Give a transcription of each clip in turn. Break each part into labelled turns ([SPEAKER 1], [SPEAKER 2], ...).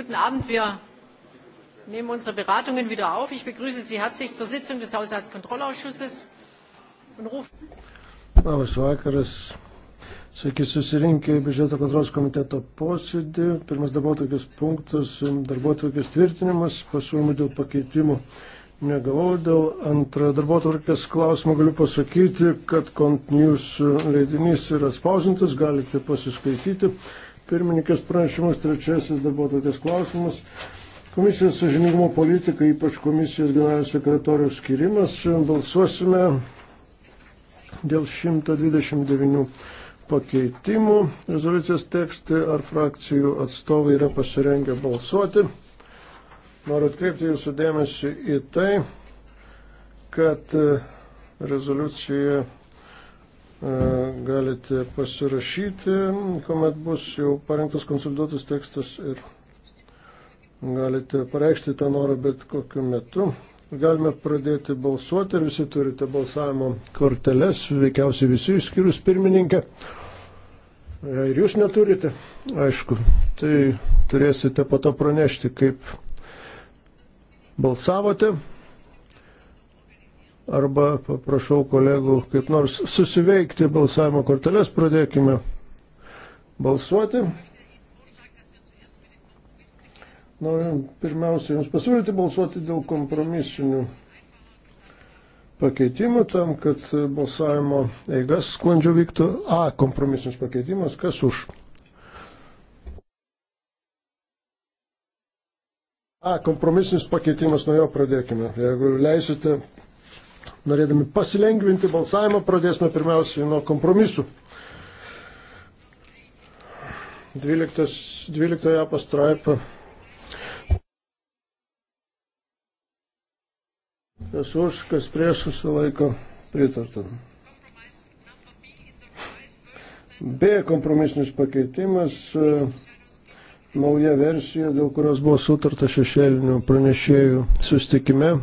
[SPEAKER 1] Guten Abend. Wir nehmen unsere Beratungen wieder auf. Ich begrüße Sie herzlich zur Sitzung des Haushaltskontrollausschusses und rufe.
[SPEAKER 2] Labas vakaras. Sveiki susirinkę į biudžeto kontrolos komiteto posėdį. Pirmas darbotvarkės punktas - darbotvarkės tvirtinimas, pasiūlymų dėl pakeitimų negavau. Dėl antro darbotvarkės klausimo galiu pasakyti, kad kont news leidinys yra spausintas, galite pasiskaityti pirmininkės pranešimas, trečiasis darbo tokias klausimas. Komisijos sažiningumo politika, ypač komisijos generalinio sekretorijos skirimas, balsuosime dėl 129 pakeitimų rezoliucijos tekstai, ar frakcijų atstovai yra pasirengę balsuoti. Noriu atkreipti jūsų dėmesį į tai, kad e, rezoliucija E, galite pasirašyti, kuomet bus jau parengtas konsoliduotas tekstas ir galite pareikšti tą norą bet kokiu metu. Galime pradėti balsuoti ir visi turite balsavimo korteles, veikiausiai visi išskyrus pirmininkę. Ir jūs neturite, aišku, tai turėsite po to pranešti, kaip balsavote arba paprašau kolegų kaip nors susiveikti balsavimo korteles, pradėkime balsuoti. Noriu pirmiausia Jums pasiūlyti balsuoti dėl kompromisinių pakeitimų tam, kad balsavimo eigas sklandžiau vyktų. A, kompromisinis pakeitimas, kas už? A, kompromisinis pakeitimas, nuo jo pradėkime. Jeigu leisite, norėdami pasilengvinti balsavimą, pradėsime pirmiausiai nuo kompromisų. 12, 12 pastraipą. Kas už, kas prieš susilaiko pritartam. B kompromisinis pakeitimas, e, nauja versija, dėl kurios buvo sutarta šešėlinių pranešėjų sustikime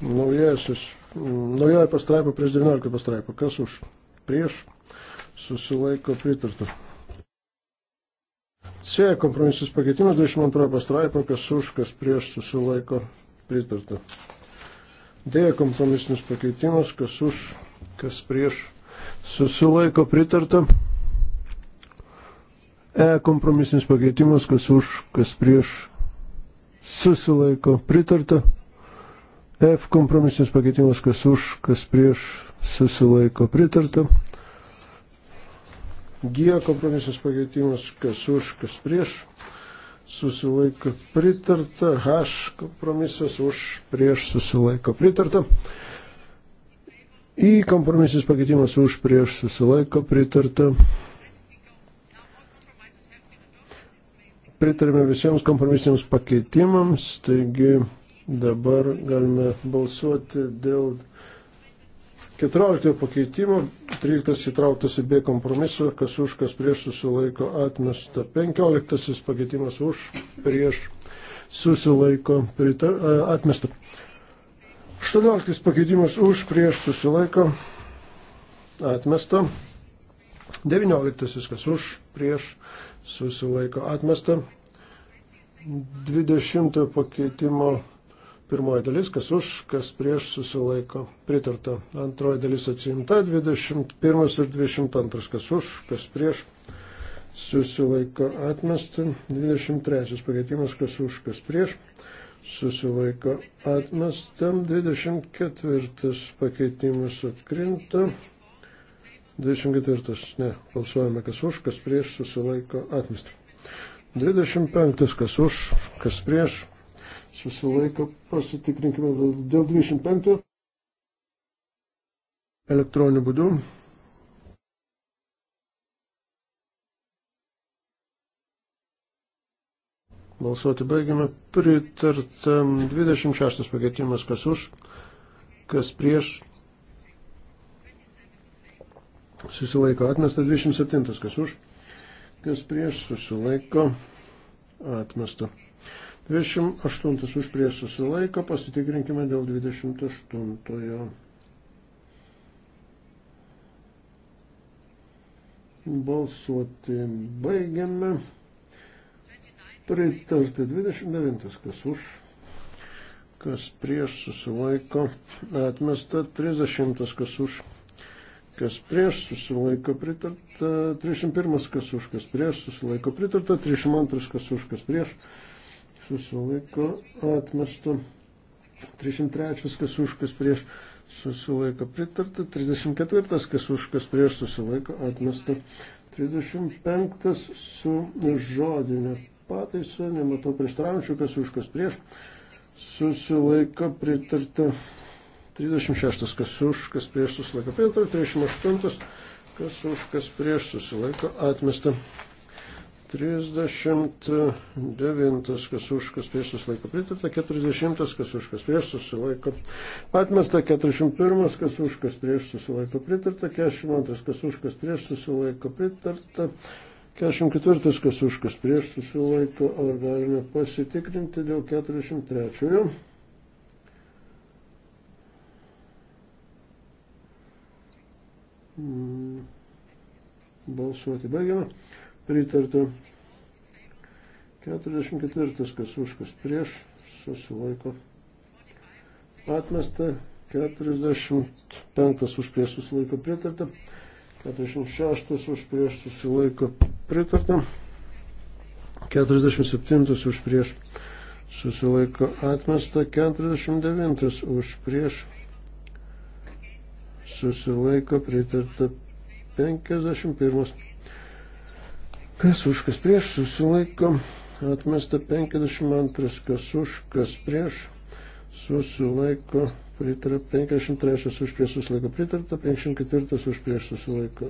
[SPEAKER 2] naujasis, naujoji pastraipa prieš 19 pastraipą. Kas už? Prieš susilaiko pritarta. C. Kompromisis pakeitimas 22 pastraipa. Kas už? Kas prieš susilaiko pritarta. D. Kompromisinis pakeitimas. Kas už? Kas prieš susilaiko pritarta. E. Kompromisinis pakeitimas. Kas už? Kas prieš susilaiko pritarta. F kompromisinis pakeitimas, kas už, kas prieš, susilaiko pritarta. G kompromisinis pakeitimas, kas už, kas prieš, susilaiko pritarta. H kompromisas už, prieš, susilaiko pritarta. Į kompromisinis pakeitimas už prieš susilaiko pritarta. Pritarime visiems kompromisiniams pakeitimams, taigi Dabar galime balsuoti dėl 14 pakeitimo, 13 įtrauktas į B kompromisą, kas už, kas prieš susilaiko atmesta. 15 pakeitimas už, prieš susilaiko pritar, atmesta. 18 pakeitimas už, prieš susilaiko atmesta. 19 kas už, prieš susilaiko atmesta. 20 pakeitimo Pirmoji dalis, kas už, kas prieš susilaiko pritarta. Antroji dalis atsiimta, 21 ir 22, kas už, kas prieš susilaiko atmesti. 23 pakeitimas, kas už, kas prieš susilaiko atmesti. 24 pakeitimas atkrinta. 24, ne, balsuojame, kas už, kas prieš susilaiko atmesti. 25, kas už, kas prieš susilaiko, pasitikrinkime dėl 25 elektroninių būdų. Balsuoti baigiame. Pritarta 26 pakeitimas, kas už, kas prieš. Susilaiko atmestas 27, kas už, kas prieš, susilaiko atmestas. 28 už prieš susilaiko, pasitikrinkime dėl 28. Balsuoti baigiame. Pritarta 29, kas už, kas prieš susilaiko, atmesta 30, kas už, kas prieš susilaiko, pritarta 31, kas už, kas prieš susilaiko, pritarta 32, kas už, kas prieš susilaiko susilaiko atmesta. 303 kas už, kas prieš susilaiko pritarta. 34 kas už, kas prieš susilaiko atmesta. 35 su žodinė pataisa, nematau prieštaraujančių, kas už, kas prieš susilaiko pritarta. 36 kas už, kas prieš susilaiko pritarta. 38 kas už, kas prieš susilaiko atmesta. 39, kas už, kas prieš susilaiko pritarta, 40, kas už, kas prieš susilaiko atmesta, 41, kas už, kas prieš susilaiko pritarta, 42, kas už, kas prieš susilaiko pritarta, 44, kas už, kas prieš susilaiko, ar galime pasitikrinti dėl 43. Mm. Balsuoti baigiame pritarta. 44, kas už, kas prieš, susilaiko. Atmesta, 45 už prieš susilaiko pritarta, 46 už prieš susilaiko pritarta, 47 už prieš susilaiko atmesta, 49 už prieš susilaiko pritarta, 51 Kas už, kas prieš susilaiko, atmesta 52, kas už, kas prieš susilaiko, pritarta 53, už prieš susilaiko, pritarta 54, už prieš susilaiko,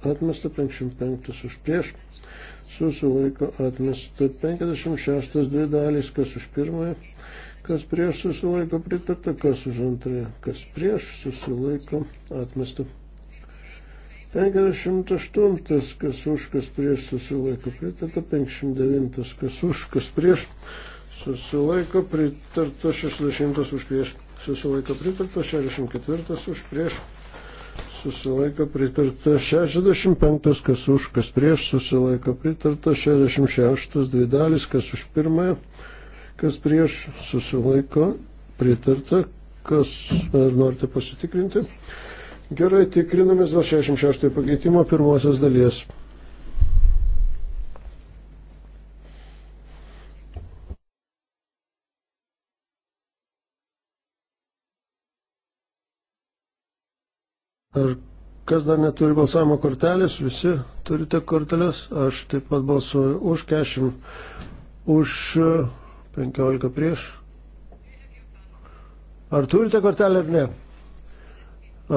[SPEAKER 2] atmesta 55 už prieš, susilaiko atmesta 56 dvi dalys, kas už pirmąją, kas prieš susilaiko pritarta, kas už antrąją, kas prieš susilaiko atmesta 58 kas už, kas prieš susilaiko pritarta, 59 kas už, kas prieš susilaiko pritarta, 60 už prieš susilaiko pritarta, 64 už prieš susilaiko pritarta, 65 kas už, kas prieš susilaiko pritarta, 66 dvi dalis kas už pirmąją, kas prieš susilaiko pritarta, kas ar norite pasitikrinti. Gerai, tikrinamės dėl 66 pakeitimo pirmosios dalies. Ar kas dar neturi balsavimo kortelės, visi turite kortelės, aš taip pat balsuoju už 40, už 15 e, prieš. Ar turite kortelę ar ne?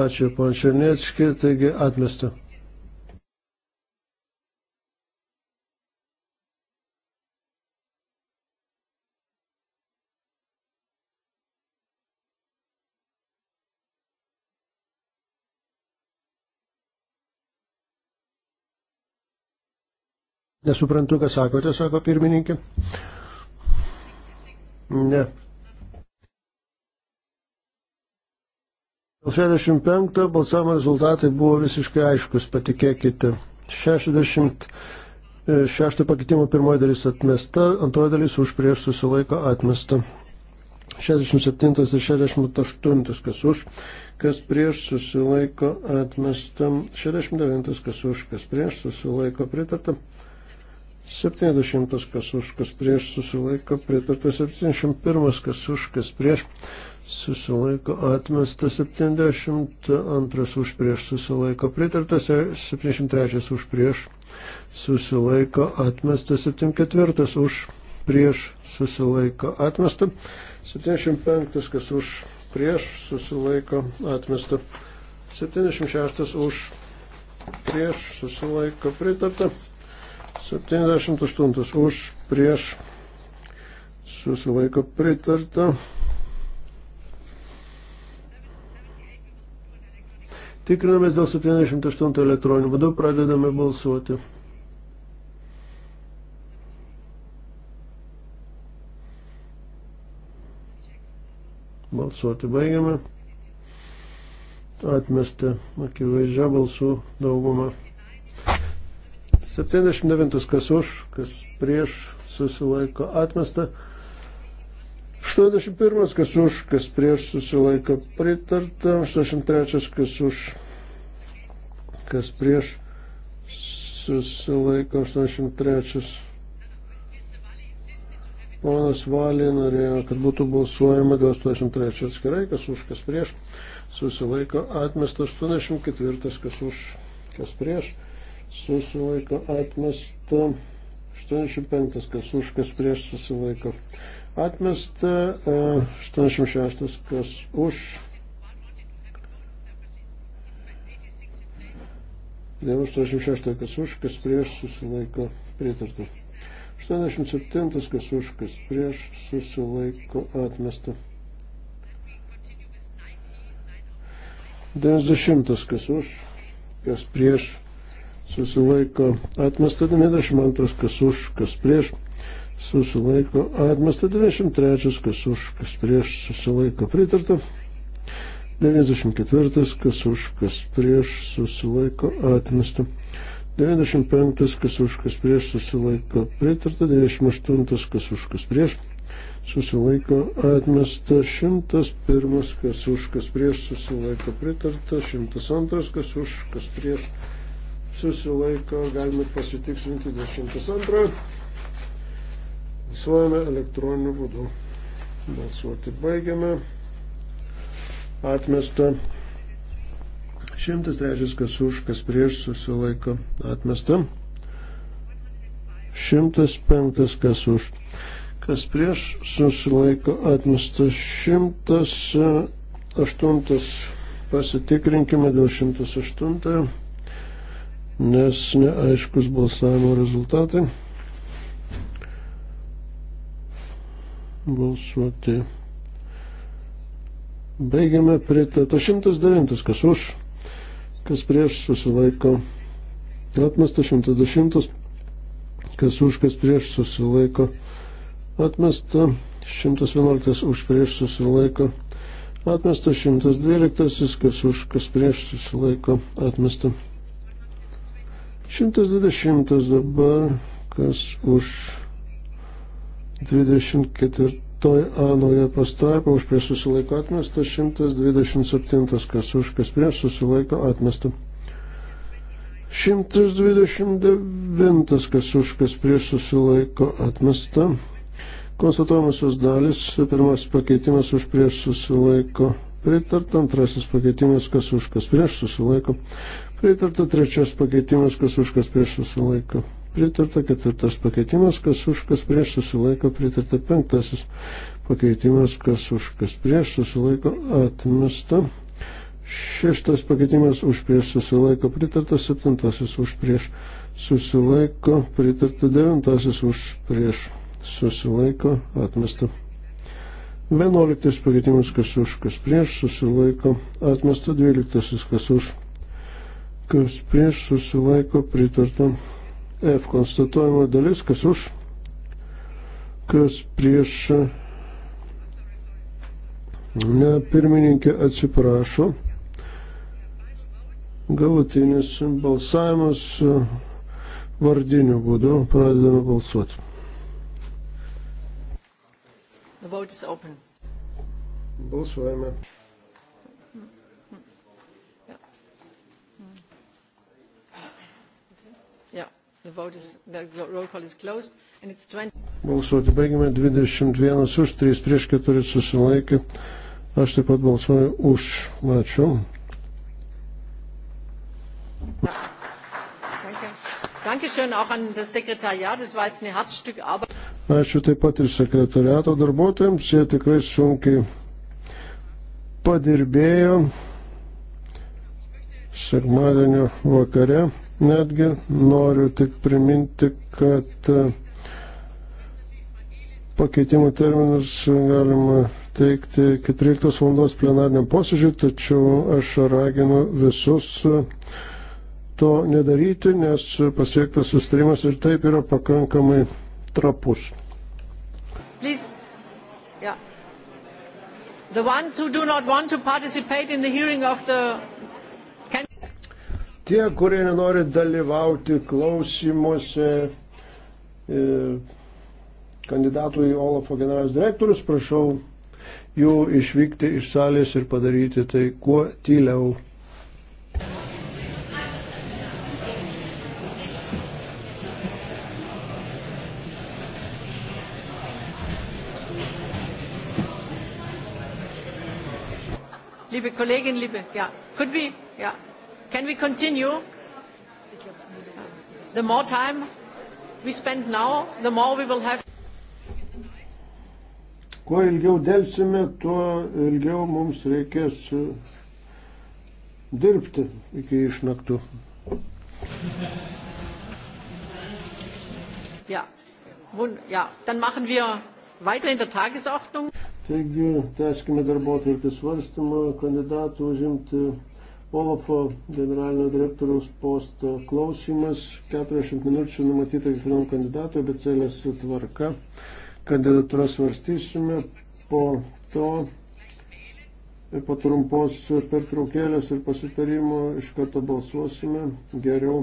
[SPEAKER 2] Ačiū, pan Černiecki, taigi atmesta. Nesuprantu, ką sakote, sako pirmininkė. Ne. 65 balsavimo rezultatai buvo visiškai aiškus, patikėkite. 66 pakeitimo pirmoji dalis atmesta, antroji dalis už prieš susilaiko atmesta. 67 ir 68 kas už, kas prieš susilaiko atmesta. 69 kas už, kas prieš susilaiko pritarta. 70 kas už, kas prieš susilaiko pritarta. 71 kas už, kas prieš susilaiko atmestas 72 už prieš susilaiko pritartas 73 už prieš susilaiko atmestas 74 už prieš susilaiko atmestą 75 kas už prieš susilaiko atmestą 76 už prieš susilaiko pritarta 78 už prieš susilaiko pritarta Tikrinamės dėl 78 elektroninių būdų, pradedame balsuoti. Balsuoti baigiame. Atmesti akivaizdžią balsų daugumą. 79 kas už, kas prieš susilaiko atmestą. 81, kas už, kas prieš susilaiko pritarta, 83, kas už, kas prieš susilaiko 83. Ponas Valė norėjo, kad būtų balsuojama dėl 83 atskirai, kas už, kas prieš. Susilaiko atmesta 84, kas už, kas prieš. Susilaiko atmesta 85, kas už, kas prieš susilaiko Atmesta 86, e, kas už. Dėl 86, kas už, kas prieš susilaiko pritarta. 87, kas už, kas prieš susilaiko atmesta. 90, kas už, kas prieš susilaiko atmesta. 92, kas už, kas prieš susilaiko atmesta 93, kas už, kas prieš susilaiko pritarta. 94, kas už, kas prieš susilaiko atmesta. 95, kas už, kas prieš susilaiko pritarta. 98, kas už, kas prieš susilaiko atmesta. 101, kas už, kas prieš susilaiko pritarta. 102, kas už, kas prieš susilaiko. Galime pasitikslinti 102. Balsuojame elektroniniu būdu. Balsuoti baigiame. Atmesta. 103 kas už, kas prieš susilaiko. Atmesta. 105 kas už, kas prieš susilaiko. Atmesta. 108 e, pasitikrinkime dėl 108, nes neaiškus balsavimo rezultatai. balsuoti. Baigiame pritarta 109, kas už, kas prieš susilaiko. Atmesta 110, kas už, kas prieš susilaiko. Atmesta 111, už prieš susilaiko. Atmesta 112, kas už, kas prieš susilaiko. Atmesta 120 dabar, kas už 24 a nauja pastraipa už prieš susilaiko atmesta, 127 kas už kas prieš susilaiko atmesta. 129 kas už kas prieš susilaiko atmesta. Konstatuojamosios dalis, pirmasis pakeitimas už prieš susilaiko pritarta, antrasis pakeitimas kas už kas prieš susilaiko pritarta, trečias pakeitimas kas už kas prieš susilaiko pritarta, ketvirtas pakeitimas, kas už, kas prieš susilaiko, pritarta penktasis pakeitimas, kas už, kas prieš susilaiko, atmesta. Šeštas pakeitimas už prieš susilaiko, pritarta septintasis už prieš susilaiko, pritarta devintasis už prieš susilaiko, atmesta. Vienuoliktas pakeitimas, kas už, kas prieš susilaiko, atmesta dvyliktasis, kas už, kas prieš susilaiko, pritarta. F konstatuojama dalis, kas už, kas prieš. Ne, pirmininkė atsiprašo. Galutinis balsavimas vardiniu būdu pradedame balsuoti. Balsuojame.
[SPEAKER 1] Is, closed,
[SPEAKER 2] Balsuoti baigime 21 už, 3 prieš 4 susilaikė. Aš taip pat balsuoju už. Ačiū. Ačiū taip pat ir sekretariato darbuotojams, jie tikrai sunkiai padirbėjo sekmadienio vakare. Netgi noriu tik priminti, kad e, pakeitimų terminus galima teikti iki 13 valandos plenariniam posėdžiui, tačiau aš raginu visus e, to nedaryti, nes pasiektas sustarimas ir taip yra pakankamai trapus.
[SPEAKER 1] Please. Yeah. The ones who do not want to participate in the hearing of the
[SPEAKER 2] Tie, kurie nenori dalyvauti klausimuose e, kandidatų į Olafo generalius direktorius, prašau jų išvykti iš salės ir padaryti tai kuo tyliau.
[SPEAKER 1] liebe Kollegin, liebe, ja, could be, ja. Can we continue? The more time we spend now, the more we will have.
[SPEAKER 2] Kuo ilgiau dėlsime, tuo ilgiau mums reikės e, dirbti iki išnaktų.
[SPEAKER 1] Ja, ja, dann machen wir weiter in der Tagesordnung.
[SPEAKER 2] Taigi, tęskime darbo atvirkį svarstymą kandidatų užimti Olafo generalinio direktoriaus posto klausimas. 40 minučių numatyta kiekvienam kandidatui, bet celės tvarka. Kandidatūrą svarstysime po to, po trumpos pertraukėlės ir pasitarimo iš karto balsuosime. Geriau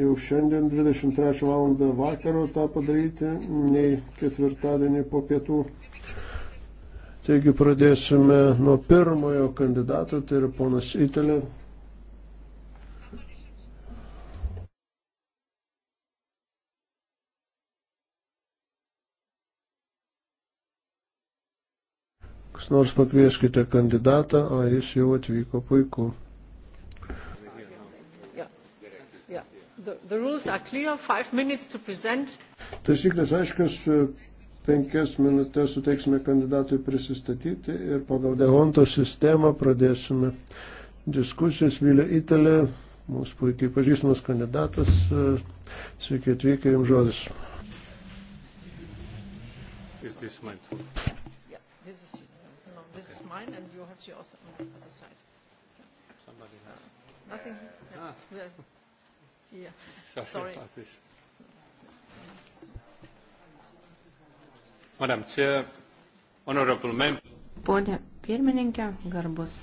[SPEAKER 2] jau šiandien 23 val. vakaro tą padaryti, nei ketvirtadienį po pietų. Taigi pradėsime nuo pirmojo kandidato, tai yra ponas Itelė. Kas nors pakvieskite kandidatą, o jis jau atvyko puiku. Taisyklės aiškios, Penkias minutės suteiksime kandidatui prisistatyti ir pagal Deonto sistemą pradėsime diskusijas. Vilė Itelė, mūsų puikiai pažįstamas kandidatas. Sveiki atvykę, jums žodis.
[SPEAKER 3] Is this mine?
[SPEAKER 1] Yeah, this is, no, this okay. is mine and you have yours on the other side.
[SPEAKER 3] Yeah. Somebody has.
[SPEAKER 2] Nothing. Yeah.
[SPEAKER 1] Ah. Yeah. yeah. Sorry. Sorry. About
[SPEAKER 3] this. Madam Chair, honorable member.
[SPEAKER 4] Pone pirmininkė, garbus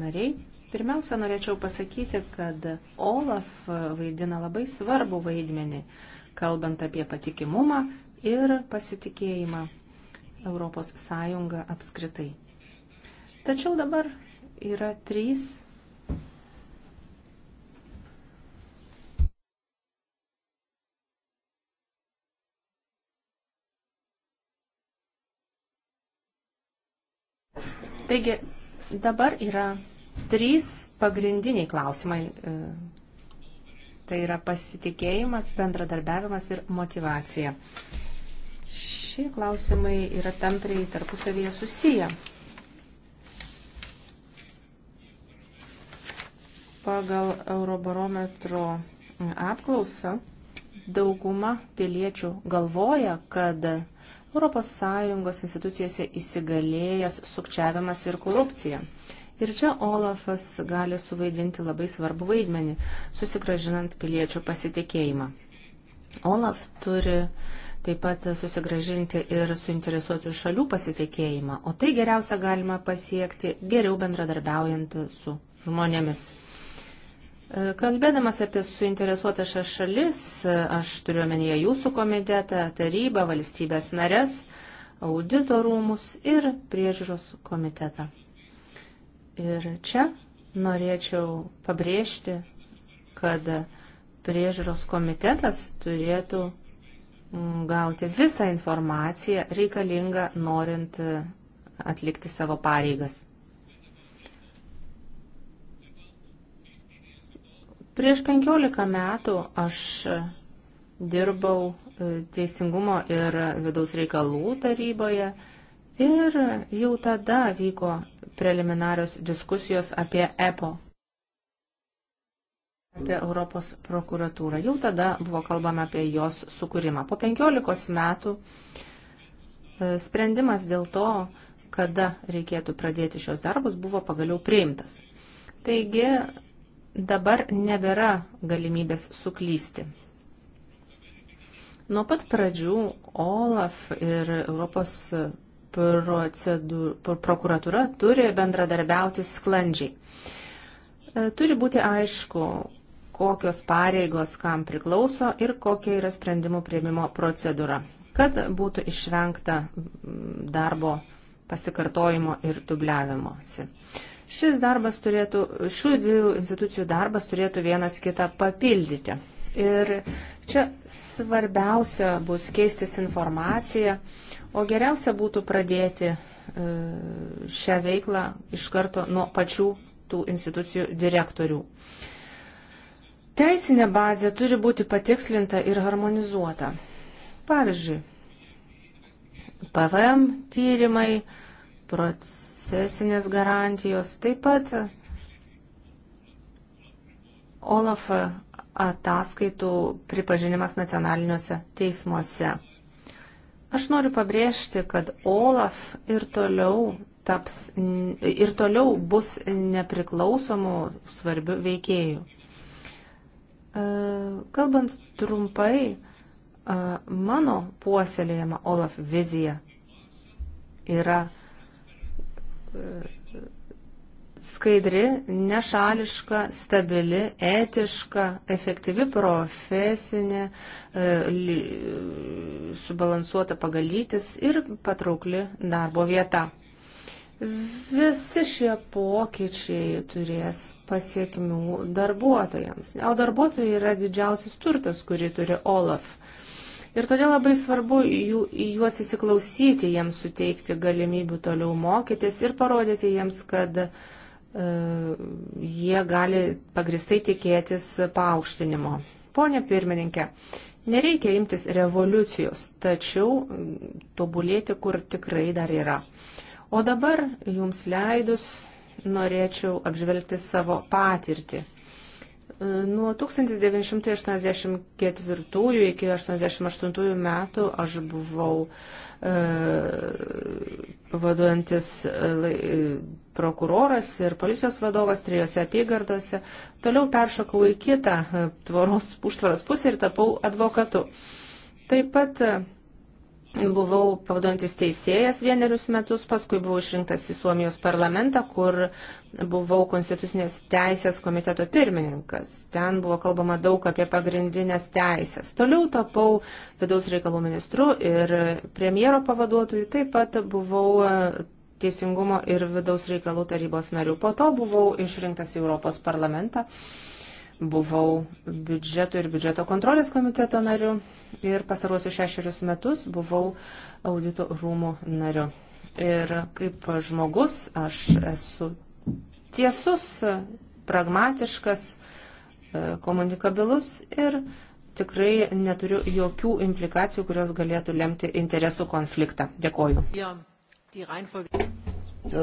[SPEAKER 4] nariai, pirmiausia, norėčiau pasakyti, kad OLAF vaidina labai svarbų vaidmenį, kalbant apie patikimumą ir pasitikėjimą Europos Sąjunga apskritai. Tačiau dabar yra trys Taigi dabar yra trys pagrindiniai klausimai. E, tai yra pasitikėjimas, bendradarbiavimas ir motivacija. Šie klausimai yra tampriai tarpusavėje susiję. Pagal Eurobarometro apklausą dauguma piliečių galvoja, kad ES institucijose įsigalėjęs sukčiavimas ir korupcija. Ir čia Olafas gali suvaidinti labai svarbu vaidmenį, susigražinant piliečių pasitikėjimą. Olaf turi taip pat susigražinti ir suinteresuotų šalių pasitikėjimą, o tai geriausia galima pasiekti geriau bendradarbiaujant su žmonėmis. Kalbėdamas apie suinteresuotas šalis, aš turiu omenyje jūsų komitetą, tarybą, valstybės narės, audito rūmus ir priežiūros komitetą. Ir čia norėčiau pabrėžti, kad priežiūros komitetas turėtų mm, gauti visą informaciją reikalingą norint atlikti savo pareigas. Prieš 15 metų aš dirbau e, Teisingumo ir vidaus reikalų taryboje ir jau tada vyko preliminarios diskusijos apie EPO, apie Europos prokuratūrą. Jau tada buvo kalbama apie jos sukūrimą. Po 15 metų e, sprendimas dėl to, kada reikėtų pradėti šios darbus, buvo pagaliau priimtas. Taigi dabar nebėra galimybės suklysti. Nuo pat pradžių OLAF ir Europos prokuratura turi bendradarbiauti sklandžiai. E, turi būti aišku, kokios pareigos kam priklauso ir kokia yra sprendimų prieimimo procedūra, kad būtų išvengta darbo pasikartojimo ir dubliavimuose. Šis darbas turėtų, šių dviejų institucijų darbas turėtų vienas kitą papildyti. Ir čia svarbiausia bus keistis informacija, o geriausia būtų pradėti e, šią veiklą iš karto nuo pačių tų institucijų direktorių. Teisinė bazė turi būti patikslinta ir harmonizuota. Pavyzdžiui, PVM tyrimai, proc procesinės garantijos. Taip pat OLAF ataskaitų pripažinimas nacionaliniuose teismuose. Aš noriu pabrėžti, kad OLAF ir toliau, taps, ir toliau bus nepriklausomų svarbių veikėjų. E, kalbant trumpai, e, mano puoselėjama OLAF vizija yra skaidri, nešališka, stabili, etiška, efektyvi profesinė, e, subalansuota pagalytis ir patraukli darbo vieta. Visi šie pokyčiai turės pasiekmių darbuotojams, o darbuotojai yra didžiausias turtas, kurį turi Olaf. Ir todėl labai svarbu jų, juos įsiklausyti, jiems suteikti galimybių toliau mokytis ir parodyti jiems, kad e, jie gali pagristai tikėtis paaukštinimo. Pone pirmininkė, nereikia imtis revoliucijos, tačiau tobulėti, kur tikrai dar yra. O dabar jums leidus norėčiau apžvelgti savo patirtį. Nuo 1984 iki 1988 metų aš buvau e, pavaduojantis e, e, prokuroras ir policijos vadovas trijose apygardose. Toliau peršokau į kitą e, tvoros užtvaros pusę ir tapau advokatu. Taip pat e, Buvau pavaduojantis teisėjas vienerius metus, paskui buvau išrinktas į Suomijos parlamentą, kur buvau konstitucinės teisės komiteto pirmininkas. Ten buvo kalbama daug apie pagrindinės teisės. Toliau tapau vidaus reikalų ministru ir premjero pavaduotoju, taip pat buvau e, teisingumo ir vidaus reikalų tarybos nariu. Po to buvau išrinktas į Europos parlamentą buvau biudžeto ir biudžeto kontrolės komiteto nariu ir pasaruosius šešerius metus buvau audito rūmų nariu. Ir kaip žmogus aš esu tiesus, pragmatiškas, e, komunikabilus ir tikrai neturiu jokių implikacijų, kurios galėtų lemti interesų konfliktą. Dėkoju.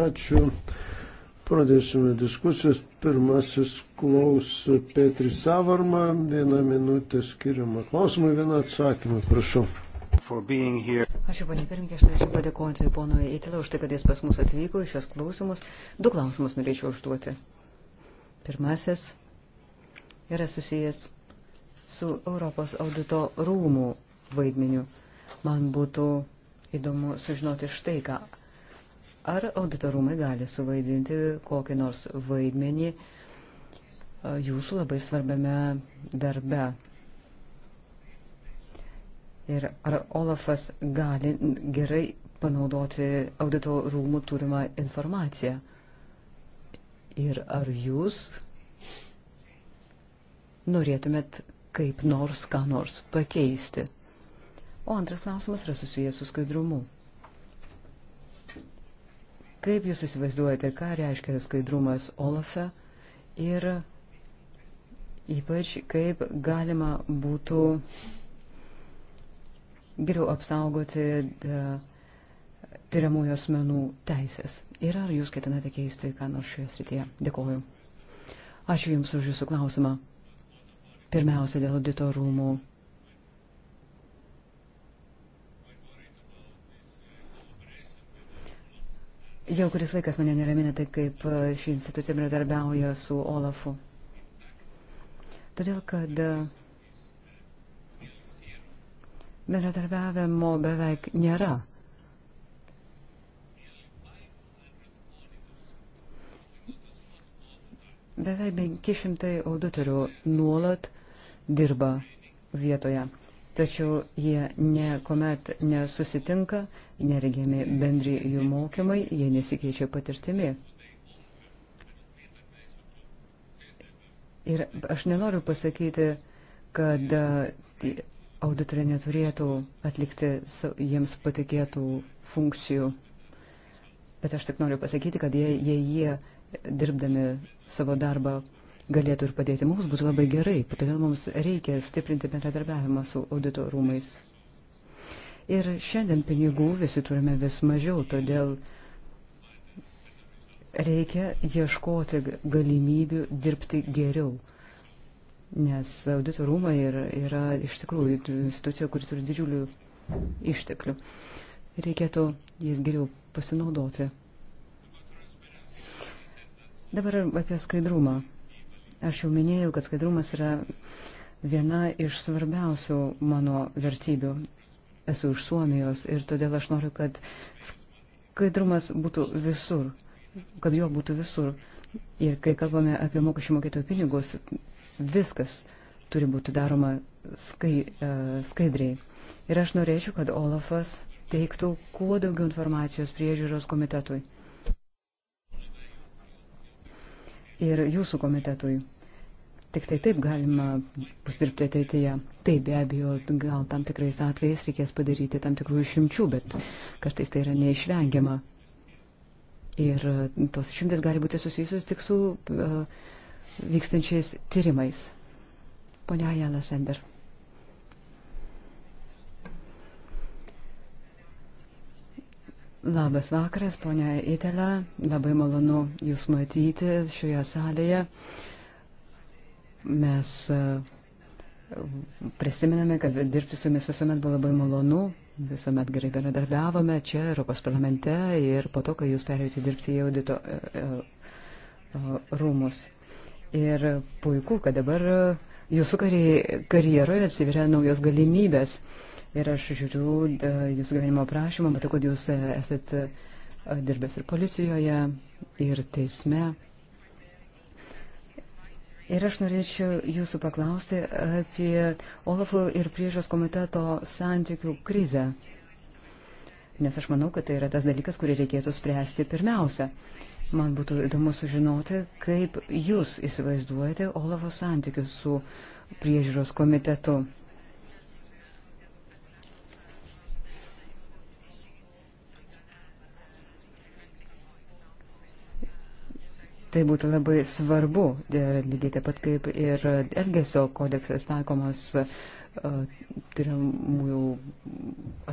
[SPEAKER 2] Ačiū. Pradėsime diskusijas. Pirmasis klaus Petri Savarma. Viena minutė skiriama klausimui, viena atsakymui. Prašau.
[SPEAKER 5] Ačiū, panė pirmininkė, aš norėčiau padėkoti ponui Eitilą už tai, kad jis pas mus atvyko į šios klausimus. Du klausimus norėčiau užduoti. Pirmasis yra susijęs su Europos audito rūmų vaidmeniu. Man būtų įdomu sužinoti štai ką. Ar auditorumai gali suvaidinti kokį nors vaidmenį e, jūsų labai svarbiame darbe? Ir ar Olafas gali gerai panaudoti audito rūmų turimą informaciją? Ir ar jūs norėtumėt kaip nors ką nors pakeisti? O antras klausimas yra susijęs su skaidrumu. Kaip jūs įsivaizduojate, ką reiškia skaidrumas Olafe ir ypač kaip galima būtų geriau apsaugoti e, tyriamųjų asmenų teisės. Ir ar jūs ketinate keisti ką nors šioje srityje? Dėkoju. Ačiū Jums už Jūsų klausimą. Pirmiausia, dėl audito rūmų Jau kuris laikas mane neramina tai, kaip e, ši institucija bendradarbiauja su Olafu. Todėl, kad e, bendradarbiavimo beveik nėra. Beveik 500 auditorių nuolat dirba vietoje, tačiau jie niekuomet nesusitinka, neregiami bendri jų mokymai, jie nesikeičia patirtimi. Ir aš nenoriu pasakyti, kad auditorė neturėtų atlikti jiems patikėtų funkcijų, bet aš tik noriu pasakyti, kad jei jie, jie, jie dirbdami savo darbą galėtų ir padėti mums, būtų labai gerai. Todėl mums reikia stiprinti bendradarbiavimą su audito rūmais. Ir šiandien pinigų visi turime vis mažiau, todėl reikia ieškoti galimybių dirbti geriau. Nes audito rūmai yra, yra iš tikrųjų institucija, kuri turi didžiulių išteklių. Reikėtų jais geriau pasinaudoti. Dabar apie skaidrumą. Aš jau minėjau, kad skaidrumas yra viena iš svarbiausių mano vertybių esu iš Suomijos ir todėl aš noriu, kad skaidrumas būtų visur, kad jo būtų visur. Ir kai kalbame apie mokesčių mokėtojų pinigus, viskas turi būti daroma skai, e, skaidriai. Ir aš norėčiau, kad Olafas teiktų kuo daugiau informacijos priežiūros komitetui. Ir jūsų komitetui. Tik tai taip galima bus dirbti ateityje. Taip, be abejo, gal tam tikrais atvejais reikės padaryti tam tikrų išimčių, bet kartais tai yra neišvengiama. Ir e, tos išimtis gali būti susijusios tik su uh, vykstančiais tyrimais. Pone Ajala Sender. Labas vakaras, ponia Itela, labai malonu Jūs matyti šioje salėje. Mes uh, Prisiminame, kad dirbti su jumis visuomet buvo labai malonu, visuomet gerai bendradarbiavome čia Europos parlamente ir po to, kai jūs perėjote dirbti į audito e, e, rūmus. Ir puiku, kad dabar jūsų karjeroje atsiveria naujos galimybės. Ir aš žiūriu e, jūsų gyvenimo aprašymą, matau, kad jūs esate dirbęs ir policijoje, ir teisme. Ir aš norėčiau jūsų paklausti apie Olafo ir priežos komiteto santykių krizę. Nes aš manau, kad tai yra tas dalykas, kurį reikėtų spręsti pirmiausia. Man būtų įdomu sužinoti, kaip jūs įsivaizduojate Olafo santykius su priežiūros komitetu. Tai būtų labai svarbu, lygiai taip pat kaip ir Elgesio kodeksas taikomas e, tyriamųjų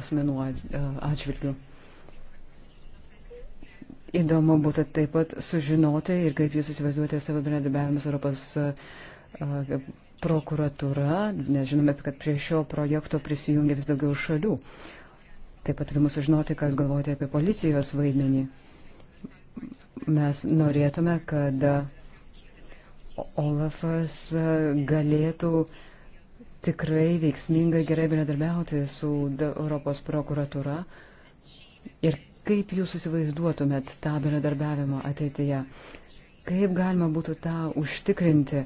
[SPEAKER 5] asmenų e, atžvilgių. Įdomu būtų taip pat sužinoti ir kaip jūs įsivaizduojate savo bendradarbiavimą su Europos e, prokuratūra, nes žinome, kad prie šio projekto prisijungia vis daugiau šalių. Taip pat įdomu sužinoti, ką jūs galvojate apie policijos vaidmenį mes norėtume, kad Olafas galėtų tikrai veiksmingai gerai bendradarbiauti su Europos prokuratūra. Ir kaip jūs įsivaizduotumėt tą bendradarbiavimą ateityje? Kaip galima būtų tą užtikrinti?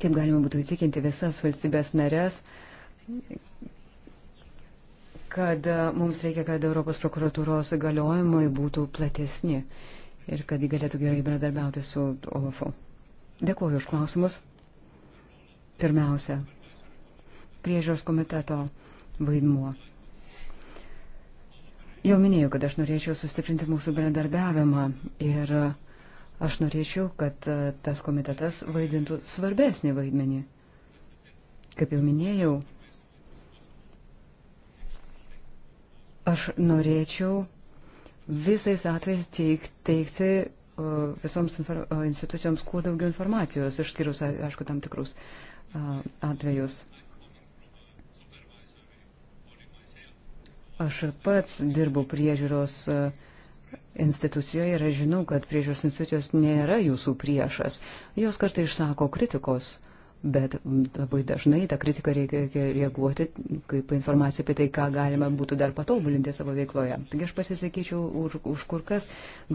[SPEAKER 5] Kaip galima būtų įtikinti visas valstybės narės, kad e, mums reikia, kad Europos prokuratūros galiojimai būtų platesni ir kad jį galėtų gerai bendradarbiauti su Olafu. Dėkuoju už klausimus. Pirmiausia, priežiūros komiteto vaidmuo. Jau minėjau, kad aš norėčiau sustiprinti mūsų bendradarbiavimą ir aš norėčiau, kad e, tas komitetas vaidintų svarbesnį vaidmenį. Kaip jau minėjau, Aš norėčiau visais atvejais teik, teikti visoms institucijoms kuo daugiau informacijos, išskyrus, aišku, tam tikrus atvejus. Aš ir pats dirbu priežiūros institucijoje ir aš žinau, kad priežiūros institucijos nėra jūsų priešas. Jos kartai išsako kritikos Bet labai dažnai tą kritiką reikia reaguoti kaip informacija apie tai, ką galima būtų dar patobulinti savo veikloje. Taigi aš pasisakyčiau už, už kur kas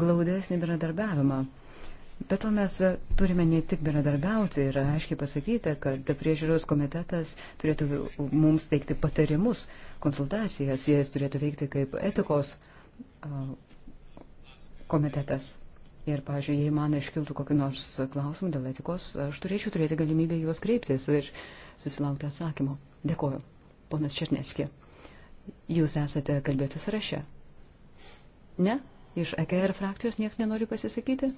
[SPEAKER 5] glaudesnį bendradarbiavimą. Bet to mes turime ne tik bendradarbiauti ir aiškiai pasakyti, kad priežiūros komitetas turėtų mums teikti patarimus, konsultacijas, jis turėtų veikti kaip etikos komitetas. Ir, pažiūrėjau, jei man iškiltų kokį nors klausimą dėl etikos, aš turėčiau turėti galimybę juos kreiptis ir susilaukti atsakymų. Dėkoju, ponas Černeski. Jūs esate kalbėtų sąraše. Ne? Iš EKR frakcijos niekas nenori pasisakyti?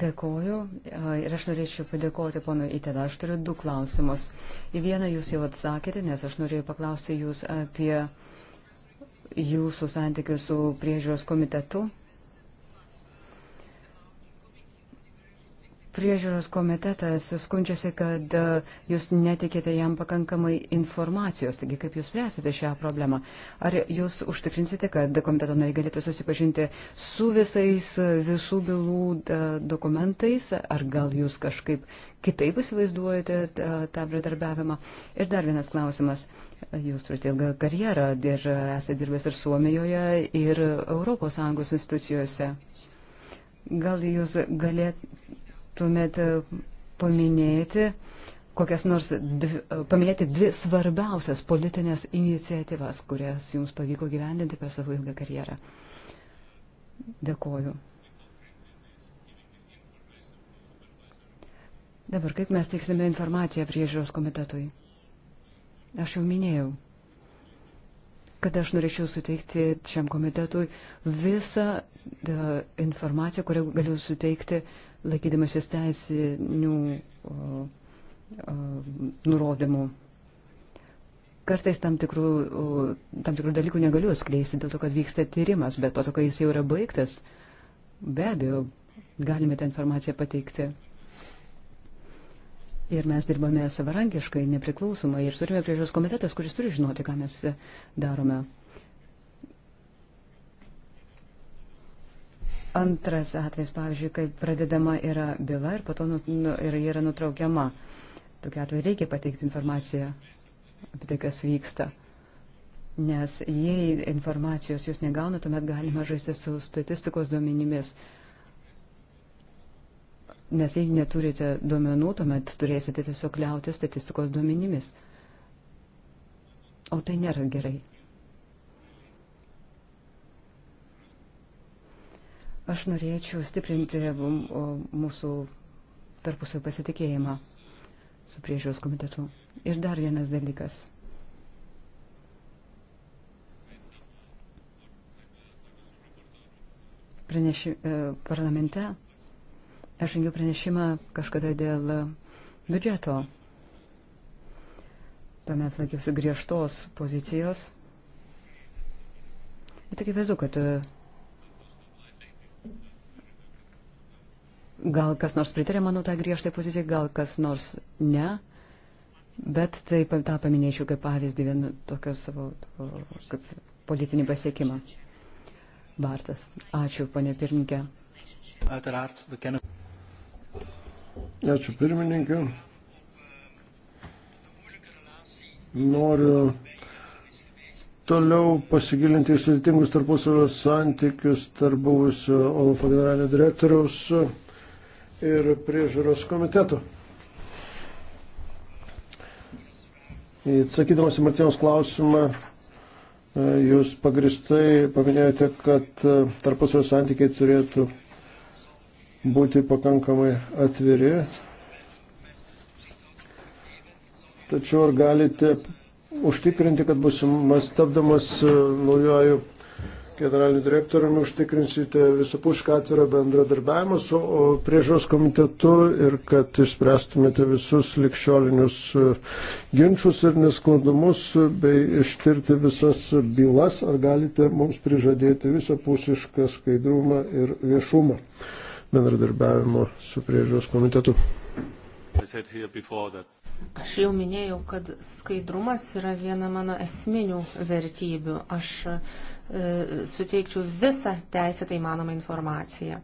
[SPEAKER 5] Dėkoju ir aš norėčiau padėkoti ponui Iteda. Aš turiu du klausimus. Į vieną jūs jau atsakėte, nes aš norėjau paklausti jūs apie jūsų santykius su priežiūros komitetu Priežiūros komitetas skundžiasi, kad e, jūs netikite jam pakankamai informacijos. Taigi, kaip jūs spręsite šią problemą? Ar jūs užtikrinsite, kad komiteto nariai galėtų susipažinti su visais e, visų bylų e, dokumentais? Ar gal jūs kažkaip kitaip įsivaizduojate tą bradarbiavimą? Ir dar vienas klausimas. Jūs turite ilgą karjerą ir esate dirbęs ir Suomijoje, ir ES institucijose. Gal jūs galėt, galėtumėt e, paminėti kokias nors, dvi, e, paminėti dvi svarbiausias politinės iniciatyvas, kurias jums pavyko gyvendinti per savo ilgą karjerą. Dėkoju. Dabar kaip mes teiksime informaciją priežiūros komitetui? Aš jau minėjau, kad aš norėčiau suteikti šiam komitetui visą e, informaciją, kurią galiu suteikti uh, laikydamasis teisinių o, o, nurodymų. Kartais tam tikrų, o, tam tikrų dalykų negaliu atskleisti dėl to, kad vyksta tyrimas, bet po to, kai jis jau yra baigtas, be abejo, galime tą informaciją pateikti. Ir mes dirbame savarankiškai, nepriklausomai ir turime priežas komitetas, kuris turi žinoti, ką mes darome. Antras atvejs, pavyzdžiui, kai pradedama yra byla ir po to nu, nu, yra, yra nutraukiama. Tokiu atveju reikia pateikti informaciją apie tai, kas vyksta. Nes jei informacijos jūs negauna, tuomet galima žaisti su statistikos duomenimis. Nes jei neturite duomenų, tuomet turėsite tiesiog liauti statistikos duomenimis. O tai nėra gerai. Aš norėčiau stiprinti mūsų tarpusavio pasitikėjimą su priežiūros komitetu. Ir dar vienas dalykas. Praneši, e, parlamente aš rengiau pranešimą kažkada dėl biudžeto. Tuomet laikiausi griežtos pozicijos. Bet akivaizdu, kad e, Gal kas nors pritarė mano tą griežtą poziciją, gal kas nors ne. Bet tai tą paminėčiau kaip pavyzdį vienu tokio savo kaip politinį pasiekimą. Bartas. Ačiū, ponė pirmininkė.
[SPEAKER 2] Ačiū, pirmininkė. Noriu toliau pasigilinti į sudėtingus tarpusavio santykius tarp buvusio Olafo generalinio direktoriaus ir priežiūros komiteto. Atsakydamas į Martijos klausimą, e, jūs pagristai paminėjote, kad e, tarpusavio santykiai turėtų būti pakankamai atviri. Tačiau ar galite užtikrinti, kad bus stabdamas e, naujojų generaliniu direktoriumi užtikrinsite visapušką atvirą bendradarbiavimą su priežos komitetu ir kad išspręstumėte visus likščiolinius e, ginčius ir nesklandumus bei ištirti visas bylas, ar galite mums prižadėti visapusišką skaidrumą ir viešumą bendradarbiavimo su priežos komitetu.
[SPEAKER 3] I said here before that
[SPEAKER 4] Aš jau minėjau, kad skaidrumas yra viena mano esminių vertybių. Aš e, suteikčiau visą teisę tai manomą informaciją.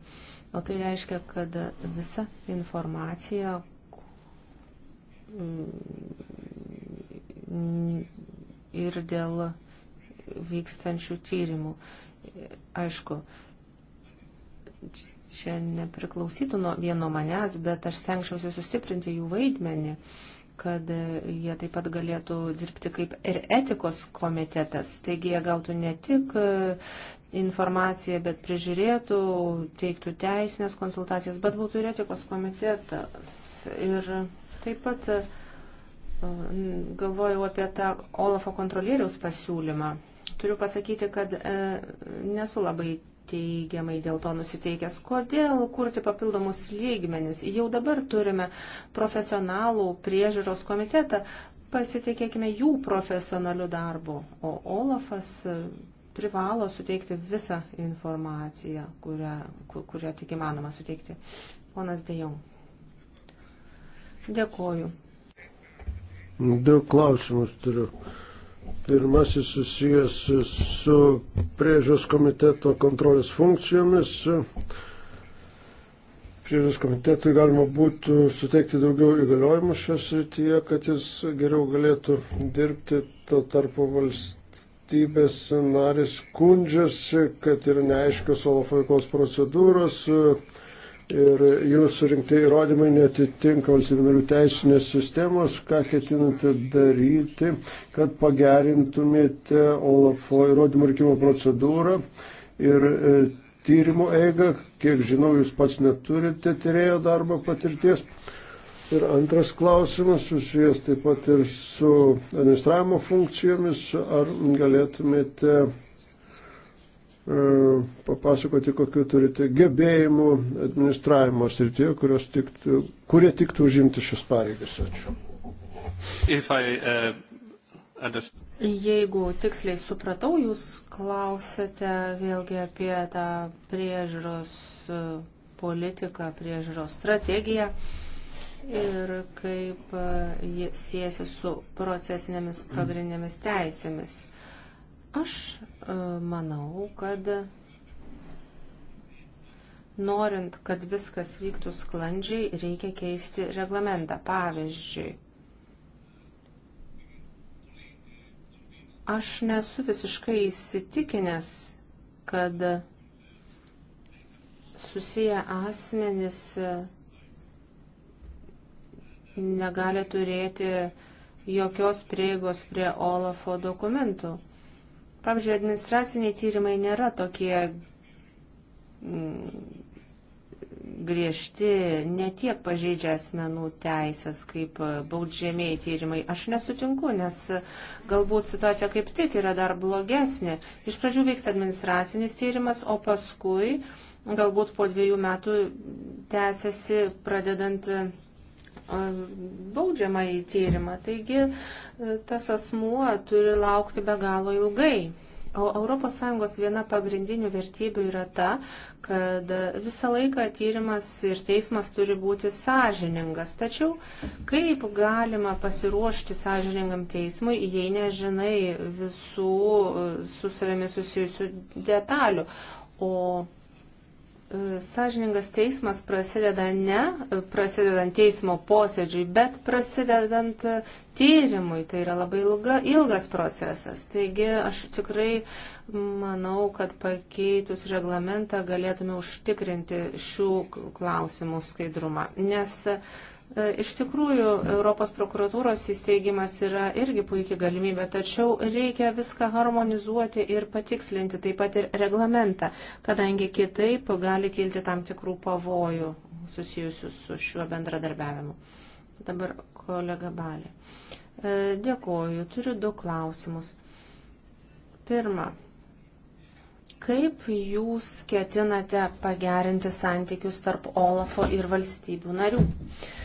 [SPEAKER 4] O tai reiškia, kad visa informacija mm, ir dėl vykstančių tyrimų. Aišku, čia nepriklausytų nuo vieno manęs, bet aš stengčiausi sustiprinti jų vaidmenį. E, kad jie taip pat galėtų dirbti kaip ir etikos komitetas. Taigi jie gautų ne tik e, informaciją, bet prižiūrėtų, teiktų teisinės konsultacijas, bet būtų ir etikos komitetas. Ir taip pat e, galvojau apie tą Olafo kontrolieriaus pasiūlymą. Turiu pasakyti, kad e, nesu labai teigiamai dėl to nusiteikęs. Kodėl kurti papildomus lygmenis? Jau dabar turime profesionalų priežiūros komitetą, pasitikėkime jų profesionalių darbų, o Olafas e, privalo suteikti visą informaciją, kurią, kurią tik įmanoma suteikti. Ponas Dejong. Dėkoju.
[SPEAKER 2] Du klausimus turiu. Pirmasis susijęs su priežiūros komiteto kontrolės funkcijomis. Priežiūros komitetui galima būtų suteikti daugiau įgaliojimų šios rytyje, kad jis geriau galėtų dirbti. Tuo tarpu valstybės narys skundžiasi, kad yra neaiškios Olafo veiklos procedūros, ir jų surinkti įrodymai netitinka valstybinarių teisinės sistemos, ką ketinate daryti, kad pagerintumėte Olafo įrodymų rinkimo procedūrą ir e, tyrimų eigą, kiek žinau, jūs pats neturite tyrėjo darbo patirties. Ir antras klausimas susijęs taip pat ir su administravimo funkcijomis, ar galėtumėte E, papasakoti, kokiu turite gebėjimų administravimo srityje, tiktų, kurie tiktų užimti šias pareigas. Ačiū.
[SPEAKER 3] If I, uh, understand...
[SPEAKER 4] Jeigu tiksliai supratau, jūs klausėte vėlgi apie tą priežiūros e, politiką, priežiūros strategiją ir kaip e, ji siejasi su procesinėmis pagrindinėmis teisėmis. Aš e, manau, kad norint, kad viskas vyktų sklandžiai, reikia keisti reglamentą. Pavyzdžiui, aš nesu visiškai įsitikinęs, kad susiję asmenys negali turėti jokios prieigos prie Olafo dokumentų. Pavyzdžiui, administraciniai tyrimai nėra tokie mm, griežti, netiek pažeidžia asmenų teisės kaip baudžiamieji tyrimai. Aš nesutinku, nes galbūt situacija kaip tik yra dar blogesnė. Iš pradžių vyksta administracinis tyrimas, o paskui galbūt po dviejų metų tęsiasi pradedant baudžiamą į tyrimą. Taigi e, tas asmuo turi laukti be galo ilgai. O ES viena pagrindinių vertybių yra ta, kad visą laiką tyrimas ir teismas turi būti sąžiningas. Tačiau kaip galima pasiruošti sąžiningam teismui, jei nežinai visų e, su savimi susijusių detalių? O Sažiningas teismas prasideda ne prasidedant teismo posėdžiui, bet prasidedant e, tyrimui. Tai yra labai ilga, ilgas procesas. Taigi aš tikrai manau, kad pakeitus reglamentą galėtume užtikrinti šių klausimų skaidrumą. Nes uh, E, iš tikrųjų, Europos prokuratūros įsteigimas yra irgi puikia galimybė, tačiau reikia viską harmonizuoti ir patikslinti taip pat ir reglamentą, kadangi kitaip gali kilti tam tikrų pavojų susijusių su šiuo bendradarbiavimu. Dabar kolega Balė. E, Dėkuoju, turiu du klausimus. Pirma, kaip jūs ketinate pagerinti santykius tarp Olafo ir valstybių narių? Uh,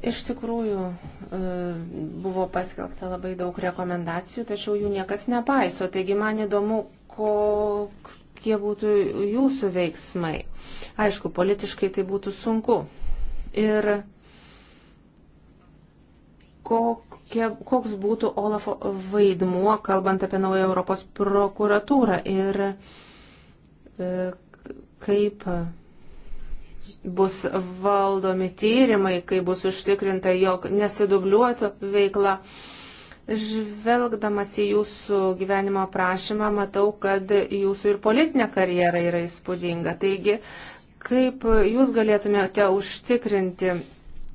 [SPEAKER 4] Iš tikrųjų e, buvo paskelbta labai daug rekomendacijų, tačiau jų niekas nepaiso. Taigi man įdomu, kokie būtų jūsų veiksmai. Aišku, politiškai tai būtų sunku. Ir kokie, koks būtų Olafo vaidmuo, kalbant apie naują Europos prokuratūrą ir e, kaip bus valdomi tyrimai, kai bus užtikrinta, jog nesidubliuotų veikla. Žvelgdamas į jūsų gyvenimo aprašymą, matau, kad jūsų ir politinė karjera yra įspūdinga. Taigi, kaip jūs galėtumėte užtikrinti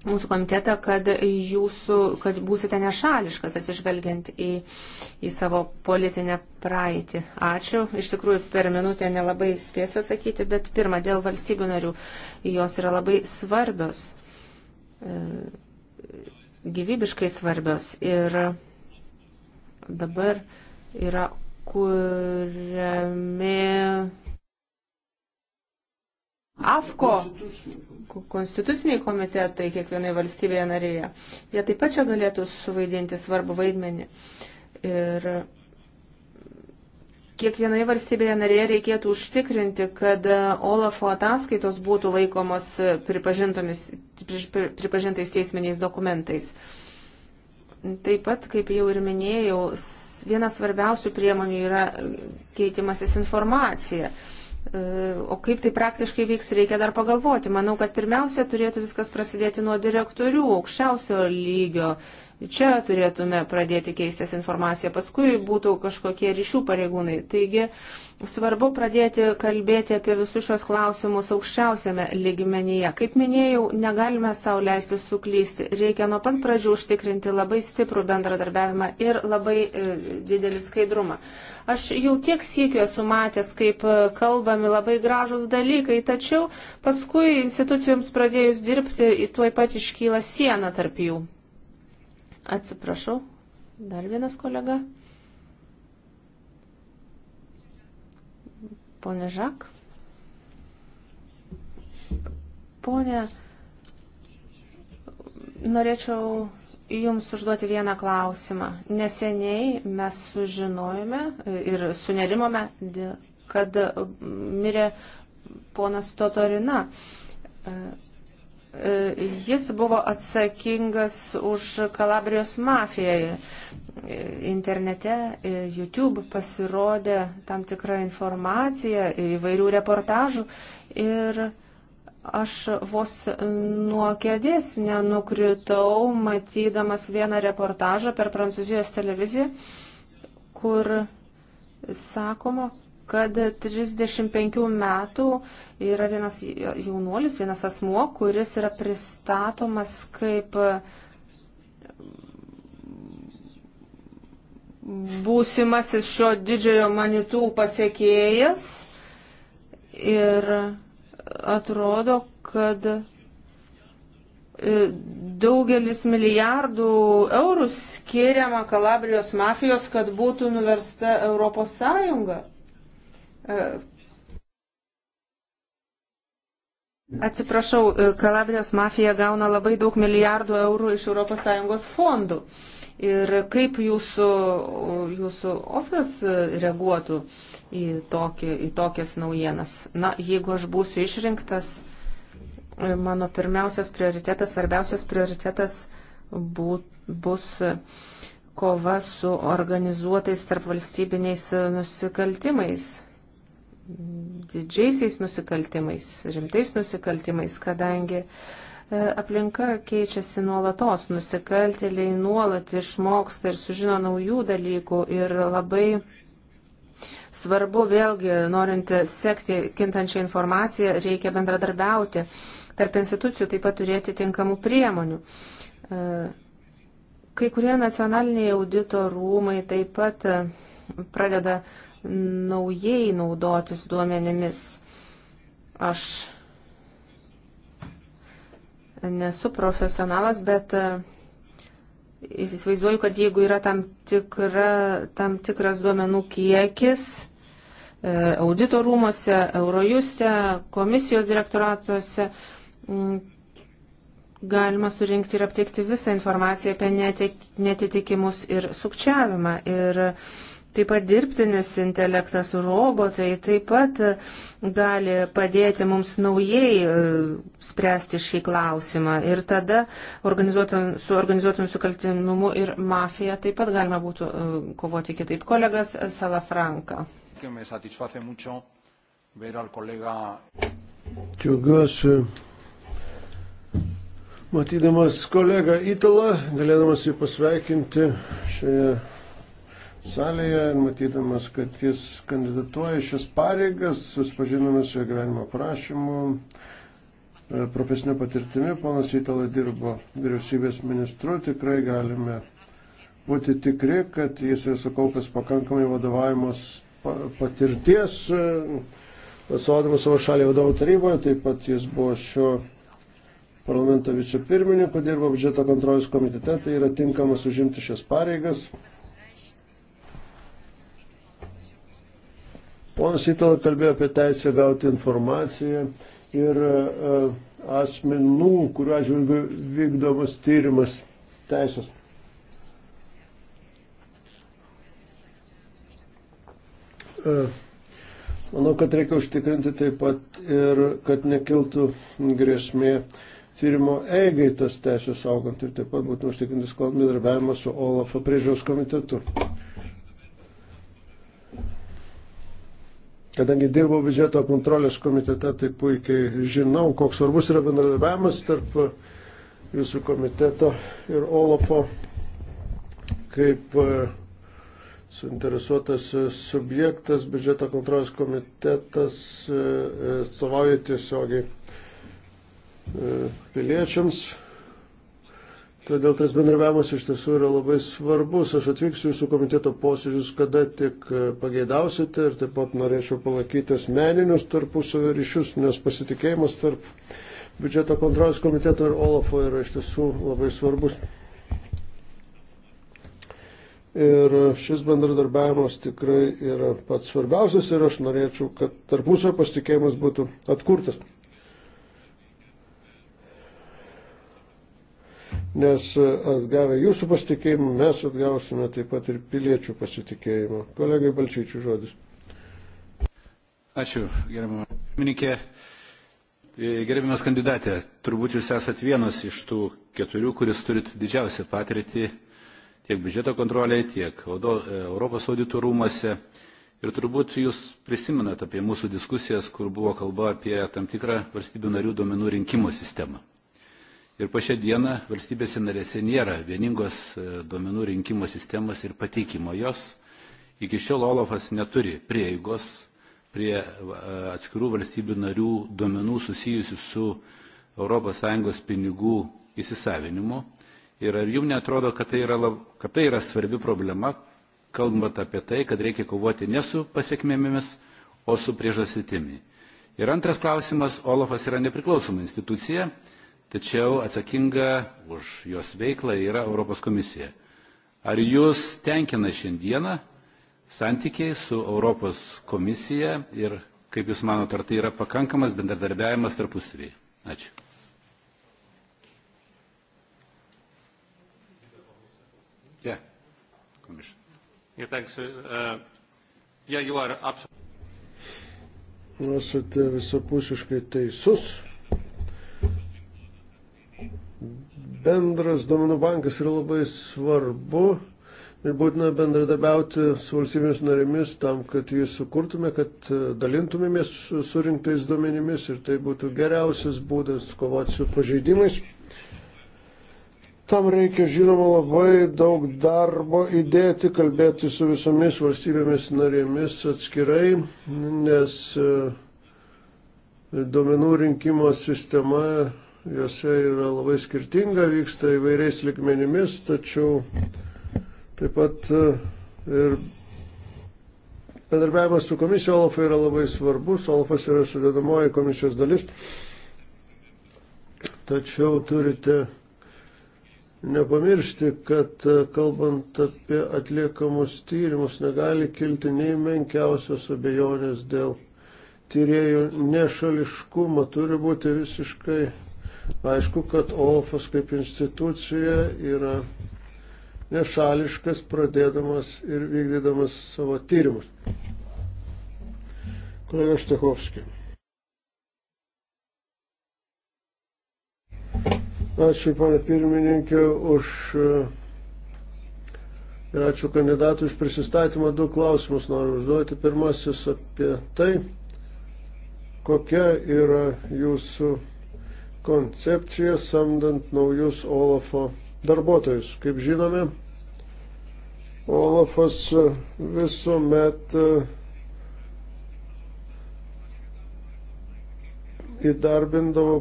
[SPEAKER 4] mūsų komitetą, kad, jūsų, kad būsite nešališkas atsižvelgiant į, į savo politinę praeitį. Ačiū. Iš tikrųjų, per minutę nelabai spėsiu atsakyti, bet pirmą, dėl valstybių narių, jos yra labai svarbios, e, gyvybiškai svarbios. Ir dabar yra kuriami AFKO konstituciniai komitetai kiekvienai valstybėje narėje. Jie taip pat čia galėtų suvaidinti svarbu vaidmenį. Ir kiekvienai valstybėje narėje reikėtų užtikrinti, kad e, Olafo ataskaitos būtų laikomos e, pripažintais teisminiais dokumentais. Taip pat, kaip jau ir minėjau, vienas svarbiausių priemonių yra e, keitimasis informacija. E, o kaip tai praktiškai vyks, reikia dar pagalvoti. Manau, kad pirmiausia turėtų viskas prasidėti nuo direktorių aukščiausio lygio Čia turėtume pradėti keistis informaciją, paskui būtų kažkokie ryšių pareigūnai. Taigi svarbu pradėti kalbėti apie visus šios klausimus aukščiausiame lygmenyje. Kaip minėjau, negalime savo leisti suklysti. Reikia nuo pat pradžių užtikrinti labai stiprų bendradarbiavimą ir labai e, didelį skaidrumą. Aš jau tiek siekiu esu matęs, kaip e, kalbami labai gražus dalykai, tačiau paskui institucijoms pradėjus dirbti, tuoj pat iškyla siena tarp jų. Atsiprašau, dar vienas kolega. Pone Žak. Pone, norėčiau Jums užduoti vieną klausimą. Neseniai mes sužinojome ir sunerimome, kad mirė ponas Totorina. E, jis buvo atsakingas už Kalabrijos mafiją. E, internete, e, YouTube pasirodė tam tikrą informaciją, įvairių reportažų ir aš vos nuo kėdės nenukritau, matydamas vieną reportažą per Prancūzijos televiziją, kur sakoma, kad 35 metų yra vienas jaunuolis, vienas asmuo, kuris yra pristatomas kaip būsimasis šio didžiojo manitų pasiekėjas ir atrodo, kad e, daugelis milijardų eurų skiriama Kalabrijos mafijos, kad būtų nuversta Europos Sąjunga. Atsiprašau, Kalabrijos mafija gauna labai daug milijardų eurų iš ES fondų. Ir kaip jūsų, jūsų ofis reaguotų į, tokį, į tokias naujienas? Na, jeigu aš būsiu išrinktas, mano pirmiausias prioritetas, svarbiausias prioritetas bū, bus kova su organizuotais tarpvalstybiniais nusikaltimais didžiaisiais nusikaltimais, rimtais nusikaltimais, kadangi e, aplinka keičiasi nuolatos, nusikaltėliai nuolat išmoksta ir sužino naujų dalykų ir labai svarbu vėlgi, norint sekti kintančią informaciją, reikia bendradarbiauti tarp institucijų, taip pat turėti tinkamų priemonių. E, kai kurie nacionaliniai audito rūmai taip pat e, pradeda uh, naujai naudotis duomenimis. Aš nesu profesionalas, bet e, įsivaizduoju, kad jeigu yra tam, tikra, tam tikras duomenų kiekis, e, audito rūmose, Eurojuste, komisijos direktoratuose galima surinkti ir aptikti visą informaciją apie netitikimus ir sukčiavimą. Ir Taip pat dirbtinis intelektas, robotai taip pat e, gali padėti mums naujai e, spręsti šį klausimą. Ir tada organizuotum, su organizuotų nusikaltimumu ir mafija taip pat galima būtų e, kovoti kitaip. Kolegas Salafranka.
[SPEAKER 2] Džiaugiuosi matydamas kolegą Italą, galėdamas jį pasveikinti šioje salėje ir matydamas, kad jis kandidatuoja šias pareigas, susipažinome su jo gyvenimo prašymu, e, profesinė patirtimi, ponas Vytala dirbo vyriausybės ministru, tikrai galime būti tikri, kad jis yra sukaupęs pakankamai vadovavimas patirties, e, vadovavimas savo šaliai vadovų taryboje, taip pat jis buvo šio parlamento vicepirmininku, dirbo biudžeto kontrolės komitete, tai yra tinkamas užimti šias pareigas. Ponas Itala kalbėjo apie teisę gauti informaciją ir e, asmenų, kuriuo atžvilgiu vykdomas tyrimas teisės. E, manau, kad reikia užtikrinti taip pat ir, kad nekiltų grėsmė tyrimo eigai tas teisės augant ir taip pat būtų užtikrinti sklandų darbiavimą su OLAFO priežiūros komitetu. Kadangi dirbau biudžeto kontrolės komitete, tai puikiai žinau, koks svarbus yra bendradarbiavimas tarp jūsų komiteto ir Olafo kaip e, suinteresuotas subjektas, biudžeto kontrolės komitetas e, e, atstovauja tiesiogiai piliečiams Todėl tas bendravimas iš tiesų yra labai svarbus. Aš atvyksiu jūsų komiteto posėdžius, kada tik e, pageidausite ir taip pat norėčiau palaikyti asmeninius tarpusavio ryšius, nes pasitikėjimas tarp biudžeto kontrolės komiteto ir Olafo yra iš tiesų labai svarbus. Ir šis bendradarbiavimas tikrai yra pats svarbiausias ir aš norėčiau, kad tarpusavio pasitikėjimas būtų atkurtas. nes atgavę jūsų pasitikėjimą mes atgausime taip pat ir piliečių pasitikėjimą. Kolegai Balčyčių žodis.
[SPEAKER 3] Ačiū, gerbiamą pirmininkę. E, gerbiamas kandidatė, turbūt jūs esat vienas iš tų keturių, kuris turit didžiausią patirtį tiek biudžeto kontrolėje, tiek e, Europos audito rūmose. Ir turbūt jūs prisimenat apie mūsų diskusijas, kur buvo kalba apie tam tikrą valstybių narių duomenų rinkimo sistemą. Ir po šią dieną valstybėse narėse nėra vieningos e, duomenų rinkimo sistemos ir pateikimo jos. Iki šiol Olafas neturi prieigos prie e, atskirų valstybių narių duomenų susijusių su ES pinigų įsisavinimu. Ir ar jums netrodo, kad tai, yra, kad tai yra svarbi problema, kalbant apie tai, kad reikia kovoti ne su pasiekmėmis, o su priežastitimi. Ir antras klausimas, Olafas yra nepriklausoma institucija tačiau atsakinga už jos veiklą yra Europos komisija. Ar jūs tenkina šiandieną santykiai su Europos komisija ir kaip Jūs manote, ar tai yra pakankamas bendradarbiavimas tarpusavėje? Ačiū. Yeah. Yeah, thanks. Uh, yeah, you are absolutely.
[SPEAKER 2] Esate visapusiškai teisus. Bendras duomenų bankas yra labai svarbu ir būtina bendradarbiauti su valstybėmis narėmis tam, kad jį sukurtume, kad e, dalintumėmės surinktais duomenimis ir tai būtų geriausias būdas kovoti su pažeidimais. Tam reikia, žinoma, labai daug darbo įdėti, kalbėti su visomis valstybėmis narėmis atskirai, nes e, duomenų rinkimo sistema Jose yra labai skirtinga, vyksta įvairiais likmenimis, tačiau taip pat e, ir bendarbiavimas su komisija Olafai yra labai svarbus. Olafas yra sudėdamoji komisijos dalis. Tačiau turite nepamiršti, kad e, kalbant apie atliekamus tyrimus negali kilti nei menkiausios abejonės dėl tyriejų nešališkumo. Turi būti visiškai Aišku, kad OLAFas kaip institucija yra nešališkas, pradėdamas ir vykdydamas savo tyrimus. Kolega Štechovskis. Ačiū, pana pirmininkė, už e, ir ačiū kandidatų už prisistatymą. Du klausimus noriu užduoti. Pirmasis apie tai, kokia yra jūsų koncepciją samdant naujus Olafo darbuotojus. Kaip žinome, Olafas visuomet e, įdarbindavo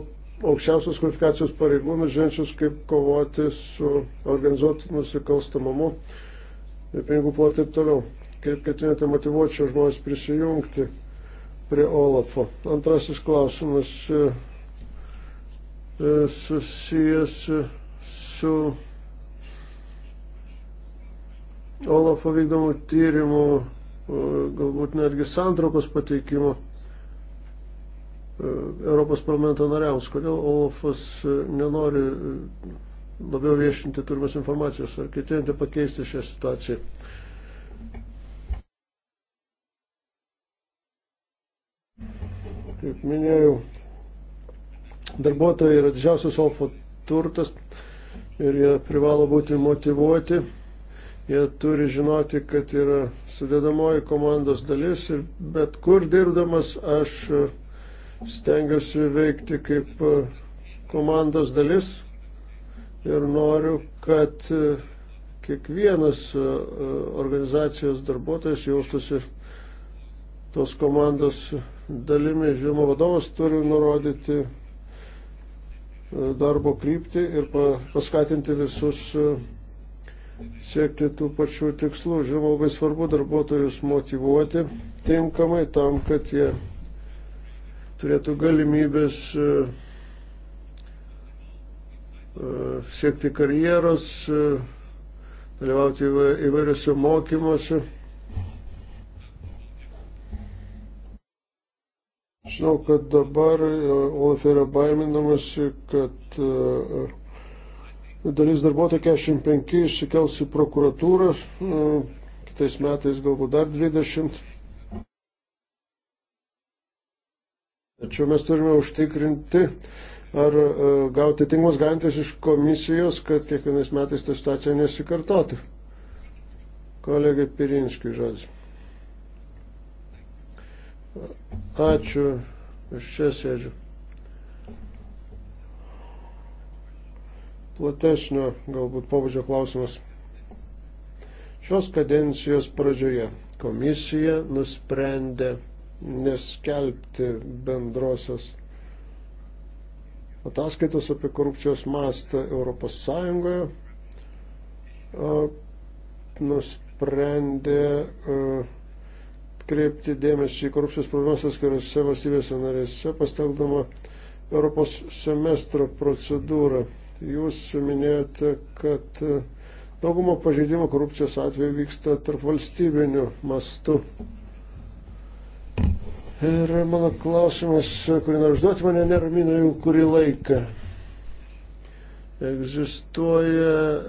[SPEAKER 2] aukščiausios kvalifikacijos pareigūnus, žinančius, kaip kovoti su organizuotų nusikalstamumu ir pinigų plotu ir toliau. Kaip ketinate motivuoti šios žmonės prisijungti prie Olafo? Antrasis klausimas E, susijęs su Olafo vykdomų tyrimų, e, galbūt netgi santraukos pateikimo e, Europos parlamento nariams. Kodėl Olafas nenori labiau viešinti turimas informacijos ar ketinti pakeisti šią situaciją? Kaip minėjau, Darbuotojai yra didžiausias Olfo turtas ir jie privalo būti motivuoti. Jie turi žinoti, kad yra sudėdamoji komandos dalis ir bet kur dirbdamas aš e, stengiuosi veikti kaip e, komandos dalis ir noriu, kad e, kiekvienas organizacijos darbuotojas jaustųsi tos komandos dalimi. Žinoma, vadovas turi nurodyti darbo kryptį ir paskatinti visus e, siekti tų pačių tikslų. Žinoma, labai svarbu darbuotojus motivuoti tinkamai tam, kad jie turėtų galimybės e, e, siekti karjeros, dalyvauti įvairiuose mokymuose. Žinau, kad dabar e, Olaf yra baiminamasi, kad e, dalis darbuotojų 45 išsikels į prokuratūrą, e, kitais metais galbūt dar 20. Tačiau mes turime užtikrinti ar gauti tinkamas garantijas iš komisijos, kad kiekvienais metais ta situacija nesikartotų. Kolegai Pirinskiui žodis. Ačiū, aš čia sėdžiu. Platesnio galbūt pabudžio klausimas. Šios kadencijos pradžioje komisija nusprendė neskelbti bendrosios ataskaitos apie korupcijos mastą Europos Sąjungoje, nusprendė uh, kreipti dėmesį į korupcijos problemas atskirose valstybėse narėse, pastelgdama Europos semestro procedūrą. Jūs minėjote, kad dauguma pažeidimo korupcijos atveju vyksta tarp valstybinių mastų. Ir mano klausimas, kurį noriu užduoti, mane neramina jau kurį laiką egzistuoja e,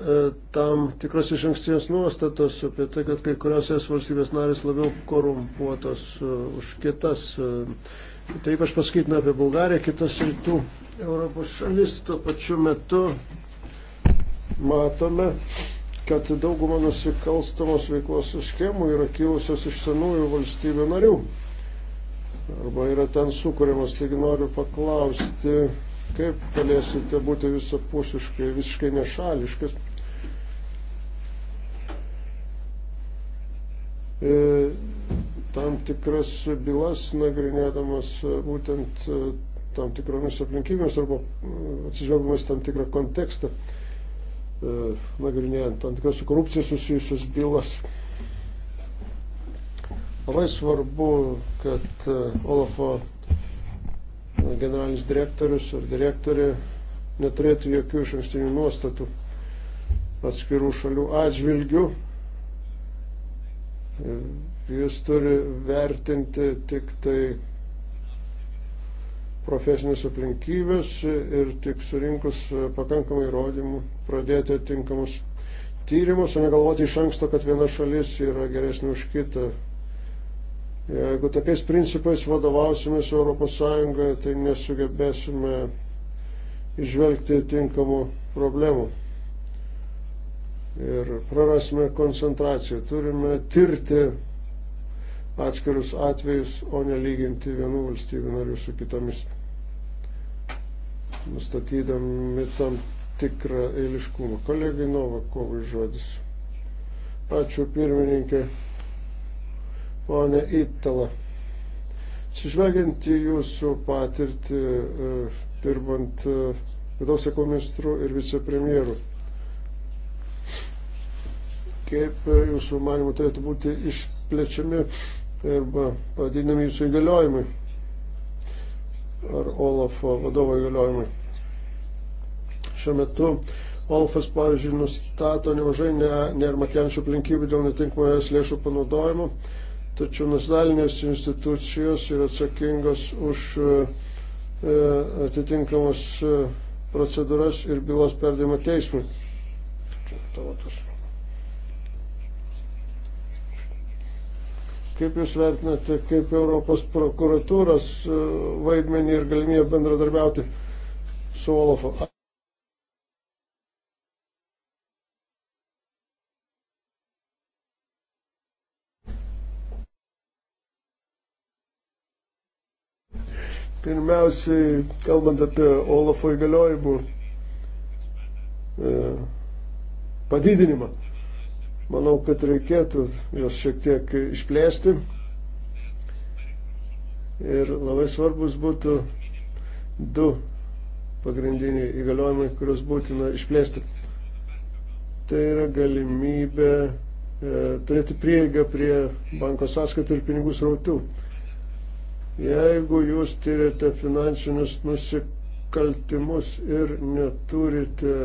[SPEAKER 2] tam tikros iš ankstinės nuostatos apie tai, kad kai kurios es valstybės narės labiau korumpuotos e, už kitas. E, taip aš pasakytume apie Bulgariją, kitas rytų Europos šalis. Tuo pačiu metu matome, kad dauguma nusikalstamos veiklos schemų yra kilusios iš senųjų valstybių narių. Arba yra ten sukūrimas, taigi noriu paklausti, kaip galėsite būti visapusiškai, visiškai nešališkas. E, tam tikras bylas nagrinėdamas e, būtent e, tam tikromis aplinkybėmis arba e, atsižvelgdamas tam tikrą kontekstą, nagrinėjant tam tikras su korupcija susijusias bylas. Labai svarbu, kad Olafo generalinis direktorius ar direktorė neturėtų jokių iš ankstinių nuostatų atskirų šalių atžvilgių. Jis turi vertinti tik tai profesinės aplinkybės ir tik surinkus pakankamai įrodymų pradėti atinkamus tyrimus, o negalvoti iš anksto, kad viena šalis yra geresnė už kitą. Jeigu tokiais principais vadovausimės ES, tai nesugebėsime išvelgti tinkamų problemų ir prarasime koncentraciją. Turime tirti atskirus atvejus, o nelyginti vienų valstybių narių su kitomis, nustatydami tam tikrą eiliškumą. Kolegai Novakovui žodis. Ačiū pirmininkė. Pone Itala, atsižvelgiant į jūsų patirtį, e, dirbant e, vidaus reikalų ministru ir vicepremjeru, kaip e, jūsų manimų turėtų būti išplečiami arba padidinami jūsų įgaliojimai ar Olafo vadovo įgaliojimai. Šiuo metu Olafas, pavyzdžiui, nustato nemažai nermakiančių aplinkybių dėl netinkamojas lėšų panaudojimo. Ne tačiau nacionalinės institucijos yra atsakingos už e, e, atitinkamas e, procedūras ir bylos perdėmą teismui. Kaip Jūs vertinate, kaip Europos prokuratūros vaidmenį ir galimybę bendradarbiauti su Olafu? Pirmiausiai, kalbant apie Olafo įgaliojimų e, padidinimą, manau, kad reikėtų juos šiek tiek išplėsti. Ir labai svarbus būtų du pagrindiniai įgaliojimai, kuriuos būtina išplėsti. Tai yra galimybė e, turėti prieigą prie banko sąskaitų ir pinigų srautų. E, Jeigu jūs tyrėte finansinius nusikaltimus ir neturite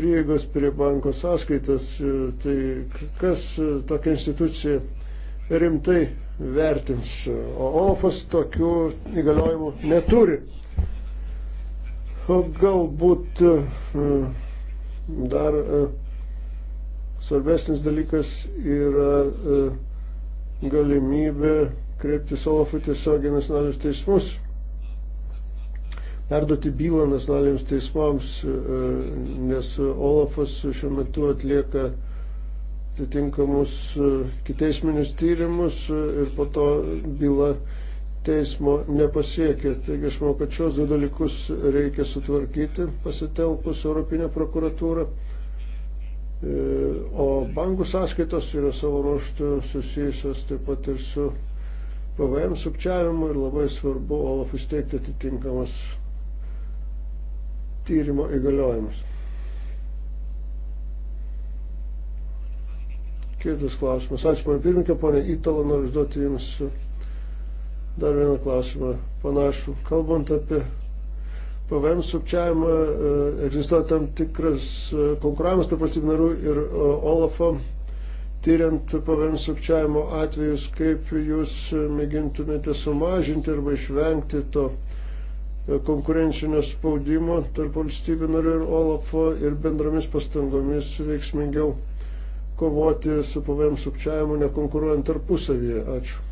[SPEAKER 2] prieigos prie banko sąskaitas, e, tai kas e, tokia institucija rimtai vertins, o OFAS tokių įgaliojimų neturi. O galbūt e, dar svarbesnis dalykas yra galimybė kreiptis Olafui tiesioginės nalius teismus, perduoti bylą nacionaliniams teismams, e, nes Olafas šiuo metu atlieka atitinkamus e, kiteisminius tyrimus e, ir po to byla teismo nepasiekia. Taigi aš manau, kad šios du dalykus reikia sutvarkyti pasitelkus Europinę prokuratūrą. O bankų sąskaitos yra savo ruoštų susijusios taip pat ir su PVM sukčiavimu ir labai svarbu Olafui steigti atitinkamas tyrimo įgaliojimus. Kitas klausimas. Ačiū, man pirmininkė, ponė Italo, noriu užduoti Jums dar vieną klausimą panašų. Kalbant apie PVM sukčiavimą, e, egzistuoja tam tikras e, konkuravimas tarp valstybių narių ir e, Olafo tyriant PVM sukčiavimo atvejus, kaip jūs mėgintumėte sumažinti arba išvengti to konkurencinio spaudimo tarp valstybių narių ir Olafo ir bendromis pastangomis veiksmingiau kovoti su PVM sukčiavimu, nekonkuruojant tarpusavyje. Ačiū.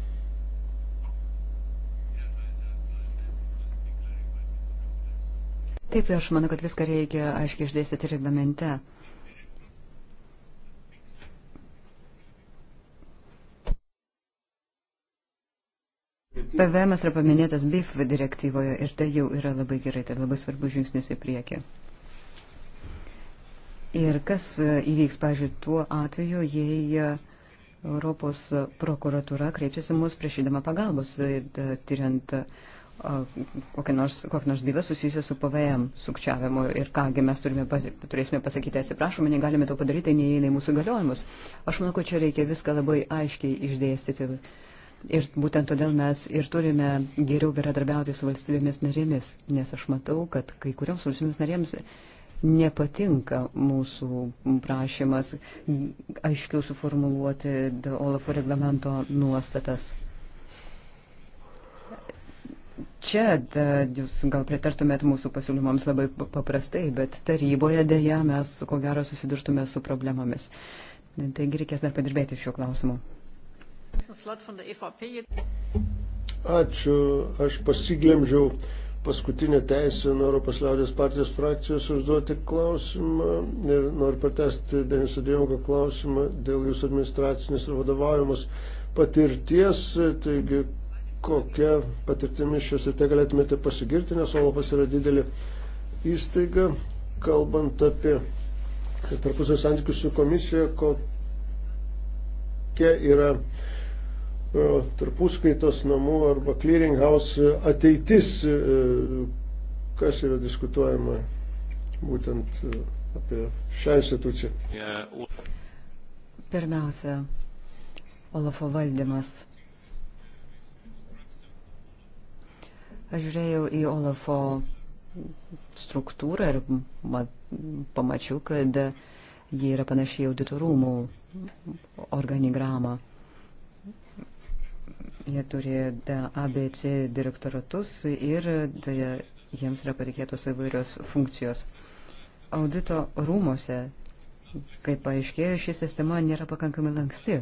[SPEAKER 5] Taip, aš manau, kad viską reikia aiškiai išdėstyti reglamente. PVM yra paminėtas BIF direktyvoje ir tai jau yra labai gerai, tai labai svarbus žingsnis į priekį. Ir kas e, įvyks, pažiūrėjau, tuo atveju, jei e, Europos prokuratura kreipčiasi mus prašydama pagalbos, e, tyriant kokią nors, kokią nors bylą susijusią su PVM sukčiavimu ir kągi mes turime, turėsime pasakyti, atsiprašome, negalime to padaryti, tai neįeina į mūsų galiojimus. Aš manau, kad čia reikia viską labai aiškiai išdėstyti Ir būtent todėl mes ir turime geriau bendradarbiauti su valstybėmis narėmis, nes aš matau, kad kai kurioms valstybėmis narėms nepatinka mūsų prašymas aiškiau suformuluoti Olafo reglamento nuostatas. Čia da, jūs gal pritartumėt mūsų pasiūlymams labai paprastai, bet taryboje dėja mes ko gero susidurtume su problemomis. Taigi reikės dar padirbėti šiuo klausimu.
[SPEAKER 2] Ačiū, aš pasiglemžiau paskutinę teisę nuo Europos liaudės partijos frakcijos užduoti klausimą ir noriu patesti Denisą Dievoką klausimą dėl jūsų administracinės ir vadovaujamos patirties. Taigi, kokia patirtimi šios ir te galėtumėte pasigirti, nes Olapas yra didelė įstaiga, kalbant apie tarpusio santykius su komisija, kokia yra E, tarpuskaitos namų arba clearinghouse ateitis, e, kas yra diskutuojama būtent e, apie šią instituciją.
[SPEAKER 5] Pirmiausia, Olafo valdymas. Aš žiūrėjau į Olafo struktūrą ir pamačiau, kad jie yra panašiai auditorumų organigramą. Jie turi ABC direktoratus ir da, jiems yra patikėtos įvairios funkcijos. Audito rūmose, kaip paaiškėjo, ši sistema nėra pakankamai lanksti,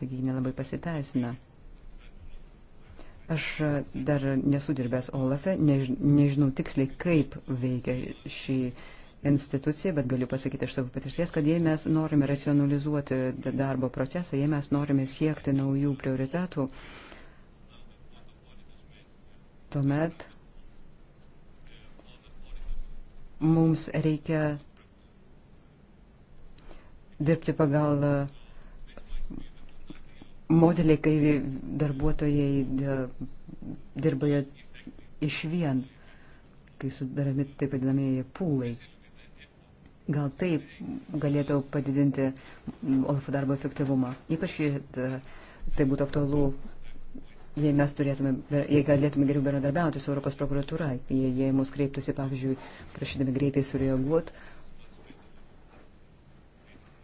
[SPEAKER 5] taigi nelabai pasiteisina. Aš dar nesu dirbęs Olafe, než, nežinau tiksliai, kaip veikia šį institucija, bet galiu pasakyti iš savo patirties, kad jei mes norime racionalizuoti darbo procesą, jei mes norime siekti naujų prioritetų, tuomet mums reikia dirbti pagal modelį, kai darbuotojai dirba iš vien, kai sudarami taip vadinamieji pūlai. Gal taip galėtų padidinti Olafo darbo efektyvumą. Ypač tai būtų aktualu, jei mes turėtume, jei galėtume geriau bendradarbiauti su Europos prokuratūra, jei, jei mus kreiptųsi, pavyzdžiui, prašydami greitai sureaguoti.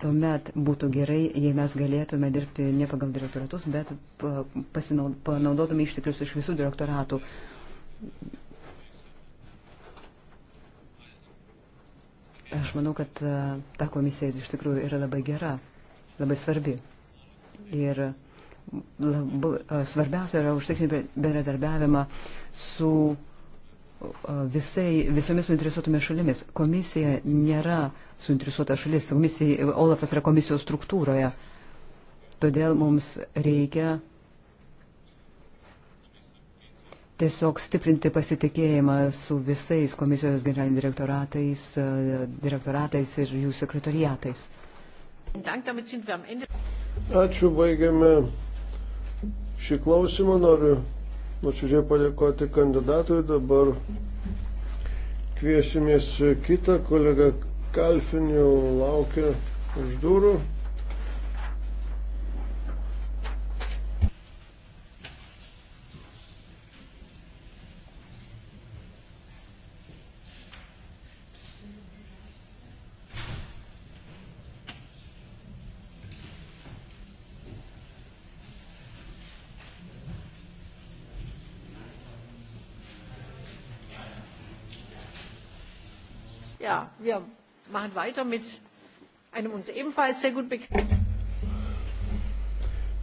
[SPEAKER 5] Tuomet būtų gerai, jei mes galėtume dirbti ne pagal direktoratus, bet pasinaud, panaudodami išteklius iš visų direktoratų Aš manau, kad e, ta komisija iš tikrųjų yra labai gera, labai svarbi. Ir labai, e, svarbiausia yra užtikrinti bendradarbiavimą su e, visai, visomis suinteresuotomis šalimis. Komisija nėra suinteresuota šalis, komisija, Olafas yra komisijos struktūroje. Todėl mums reikia tiesiog stiprinti pasitikėjimą su visais komisijos generaliniais direktoratais, e,
[SPEAKER 2] direktoratais ir jų sekretoriatais. Ačiū, baigiame šį klausimą. Noriu nuoširdžiai padėkoti kandidatui. Dabar kviesimės kitą kolegą Kalfinį, laukia už durų.
[SPEAKER 1] Ja, wir machen weiter mit einem uns ebenfalls sehr gut bekannten.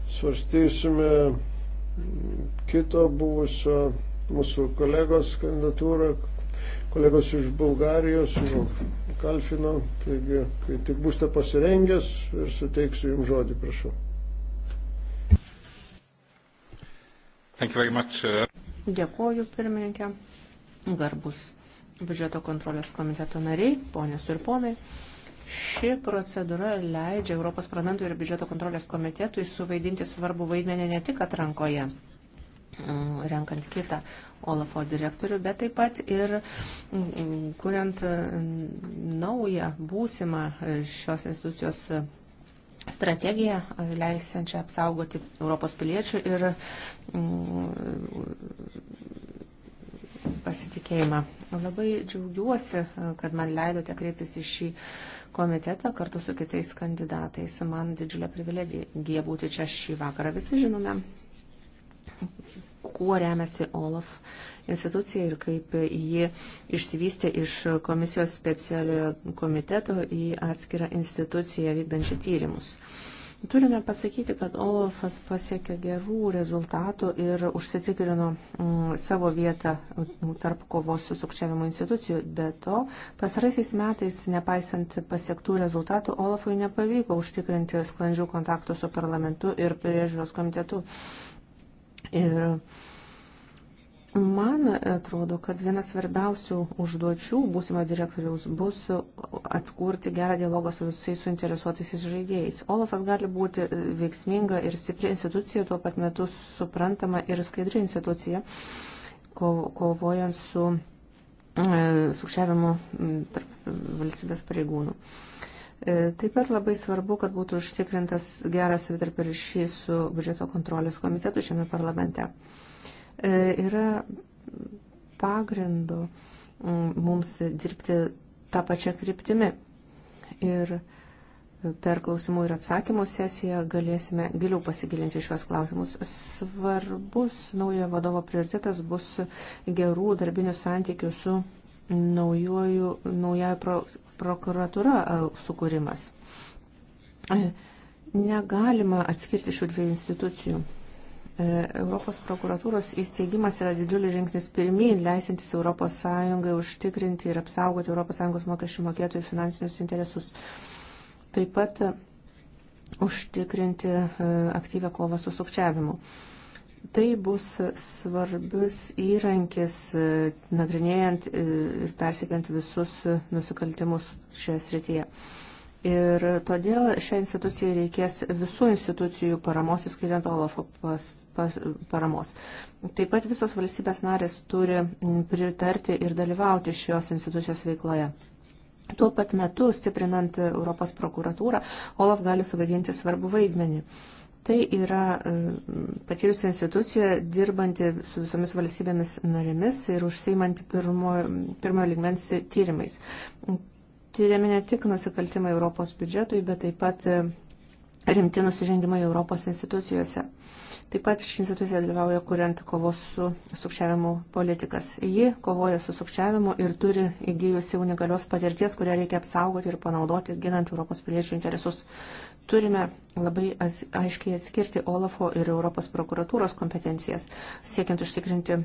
[SPEAKER 2] Svarstysime mm, kito buvusio mūsų kolegos kandidatūrą, kolegos iš Bulgarijos, Kalfino. Taigi, kai tik būsite pasirengęs ir suteiksiu Jums žodį, prašau.
[SPEAKER 3] Dėkuoju,
[SPEAKER 4] pirmininkė. Garbus biudžeto kontrolės komiteto nariai, ponios ir ponai. Ši procedūra leidžia Europos parlamentui ir biudžeto kontrolės komitetui suvaidinti svarbų vaidmenį ne tik atrankoje, mm, renkant kitą Olafo direktorių, bet taip pat ir mm, kuriant mm, naują būsimą e, šios institucijos e, strategiją, e, leisiančią apsaugoti Europos piliečių ir pasitikėjimą Labai džiaugiuosi, e, kad man leidote kreiptis į šį komitetą kartu su kitais kandidatais. Man didžiulė privilegija būti čia šį vakarą. Visi žinome, kuo remiasi OLAF institucija ir kaip ji išsivystė iš komisijos specialiojo komiteto į atskirą instituciją vykdančią tyrimus. Uh, Turime pasakyti, kad Olafas pasiekė gerų rezultatų ir užsitikrino mm, savo vietą mm, tarp kovos su sukčiavimo institucijų. Be to, pasaraisiais metais, nepaisant pasiektų rezultatų, Olafui nepavyko užtikrinti sklandžių kontaktų su parlamentu ir priežiūros komitetu. Ir Man atrodo, kad viena svarbiausių užduočių būsimo direktoriaus bus atkurti gerą dialogą su visais suinteresuotais žaidėjais. Olafas gali būti veiksminga ir stipri institucija, tuo pat metu suprantama ir skaidri institucija, kovojant su e, sukčiavimu tarp valstybės pareigūnų. E, taip pat labai svarbu, kad būtų užtikrintas geras savitarpio ryšys su biudžeto kontrolės komitetu šiame parlamente. E, E, yra pagrindu mm, mums dirbti tą pačią kryptimį. Ir per klausimų ir atsakymų sesiją galėsime giliau pasigilinti šios klausimus. Svarbus naujo vadovo prioritetas bus gerų darbinių santykių su naujoju, naujoje pro, prokuratūra e, sukūrimas. E, negalima atskirti šių dviejų institucijų. E, Europos prokuratūros įsteigimas yra didžiulis žingsnis pirmyn, leisintis ES užtikrinti ir apsaugoti ES mokesčių mokėtojų finansinius interesus. Taip pat e, užtikrinti e, aktyvę kovą su sukčiavimu. Tai bus svarbius įrankis nagrinėjant ir persikant visus nusikaltimus šioje srityje. Ir todėl šią instituciją reikės visų institucijų paramos, įskaitant Olafo paramos. Taip pat visos valstybės narės turi pritarti ir dalyvauti šios institucijos veikloje. Tuo pat metu, stiprinant Europos prokuratūrą, Olaf gali suvaidinti svarbų vaidmenį. Tai yra e, patyrusi institucija, dirbanti su visomis valstybėmis narėmis ir užsiimanti pirmojo pirmo ligmens tyrimais. Tyriami ne tik nusikaltimai Europos biudžetui, bet taip pat e, rimti nusižengimai Europos institucijose. Taip pat ši institucija dalyvauja kuriant kovos su sukčiavimu politikas. Ji kovoja su sukčiavimu ir turi įgyjusi unikalios patirties, kurią reikia apsaugoti ir panaudoti, ginant Europos piliečių interesus. Turime labai aiškiai atskirti Olafo ir Europos prokuratūros kompetencijas, siekiant užtikrinti e,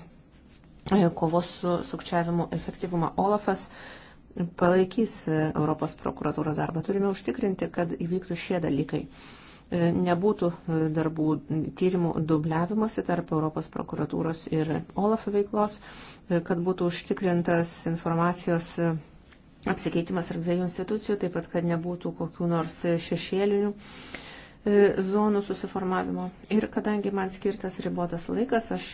[SPEAKER 4] kovos su sukčiavimu efektyvumą. Olafas palaikys e, Europos prokuratūros darbą. Turime užtikrinti, kad įvyktų šie dalykai. E, nebūtų e, darbų tyrimų dubliavimuose tarp Europos prokuratūros ir OLAF veiklos, e, kad būtų užtikrintas informacijos apsikeitimas tarp dviejų institucijų, taip pat, kad nebūtų kokių nors šešėlinių zonų susiformavimo. Ir kadangi man skirtas ribotas laikas, aš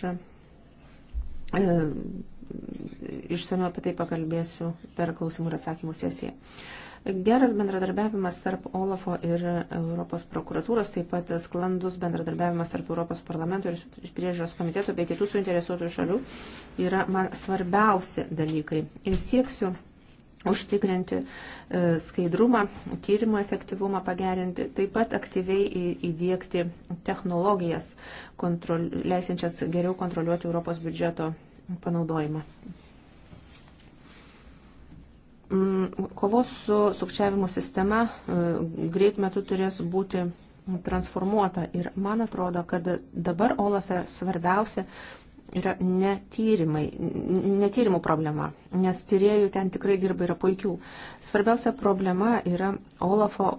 [SPEAKER 4] išsamiu apie tai pakalbėsiu per klausimų ir atsakymų sesiją. Geras bendradarbiavimas tarp OLAFO ir Europos prokuratūros, taip pat sklandus bendradarbiavimas tarp Europos parlamento ir priežiūros komiteto bei kitų suinteresuotų šalių yra man svarbiausi dalykai. Ir sieksiu užtikrinti e, skaidrumą, tyrimo efektyvumą pagerinti, taip pat aktyviai įdėkti technologijas, kontrol, leisinčias geriau kontroliuoti Europos biudžeto panaudojimą. Mm, kovos su sukčiavimo sistema e, greit metu turės būti transformuota ir man atrodo, kad dabar Olafe svarbiausia yra ne tyrimai, ne tyrimų problema, nes tyriejų ten tikrai dirba yra puikių. Svarbiausia problema yra Olafo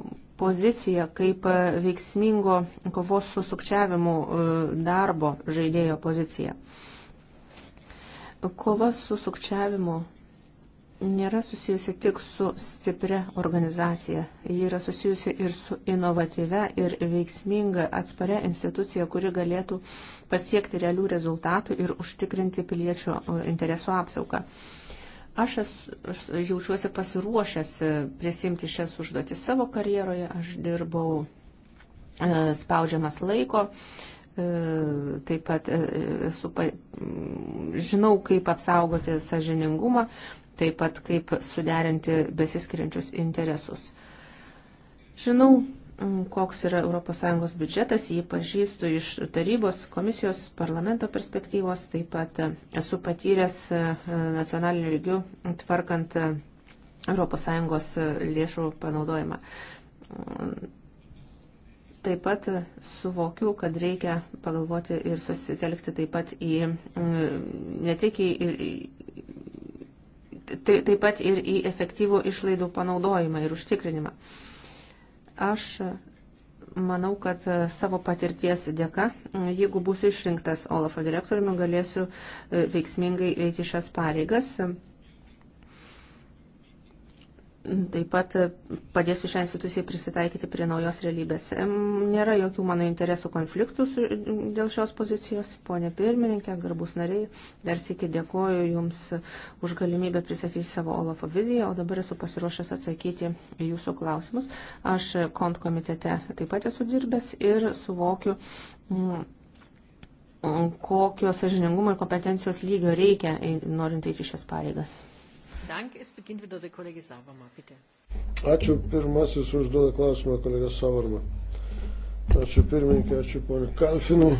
[SPEAKER 4] pozicija kaip e, veiksmingo kovos su sukčiavimu e, darbo žaidėjo pozicija. Kova su sukčiavimu nėra susijusi tik su stipria organizacija. Ji yra susijusi ir su inovatyve ir veiksminga atsparia institucija, kuri galėtų pasiekti realių rezultatų ir užtikrinti piliečių interesų apsaugą. Aš, esu, aš jaučiuosi pasiruošęs e, prisimti šias užduotis savo karjeroje. Aš dirbau e, spaudžiamas laiko, e, taip pat esu, žinau, kaip apsaugoti sažiningumą, taip pat kaip suderinti besiskiriančius interesus. Žinau, mm, koks yra ES biudžetas, jį pažįstu iš tarybos, komisijos, parlamento perspektyvos, taip pat e, esu patyręs e, nacionaliniu lygiu tvarkant e, ES lėšų panaudojimą. Taip pat suvokiu, kad reikia pagalvoti ir susitelkti taip pat į mm, ne tik į, į, tai, taip pat ir į efektyvų išlaidų panaudojimą ir užtikrinimą. Aš manau, kad savo patirties dėka, jeigu būsiu išrinktas Olafo direktoriumi, galėsiu veiksmingai veikti šias pareigas taip pat padėsiu šią instituciją prisitaikyti prie naujos realybės. Nėra jokių mano interesų konfliktų su, dėl šios pozicijos. Pone pirmininkė, garbus nariai, dar sėki dėkoju Jums už galimybę pristatyti savo Olafo viziją, o dabar esu pasiruošęs atsakyti į Jūsų klausimus. Aš kont komitete taip pat esu dirbęs ir suvokiu. Mm, kokio sažiningumo ir kompetencijos lygio reikia,
[SPEAKER 2] norint eiti šias pareigas. Ačiū pirmasis užduoda klausimą kolega Savarma. Ačiū pirmininkė, ačiū ponė Kalfinui.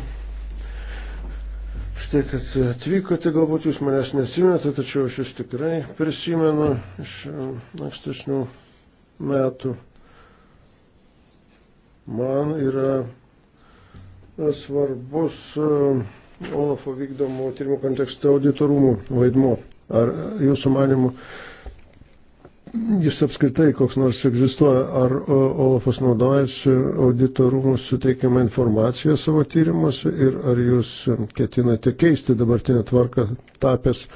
[SPEAKER 2] Štai, kad atvykote, galbūt jūs manęs nesimenate, tačiau aš jūs tikrai prisimenu iš um, ankstesnių metų. Man yra e, svarbus um, Olafo vykdomų tyrimų kontekste auditorumų vaidmo. Ar jūsų manimų jis apskritai koks nors egzistuoja? Ar Olafas naudojasi audito rūmus suteikiamą informaciją savo tyrimuose ir ar jūs ketinate keisti dabartinę tvarką tapęs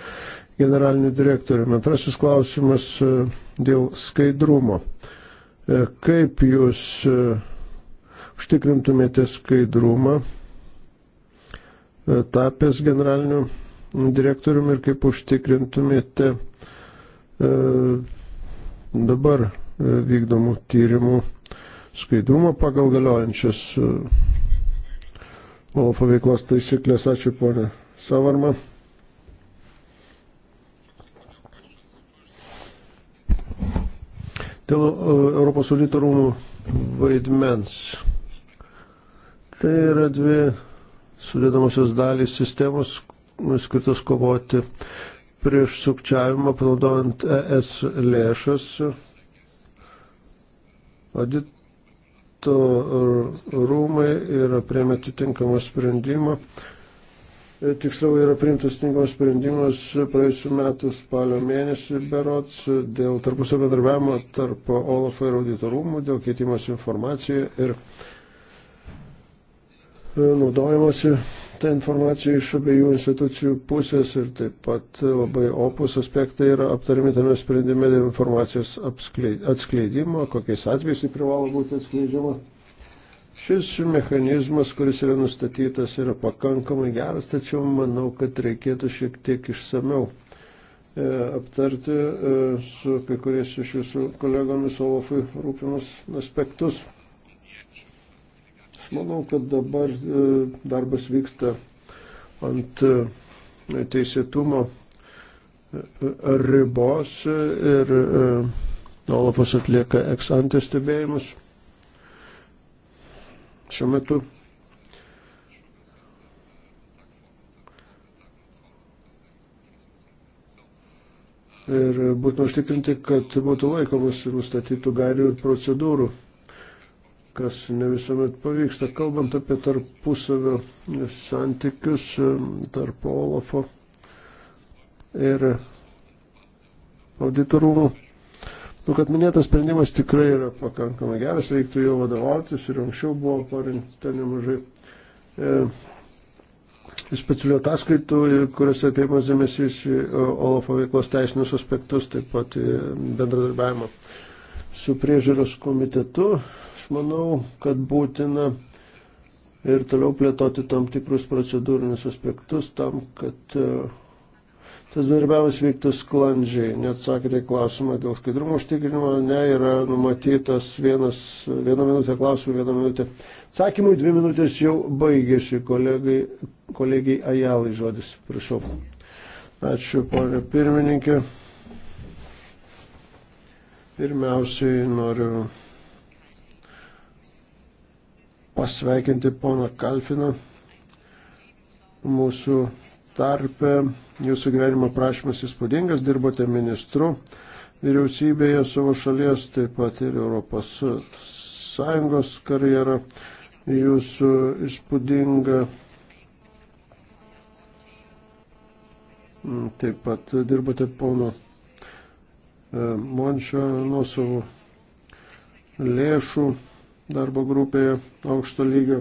[SPEAKER 2] generaliniu direktoriumi? Antrasis klausimas e, dėl skaidrumo. E, kaip jūs e, užtikrintumėte skaidrumą tapęs generaliniu direktoriumi? direktoriumi ir kaip užtikrintumėte e, dabar e, vykdomų tyrimų skaidrumą pagal galiojančias e, Olafo veiklos taisyklės. Ačiū, ponė Savarma. Dėl Europos audito rūmų vaidmens. Tai yra dvi sudėdamosios dalys sistemos, skirtos kovoti prieš sukčiavimą panaudojant ES lėšas. Audito rūmai yra priėmę atitinkamą sprendimą. Tiksliau yra priimtas tinkamas sprendimas praėjusiu metu spalio mėnesį berots dėl tarpusio bendarbiavimo tarp OLAF ir auditorumų, dėl keitimas informacijų ir naudojimuose ta informacija iš abiejų institucijų pusės ir taip pat labai opus aspektai yra aptarimi tame sprendime dėl informacijos atskleidimo, kokiais atvejais jį privalo būti atskleidžiama. Šis mechanizmas, kuris yra nustatytas, yra pakankamai geras, tačiau manau, kad reikėtų šiek tiek išsameu e, aptarti e, su kai kuriais iš jūsų kolegomis Olafui rūpimus aspektus. Aš manau, kad dabar e, darbas vyksta ant e, teisėtumo e, ribos ir Olafas atlieka eksantės stebėjimus. Šiuo metu ir būtų užtikrinti, kad būtų laikomas nustatytų gairių ir procedūrų kas ne visuomet pavyksta. Kalbant apie tarpusavio santykius tarp Olafo ir auditorumų. Nu, kad minėtas sprendimas tikrai yra pakankamai geras, reiktų jo vadovautis ir anksčiau buvo parinkta nemažai e, specialių ataskaitų, kuriuose atkreipimas dėmesys į e, Olafo veiklos teisinius aspektus, taip pat į bendradarbiavimą su priežiūros komitetu. Aš manau, kad būtina ir toliau plėtoti tam tikrus procedūrinius aspektus tam, kad e, tas bendrabiavimas vyktų sklandžiai. Neatsakėte klausimą dėl skaidrumo užtikrinimo, ne, yra numatytas vienas, vieną minutę klausimų, vieną minutę atsakymų, dvi minutės jau baigėsi kolegai, kolegiai Ajalai žodis. Prašau. Ačiū, ponė pirmininkė. Pirmiausiai noriu pasveikinti poną Kalfiną mūsų tarpe. Jūsų gyvenimo prašymas įspūdingas, dirbote ministru vyriausybėje savo šalies, taip pat ir Europos Sąjungos karjera. Jūsų įspūdinga Taip pat dirbate pono e, Mončio nuosavų lėšų darbo grupėje aukšto lygio.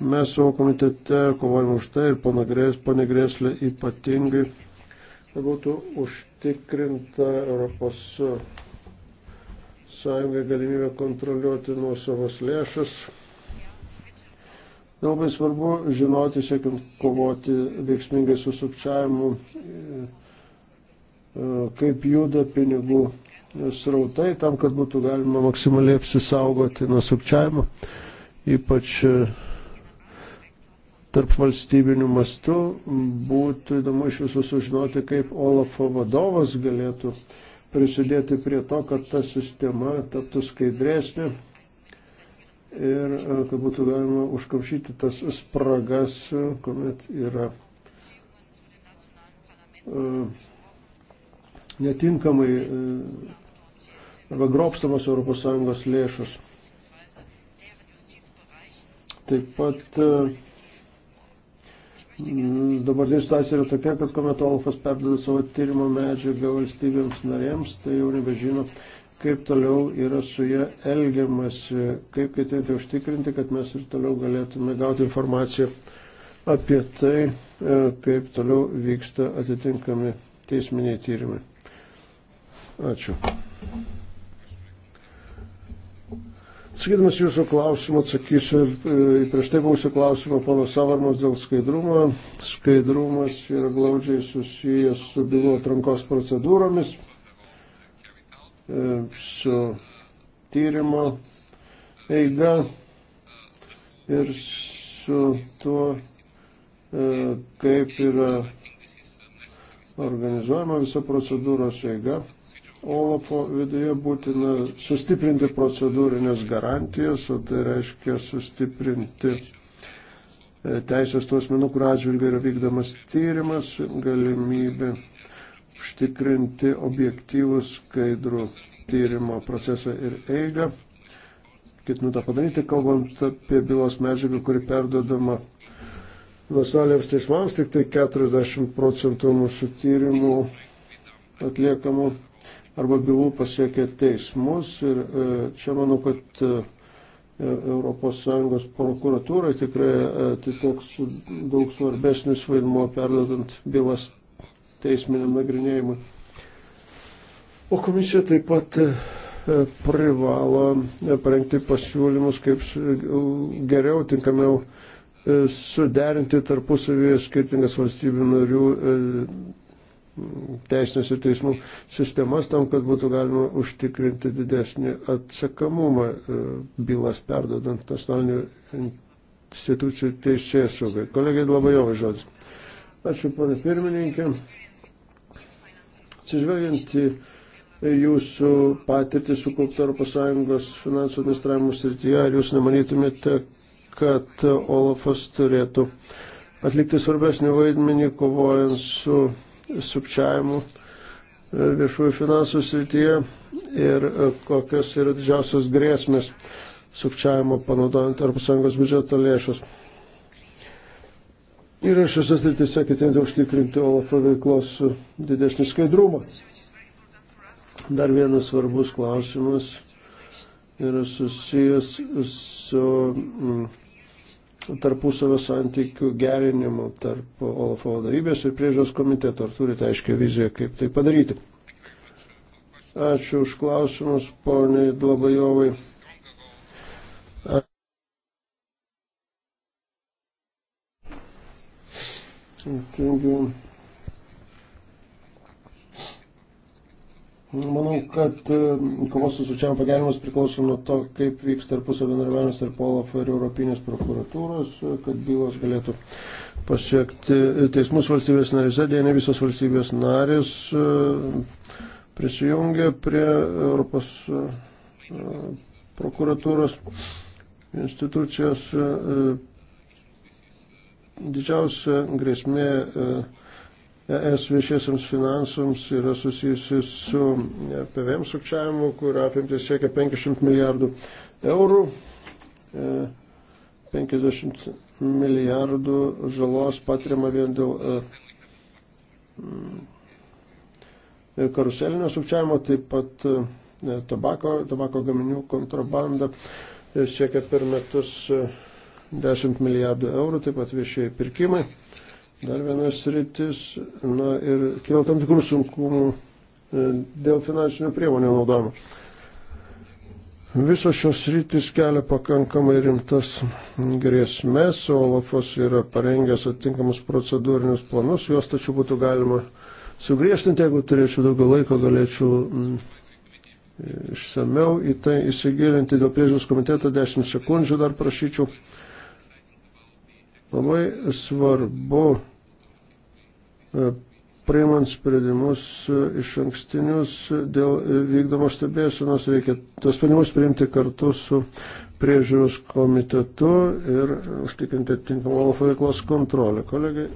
[SPEAKER 2] Mes savo komitete kovojame už tai ir ponė Grėslė ypatingai, kad būtų užtikrinta Europos Sąjunga galimybė kontroliuoti nuo savas lėšas. Labai svarbu žinoti, siekiant kovoti veiksmingai su sukčiavimu, e, kaip juda pinigų srautai tam, kad būtų galima maksimaliai apsisaugoti nuo sukčiavimo, ypač e, tarp valstybinių mastų. Būtų įdomu iš jūsų sužinoti, kaip Olafo vadovas galėtų prisidėti prie to, kad ta sistema taptų skaidresnė ir e, kad būtų galima užkamšyti tas spragas, kuomet yra. Uh, netinkamai e, arba grobstamos ES lėšos. Taip pat e, dabartinė situacija yra tokia, kad kuomet Olafas perdeda savo tyrimo medžiagą valstybėms narėms, tai jau nebežino, kaip toliau yra su ją elgiamasi, kaip ketinti užtikrinti, kad mes ir toliau galėtume gauti informaciją apie tai, e, kaip toliau vyksta atitinkami teisminiai tyrimai. Ačiū. Sakydamas jūsų klausimą, atsakysiu į prieš tai buvusią klausimą pono Savarmos dėl skaidrumo. Skaidrumas yra glaudžiai susijęs su bylų atrankos procedūromis, e, su tyrimo eiga ir su tuo, e, kaip yra organizuojama visa procedūros eiga. Olafo viduje būtina sustiprinti procedūrinės garantijas, o tai reiškia sustiprinti e, teisės tų asmenų, kur atžvilgiu yra vykdomas tyrimas, galimybė užtikrinti objektyvų skaidrų tyrimo procesą ir eigą. Ketinu tą padaryti, kalbant apie bylos medžiagą, kuri perdodama nacionaliniams teismams, tik tai 40 procentų mūsų tyrimų atliekamų arba bylų pasiekia teismus. Ir e, čia manau, kad ES prokuratūrai tikrai e, atitoks daug svarbesnis vaidmuo perdodant bylas teisminiam nagrinėjimui. O komisija taip pat e, privalo parengti pasiūlymus, kaip geriau, tinkamiau suderinti tarpusavyje skirtingas valstybių narių teisinės ir teismų sistemas tam, kad būtų galima užtikrinti didesnį atsakamumą e, bylas perdodant nacionalinių institucijų teisėjai saugai. Kolegai labai jau žodis. Ačiū, pana pirmininkė. Atsižvelgiant į jūsų patirtį sukauptą ES finansų administravimo srityje, ar jūs nemanytumėte, kad Olafas turėtų atlikti svarbesnį vaidmenį kovojant su sukčiavimu e, viešųjų finansų srityje ir e, kokios yra didžiausios grėsmės sukčiavimo panaudojant ES biudžeto lėšas. Ir šiose srityse ketinti užtikrinti OLAFO veiklos didesnį skaidrumą. Dar vienas svarbus klausimas yra susijęs su. Mm, tarpusavio santykių gerinimu tarp Olafo vadovybės ir priežiūros komiteto. Ar turite aiškę viziją, kaip tai padaryti? Ačiū už klausimus, poniai Dlabajovai. Thank you. Manau, kad e, kovos su sučiam pagelinimas priklauso nuo to, kaip vyks tarpusio bendravimas tarp OLAF ir Europinės prokuratūros, e, kad bylos galėtų pasiekti teismus valstybės narėse, dėja ne visos valstybės narės e, prisijungia prie Europos prokuratūros institucijos. Didžiausia grėsmė ES viešiesiams finansams yra susijusi su e, PVM sukčiavimu, kur apimtis siekia 50 milijardų eurų, 50 e, milijardų žalos patiriama vien dėl e, karuselinio sukčiavimo, taip pat tabako, tabako gaminių kontrabanda siekia per metus 10 milijardų eurų, taip pat viešieji pirkimai. Dar vienas rytis, na ir kilo tam tikrų sunkumų e, dėl finansinių priemonių naudojimo. Visos šios rytis kelia pakankamai rimtas grėsmės, Olafas yra parengęs atitinkamus procedūrinius planus, juos tačiau būtų galima sugriežtinti, jeigu turėčiau daugiau laiko, galėčiau mm, išsameu į tai įsigilinti dėl priežiūros komiteto 10 sekundžių dar prašyčiau. Labai svarbu e, priimant sprendimus e, iš ankstinius dėl vykdomos stebėsenos, reikia tos sprendimus priimti kartu su priežiūros komitetu ir užtikrinti atitinkamą Olafo veiklos kontrolę. Kolegai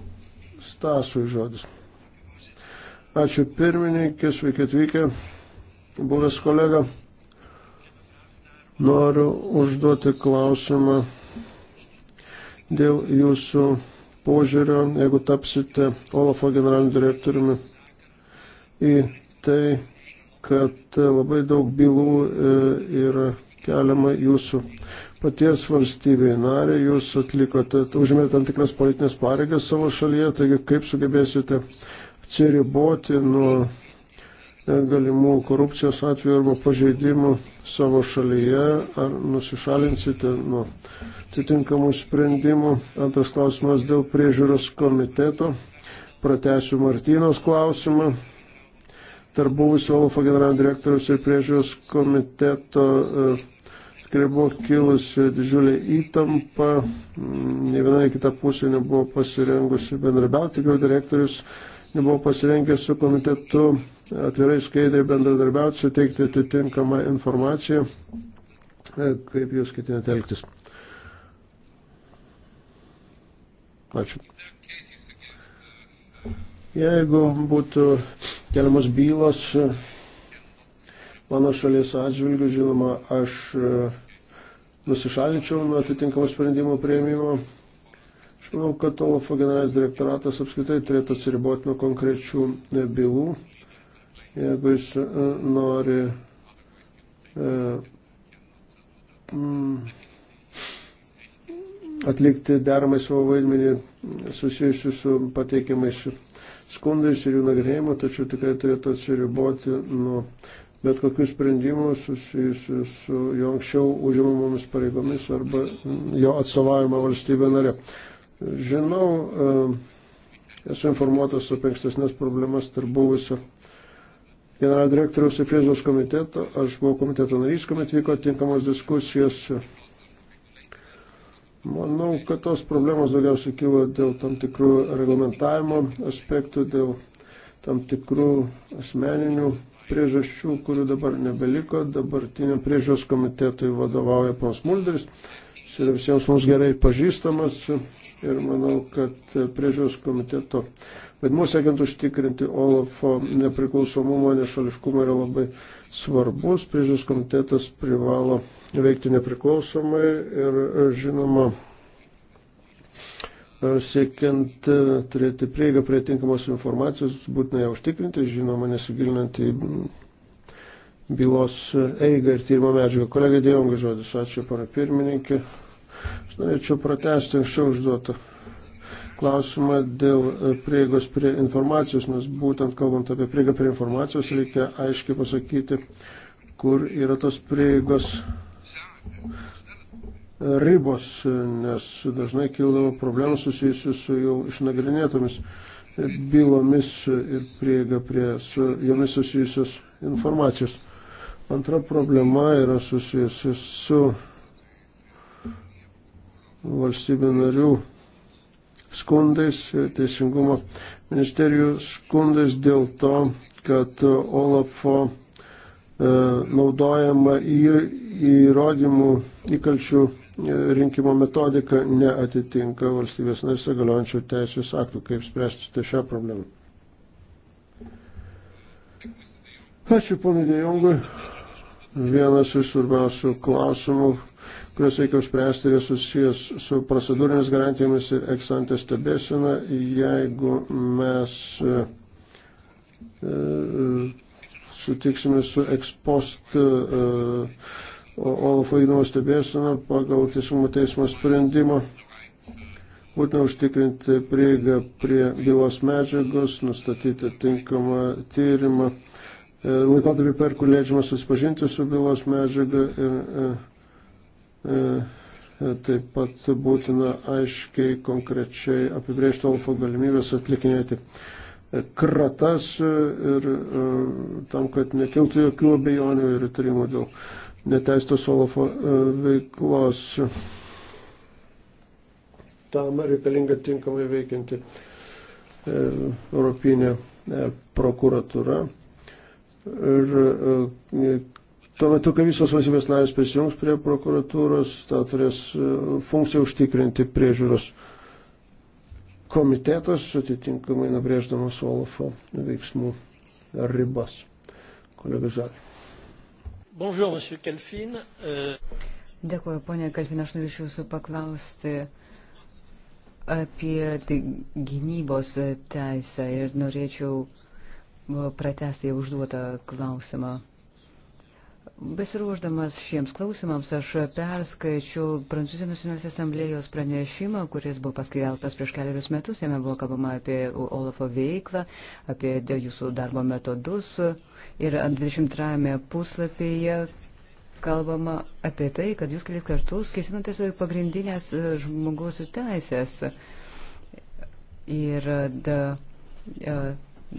[SPEAKER 2] Stasui žodis. Ačiū pirmininkė, sveiki atvykę, buvęs kolega. Noriu užduoti klausimą dėl jūsų požiūrio, jeigu tapsite Olafo generaliniu direktoriumi į tai, kad labai daug bylų e, yra keliama jūsų paties valstybėje narė, jūs atlikote, užimėte tam tikras politinės pareigas savo šalyje, taigi kaip sugebėsite atsiriboti nuo galimų korupcijos atvejų arba pažeidimų savo šalyje, ar nusišalinsite nuo atitinkamų sprendimų. Antras klausimas dėl priežiūros komiteto. Pratesiu Martynos klausimą. Tarp buvusių Olafo generalinio direktoriaus ir priežiūros komiteto e, tikrai buvo kilusi didžiulė įtampa. Ne viena, ne kita pusė nebuvo pasirengusi bendrabiauti, jau direktorius nebuvo pasirengęs su komitetu atvirai skaidriai bendradarbiauti, suteikti atitinkamą informaciją, e, kaip jūs ketinate elgtis. Ačiū. Jeigu būtų keliamos bylos e, mano šalies atžvilgių, žinoma, aš e, nusišalinčiau nuo atitinkamų sprendimų prieimimo. Aš manau, kad Olafo generalinis direktoratas apskritai turėtų atsiriboti nuo konkrečių bylų jeigu jis e, nori e, mm, atlikti deramai savo vaidmenį susijusiu su pateikiamais skundais ir jų nagrinėjimu, tačiau tikrai turėtų atsiriboti nuo bet kokių sprendimų susijusių su jo anksčiau užimamomis pareigomis arba jo atstovavimo valstybė narė. Žinau, e, esu informuotas apie ankstesnės problemas tarp buvusio generalinio direktoriaus ir priežiūros komiteto. Aš buvau komiteto narys, kuomet vyko tinkamos diskusijos. Manau, kad tos problemos daugiausiai kilo dėl tam tikrų reglamentavimo aspektų, dėl tam tikrų asmeninių priežasčių, kurių dabar nebeliko. Dabartiniam priežiūros komitetui vadovauja ponas Mulderis. Jis yra visiems mums gerai pažįstamas ir manau, kad priežiūros komiteto vaidmuo siekiant užtikrinti Olafo nepriklausomumą, nešališkumą yra labai svarbus. Priežiūros komitetas privalo veikti nepriklausomai ir žinoma, siekiant e, turėti prieigą prie tinkamos informacijos, būtina ją užtikrinti, žinoma, nesigilinant į bylos eigą ir tyrimo medžiagą. Kolega Diejongas žodis, ačiū, pana pirmininkė. Aš norėčiau pratesti anksčiau užduotą klausimą dėl e, prieigos prie informacijos, nes būtent kalbant apie prieigą prie informacijos reikia aiškiai pasakyti, kur yra tos prieigos ribos, nes dažnai kildavo problemų susijusių su jau išnagrinėtomis bylomis ir prieiga prie su jomis susijusios informacijos. Antra problema yra susijusi su valstybių narių skundais, teisingumo ministerijų skundais dėl to, kad Olafo e, naudojama įrodymų įkalčių e, rinkimo metodika neatitinka valstybės narėse galiojančių teisės aktų. Kaip spręsti šią problemą? Ačiū, ponai Dejongui. Vienas iš svarbiausių klausimų, kuriuos reikia užspręsti ir susijęs su procedūrinės garantijomis ir eksantė stebėsena, jeigu mes e, e, sutiksime su ekspost e, Olafo įdomo stebėsena pagal teisingumo teismo sprendimą. Būtina užtikrinti prieigą prie bylos medžiagos, nustatyti tinkamą tyrimą, laikotarpį per kur leidžiama susipažinti su bylos medžiaga ir E, e, taip pat būtina aiškiai, konkrečiai apibrėžti alfa galimybės atlikinėti e, kratas ir tam, kad nekiltų jokių abejonių ir įtarimų dėl neteistos alfa veiklos. Tam reikalinga tinkamai veikianti Europinė prokuratūra ir Tuo metu, kai visos valstybės narės prisijungs prie prokuratūros, tą turės e, funkciją užtikrinti priežiūros komitetas, atitinkamai nabrėždamas Olafo veiksmų ribas. Kolega Žalė. Bonjour, monsieur Kalfin. Euh,
[SPEAKER 5] Dėkuoju, ponė Kalfin, aš norėčiau jūsų paklausti apie tai, gynybos teisę ir norėčiau pratesti jau užduotą klausimą. Besiruoždamas šiems klausimams, aš perskaičiau Prancūzijos nacionalinės asamblėjos pranešimą, kuris buvo paskelbtas prieš keliarius metus. Jame buvo kalbama apie Olafo veiklą, apie jūsų darbo metodus. Ir 23 puslapyje kalbama apie tai, kad jūs kelis kartus kėsinotės pagrindinės e, žmogaus teisės. Ir da, uh,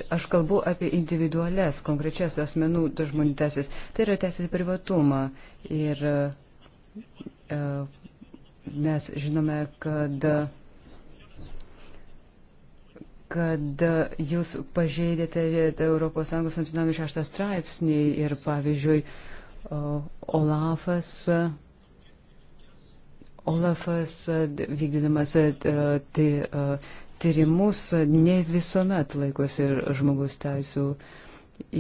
[SPEAKER 5] Aš kalbu apie individualias, konkrečias asmenų žmonių teisės. Tai yra teisės privatumą. Ir e, mes žinome, kad, kad jūs pažeidėte ES nacionalinį šeštą straipsnį ir, pavyzdžiui, Olafas. Olafas vykdydamas e, tai, e, tyrimus ne visuomet laikosi žmogus teisų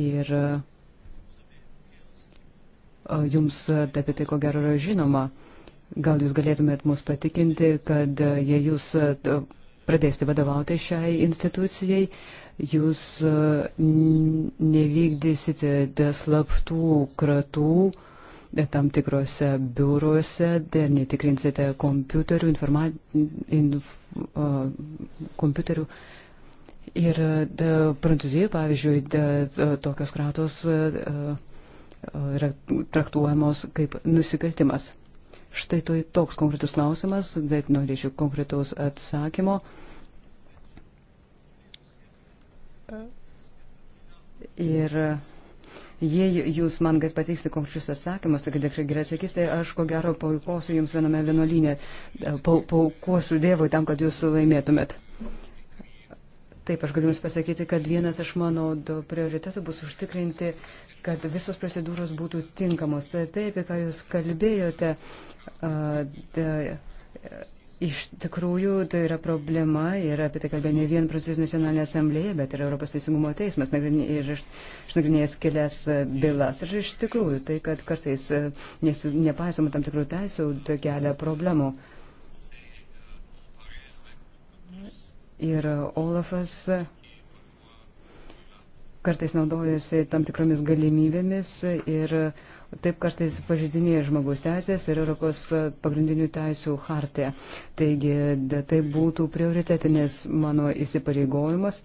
[SPEAKER 5] ir jums apie tai ko gero yra žinoma. Gal jūs galėtumėt mus patikinti, kad e, jei jūs e, pradėsite vadovauti šiai institucijai, jūs e, nevykdysite slaptų kratų tam tikrose biuruose, tai netikrinsite kompiuterių, informa, inf, uh, kompiuterių. Ir da, Prancūzijoje, pavyzdžiui, da, tokios kratos uh, yra traktuojamos kaip nusikaltimas. Štai to, toks konkretus klausimas, bet norėčiau konkretaus atsakymo. Ir uh, Jei jūs man pateiksite konkrečius atsakymus, tai tikrai gerai atsakysite, aš ko gero paukosiu jums viename vienolyne, pa, paukosiu Dievui tam, kad jūs laimėtumėt. Taip, aš galiu Jums pasakyti, kad vienas iš mano prioritetų bus užtikrinti, kad visos procedūros būtų tinkamos. Tai, tai apie ką Jūs kalbėjote, uh, de, Iš tikrųjų, tai yra problema ir apie tai kalbėjo ne vien Prancūzijos nacionalinė asamblėja, bet ir Europos teisingumo teismas ir išnagrinėjęs kelias e, bylas. Ir iš tikrųjų, tai, kad kartais e, nes, nepaisoma tam tikrų teisų, tai kelia problemų. Ir e, Olafas kartais naudojasi tam tikromis galimybėmis ir uh, taip kartais pažydinėja žmogus teisės ir Europos pagrindinių teisų hartė. Taigi tai būtų prioritetinis mano įsipareigojimas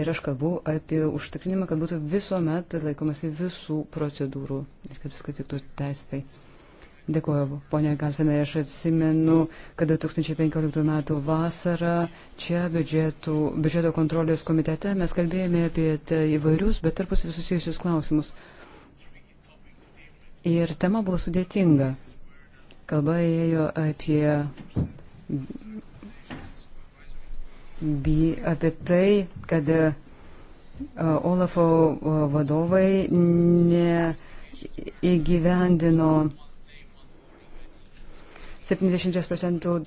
[SPEAKER 5] ir aš kalbu apie užtikrinimą, kad būtų visuomet laikomasi visų procedūrų ir kad viskas tiktų teisėtai. Dėkuoju, ponė Galfinai, aš atsimenu, kad 2015 metų vasarą čia biudžetų, biudžeto kontrolės komitete mes kalbėjome apie tai įvairius, bet tarpus susijusius klausimus. Ir tema buvo sudėtinga. Kalba ėjo apie, apie tai, kad e, Olafo e, vadovai neįgyvendino 70 procentų e,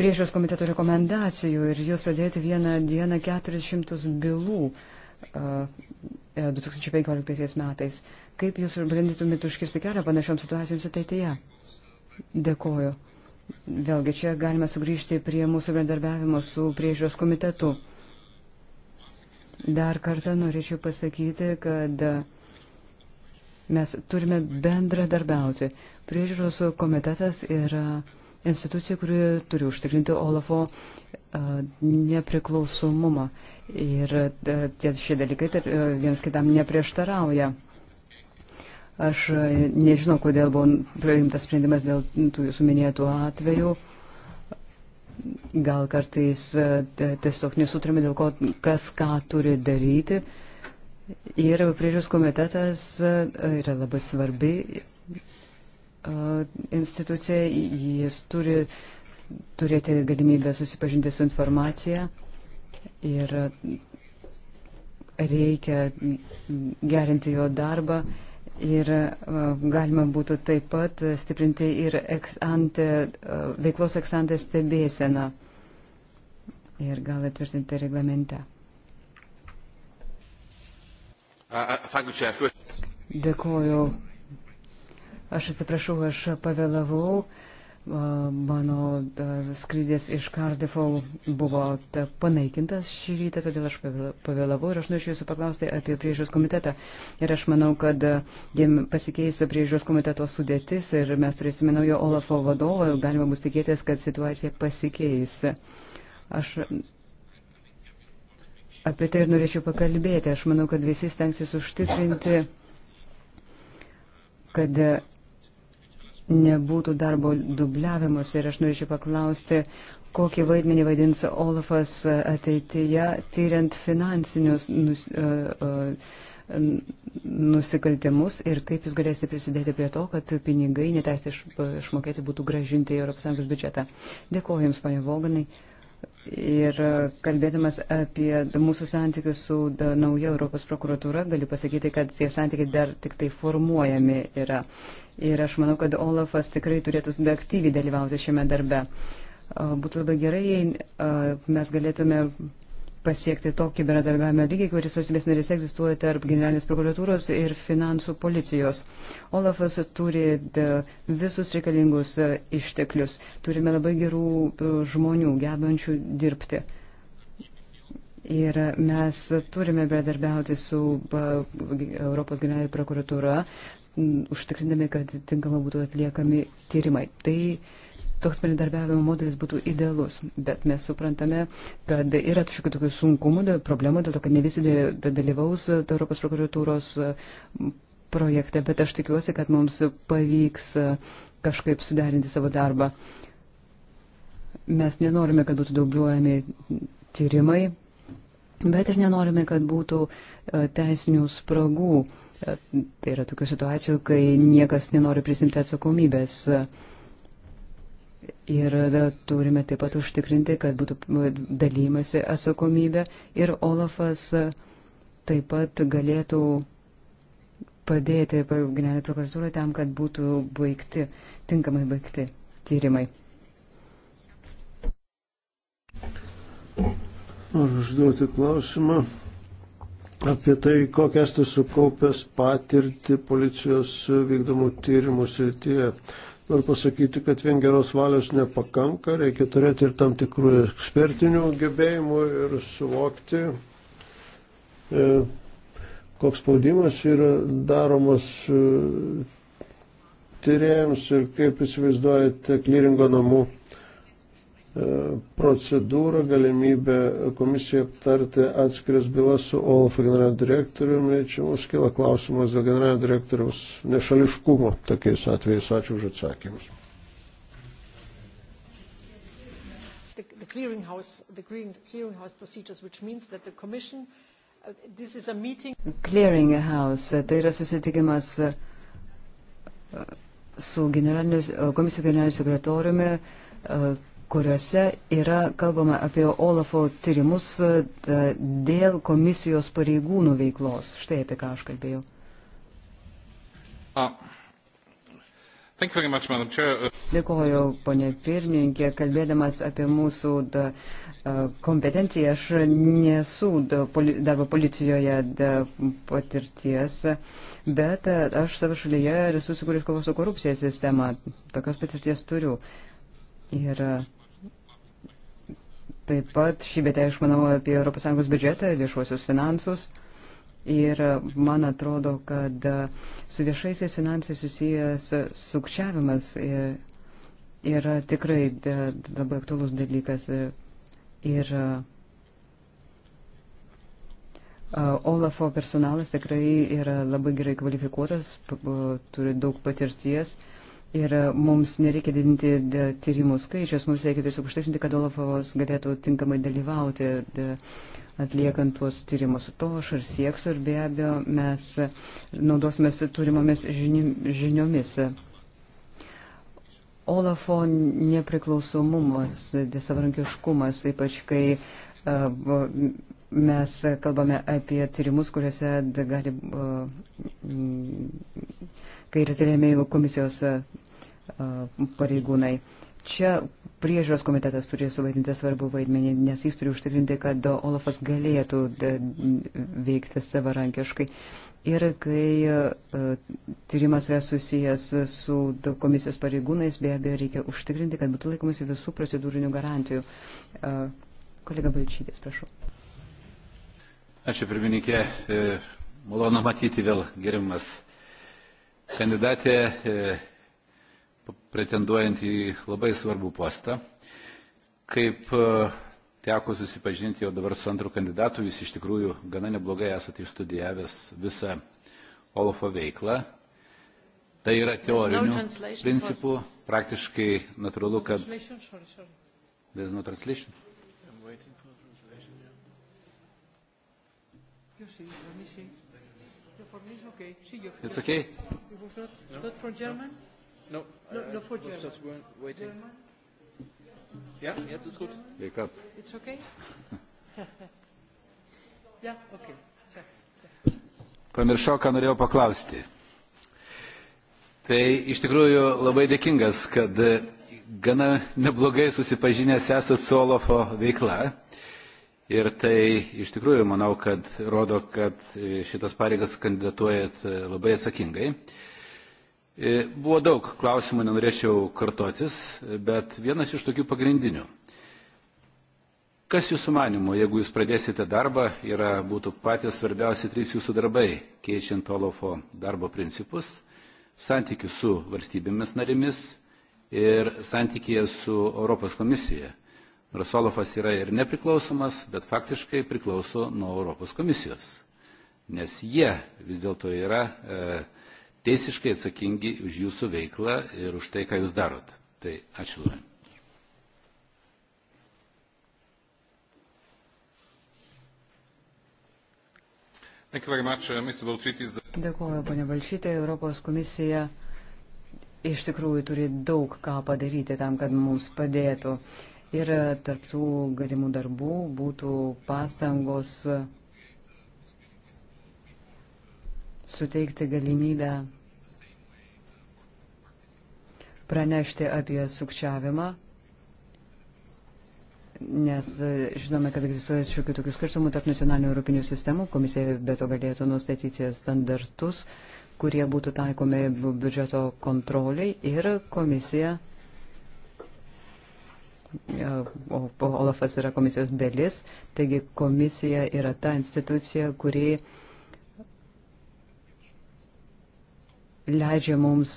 [SPEAKER 5] priežiūros komiteto rekomendacijų ir jūs pradėjote vieną dieną 400 bylų. 2015 e, metais. Kaip jūs bandytumėte užkirsti kelią panašioms situacijoms ateityje? Dėkoju. Vėlgi čia galime sugrįžti prie mūsų bendarbiavimo su priežiūros komitetu. Dar kartą norėčiau pasakyti, kad mes turime bendradarbiauti. Priežiūros komitetas yra institucija, kuri turi užtikrinti Olafo e, nepriklausomumą ir e, tie šie dalykai e, vienas kitam neprieštarauja. Aš e, nežinau, kodėl buvo priimtas sprendimas dėl tų jūsų minėtų atvejų. Gal kartais tiesiog nesutrime dėl ko, kas ką turi daryti. Ir priežiūros komitetas yra labai svarbi institucija, jis turi turėti galimybę susipažinti su informacija ir reikia gerinti jo darbą. Ir e, galima būtų taip pat stiprinti ir ex-ante, e, veiklos eksantę stebėseną ir gal atvirtinti reglamente.
[SPEAKER 3] Uh, uh,
[SPEAKER 5] Dėkoju. Aš atsiprašau, aš pavėlavau. Mano e, skrydis iš Cardiffo buvo e, panaikintas šį rytą, todėl aš pavėlavau ir aš norėčiau jūsų paklausti apie priežiūros komitetą. Ir aš manau, kad e, jiems pasikeis priežiūros komiteto sudėtis ir mes turėsime naujo Olafo vadovą ir galima bus tikėtis, kad situacija pasikeis. Aš apie tai ir norėčiau pakalbėti. Aš manau, kad visi stengsis užtikrinti, kad nebūtų darbo dubliavimus. Ir aš norėčiau paklausti, kokį vaidmenį vaidins Olafas ateityje, tyriant finansinius nus, uh, uh, nusikaltimus ir kaip jūs galėsite prisidėti prie to, kad pinigai neteisti iš, išmokėti būtų gražinti į ES biudžetą. Dėkuoju Jums, pane Voganai. Ir kalbėdamas apie mūsų santykius su e, nauja Europos prokuratūra, galiu pasakyti, kad tie santykiai dar tik tai formuojami yra. Ir aš manau, kad Olafas tikrai turėtų aktyviai dalyvauti šiame darbe. Būtų labai gerai, jei mes galėtume pasiekti tokį bendradarbiavimą lygį, kuris valstybės narys egzistuoja tarp generalinės prokuratūros ir finansų policijos. Olafas turi visus reikalingus išteklius. Turime labai gerų žmonių, gebančių dirbti. Ir mes turime bendradarbiauti su Europos generalinė prokuratūra, užtikrindami, kad tinkamai būtų atliekami tyrimai. Tai toks bendradarbiavimo modelis būtų idealus, bet mes suprantame, kad yra šiokių tokių sunkumų, problemų, dėl to, kad ne visi dalyvaus e, Europos prokuratūros e, projekte, bet aš tikiuosi, kad mums pavyks e, kažkaip suderinti savo darbą. Mes nenorime, kad būtų dubliuojami tyrimai, bet ir nenorime, kad būtų teisinių spragų Tai yra tokių situacijų, kai niekas nenori prisimti atsakomybės. Ir turime taip pat užtikrinti, kad būtų dalymasi atsakomybė ir Olafas taip pat galėtų padėti generalinė prokuratūra tam, kad būtų baigti, tinkamai baigti tyrimai.
[SPEAKER 2] Ar užduoti klausimą? apie tai, kokias tu sukaupęs patirti policijos vykdomų tyrimų srityje. Noriu pasakyti, kad vien geros valios nepakanka, reikia turėti ir tam tikrų ekspertinių gebėjimų ir suvokti, e, koks spaudimas yra daromas e, tyrėjams ir kaip įsivaizduojate klyringo namų E, procedūrą, galimybę komisijai aptarti atskiras bylas su OLAF generalinio direktoriumi. Čia mums kila klausimas dėl generalinio direktoriaus nešališkumo tokiais atvejais. Ačiū už atsakymus.
[SPEAKER 1] The, the clearinghouse, the clearinghouse procedures, which means that the commission, uh, this is a meeting.
[SPEAKER 5] Clearinghouse, uh, tai yra susitikimas uh, su generaliniu, uh, komisijų generaliniu sekretoriumi. Uh, kuriuose yra kalbama apie Olafo tyrimus e, dėl komisijos pareigūnų veiklos. Štai apie ką aš kalbėjau.
[SPEAKER 3] A. Ah. Much,
[SPEAKER 5] Dėkuoju, ponė pirmininkė, kalbėdamas apie mūsų da, kompetenciją, aš nesu da, poli, darbo policijoje da, patirties, bet aš savo šalyje esu sukūręs kovos su korupcija sistemą, tokios patirties turiu. Ir Taip pat šį betę aš manau apie ES biudžetą, viešuosius finansus. Ir man atrodo, kad e, su viešaisiais finansais susijęs sukčiavimas e, yra tikrai e, labai aktuolus dalykas. Ir Olafo personalas tikrai yra labai gerai kvalifikuotas, turi daug patirties. Ir e, mums nereikia didinti tyrimų skaičius, mums reikia tiesiog užtikrinti, kad Olafovas galėtų tinkamai dalyvauti de, atliekant tuos tyrimus. To aš ir sieksiu ir be abejo mes e, naudosimės turimomis žiniomis. Olafo nepriklausomumas, savarankiškumas, ypač kai uh, mes kalbame apie tyrimus, kuriuose gali. Uh, kai yra tyriami komisijos e, pareigūnai. Čia priežiūros komitetas turi suvaidinti svarbu vaidmenį, nes jis turi užtikrinti, kad Olafas galėtų e, veikti savarankiškai. Ir kai e, tyrimas yra susijęs su komisijos pareigūnais, be abejo, reikia užtikrinti, kad būtų laikomasi visų procedūrinių garantijų. Kolega Balčytis, prašau.
[SPEAKER 3] Ačiū, pirmininkė. Malonu matyti vėl gerimas kandidatė e, pretenduojant į labai svarbų postą. Kaip e, teko susipažinti jau dabar su antru kandidatu, jūs iš tikrųjų gana neblogai esate išstudijavęs visą Olofo veiklą. Tai yra teorinių no principų, praktiškai natūralu, kad... There's no translation. I'm waiting for translation, yeah. You see, let me see. For me it's okay. See you. It's okay. It
[SPEAKER 2] was not, no? not for
[SPEAKER 3] German? No. No, no, no for German. Just waiting. German?
[SPEAKER 5] Ja, jetzt ist gut.
[SPEAKER 1] Wake up. It's okay?
[SPEAKER 3] ja, okay. Pamiršau, ką norėjau paklausti. Tai iš tikrųjų labai dėkingas, kad gana neblogai susipažinęs esat su Olofo veikla. Uh, Ir tai iš tikrųjų, manau, kad rodo, kad šitas pareigas kandidatuojat e, labai atsakingai. E, buvo daug klausimų, nenorėčiau kartotis, bet vienas iš tokių pagrindinių. Kas jūsų manimo, jeigu jūs pradėsite darbą, yra, būtų patys svarbiausi trys jūsų darbai, keičiant Olofo darbo principus, santykių su valstybėmis narimis ir santykėje su Europos komisija. Rasolovas yra ir nepriklausomas, bet faktiškai priklauso nuo Europos komisijos, nes jie vis dėlto yra e, teisiškai atsakingi už jūsų veiklą ir už tai, ką jūs darot. Tai ačiū labai. Uh,
[SPEAKER 5] Dėkuoju, ponia Balčytė. Europos komisija iš tikrųjų turi daug ką padaryti tam, kad mums padėtų. Ir tarptų galimų darbų būtų pastangos suteikti galimybę pranešti apie sukčiavimą, nes žinome, kad egzistuoja šiokių tokių skirtumų tarp nacionalinių europinių sistemų. Komisija be to galėtų nustatyti standartus, kurie būtų taikomi biudžeto kontroliai ir komisija o Olafas yra komisijos dalis, taigi komisija yra ta institucija, kuri leidžia mums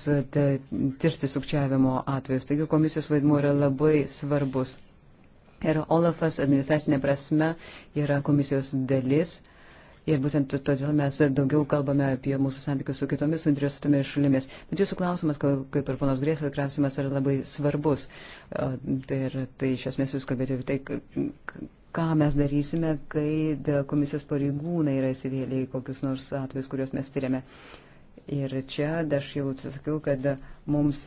[SPEAKER 5] tirti sukčiavimo atvejus. Taigi komisijos vaidmuo yra labai svarbus. Ir Olafas administracinė prasme yra komisijos dalis. Ir būtent todėl mes daugiau kalbame apie mūsų santykius su kitomis suinteresuotomis šalimis. Bet jūsų klausimas, kaip ir ponas Grėsvė, klausimas yra labai svarbus. Tai ir tai iš esmės jūs kalbėjote apie tai, ką mes darysime, kai komisijos pareigūnai yra įsivėlę į kokius nors atvejus, kuriuos mes tyriame. Ir čia aš jau sakiau, kad mums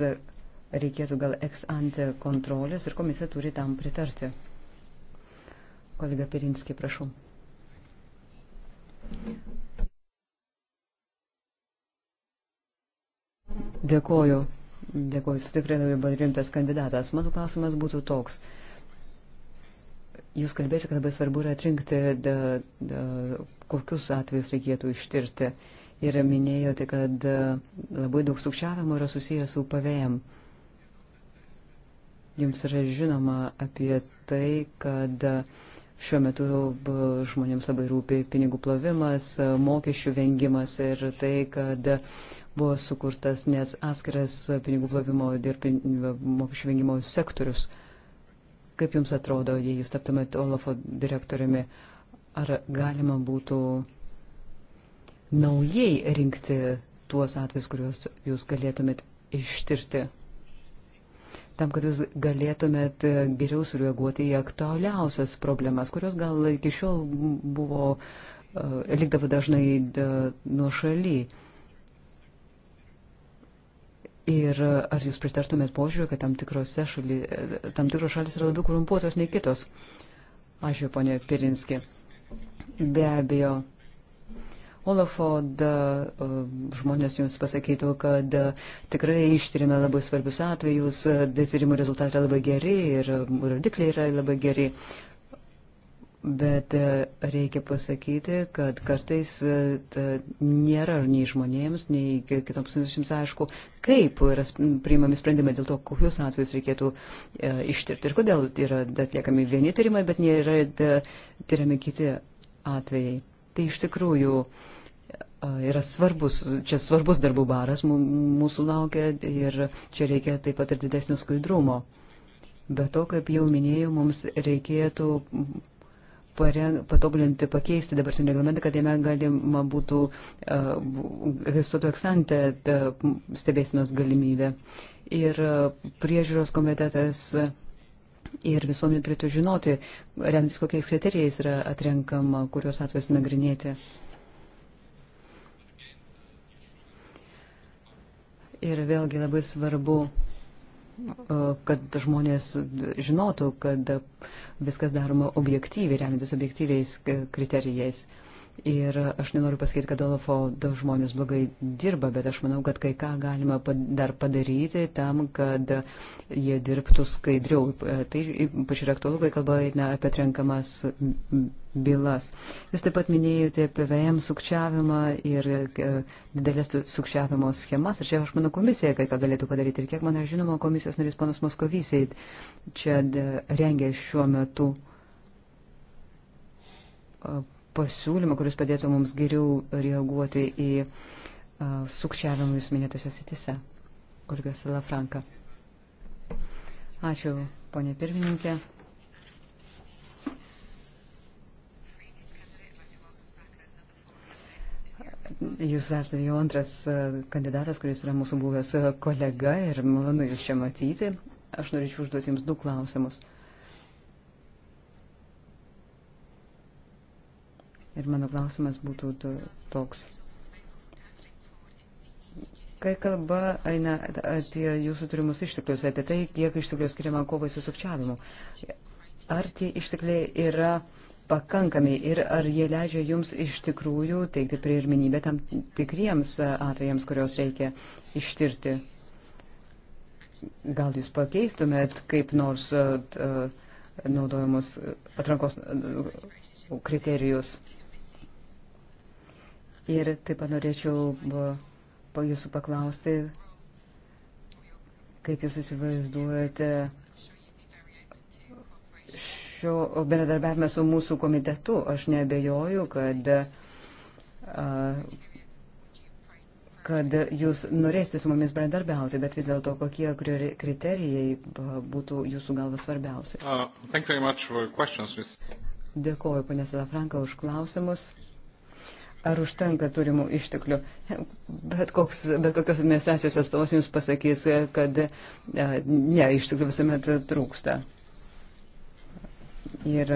[SPEAKER 5] reikėtų gal ex ante kontrolės ir komisija turi tam pritarti. Kolega Pirinski, prašau. Dėkoju. Dėkoju, sutikrinami, bet rimtas kandidatas. Mano klausimas būtų toks. Jūs kalbėjote, kad labai svarbu yra atrinkti, da, da, kokius atvejus reikėtų ištirti. Ir minėjote, kad e, labai daug sukčiavimo yra susijęs su PVM. Jums yra žinoma apie tai, kad uh, Šiuo metu žmonėms labai rūpi pinigų plovimas, mokesčių vengimas ir tai, kad buvo sukurtas nes atskiras pinigų plovimo ir pin... mokesčių vengimo sektorius. Kaip Jums atrodo, jei Jūs taptumėt Olafo direktoriumi, ar galima būtų naujai rinkti tuos atvejus, kuriuos Jūs galėtumėt ištirti? tam, kad jūs galėtumėt e, geriau sureaguoti į aktualiausias problemas, kurios gal iki šiol buvo, e, likdavo dažnai e, nuo šaly. Ir ar jūs pritartumėt požiūriu, kad tam, šaly, tam tikros šalis yra labiau korumpuotos nei kitos? Ačiū, ponė Pirinski. Be abejo, Olafo da, e, žmonės jums pasakytų, kad e, tikrai ištyrėme labai svarbius atvejus, e, tai tyrimų rezultatai yra labai geri ir rodikliai yra labai geri. Bet reikia pasakyti, kad kartais nėra nei žmonėms, nei kitoms institucijoms aišku, kaip yra priimami sprendimai dėl to, kokius atvejus reikėtų ištirti ir kodėl yra atliekami vieni tyrimai, bet nėra tyriami kiti atvejai. Tai iš tikrųjų yra svarbus, čia svarbus darbų baras mūsų laukia ir čia reikia taip pat ir didesnio skaidrumo. Be to, kaip jau minėjau, mums reikėtų pareng, patobulinti, pakeisti dabartinį reglamentą, kad jame galima būtų egzistuotų uh, eksantę uh, stebėsinos galimybę. Ir priežiūros komitetas. Uh, Ir visuomenė turėtų žinoti, remtis kokiais kriterijais yra atrenkama, kurios atvejus nagrinėti. Ir vėlgi labai svarbu, kad žmonės žinotų, kad viskas daroma objektyviai, remtis objektyviais kriterijais. Ir aš nenoriu pasakyti, kad Olafo žmonės blogai dirba, bet aš manau, kad kai ką galima dar padaryti tam, kad jie dirbtų skaidriau. E, tai ypač yra aktualu, kai kalba eina apie atrenkamas bylas. Jūs taip pat minėjote PVM sukčiavimą ir e, didelės sukčiavimo schemas. Ir čia aš manau komisija kai ką galėtų padaryti. Ir kiek man žinoma, komisijos narys ponas Moskovysiai čia e, rengia šiuo metu pasiūlymą, kuris padėtų mums geriau reaguoti į uh, sukčiavimą jūs minėtose sitise. Kolegas Lafranka. Ačiū, ponė pirmininkė. Jūs esate jau antras kandidatas, kuris yra mūsų buvęs kolega ir malonu jūs čia matyti. Aš norėčiau užduoti jums du klausimus. Ir mano klausimas būtų toks. Kai kalba eina apie jūsų turimus išteklius, apie tai, kiek išteklių skiriama kovai su sukčiavimu, ar tie ištekliai yra pakankami ir ar jie leidžia jums iš tikrųjų teikti pirminybę tam tikriems atvejams, kurios reikia ištirti? Gal jūs pakeistumėt kaip nors uh, uh naudojamus atrankos uh, kriterijus? Ir taip pat norėčiau po jūsų paklausti, kaip jūs įsivaizduojate šio bendradarbiavimą su mūsų komitetu. Aš nebejoju, kad, kad jūs norėsite su mumis bendradarbiauti, bet vis dėlto kokie kriterijai būtų jūsų galva svarbiausi.
[SPEAKER 3] Uh,
[SPEAKER 5] Dėkoju, ponė Salafranka, už klausimus ar užtenka turimų išteklių. Bet, koks, bet kokios administracijos atstovas jums pasakys, kad e, ne, išteklių visuomet trūksta. Ir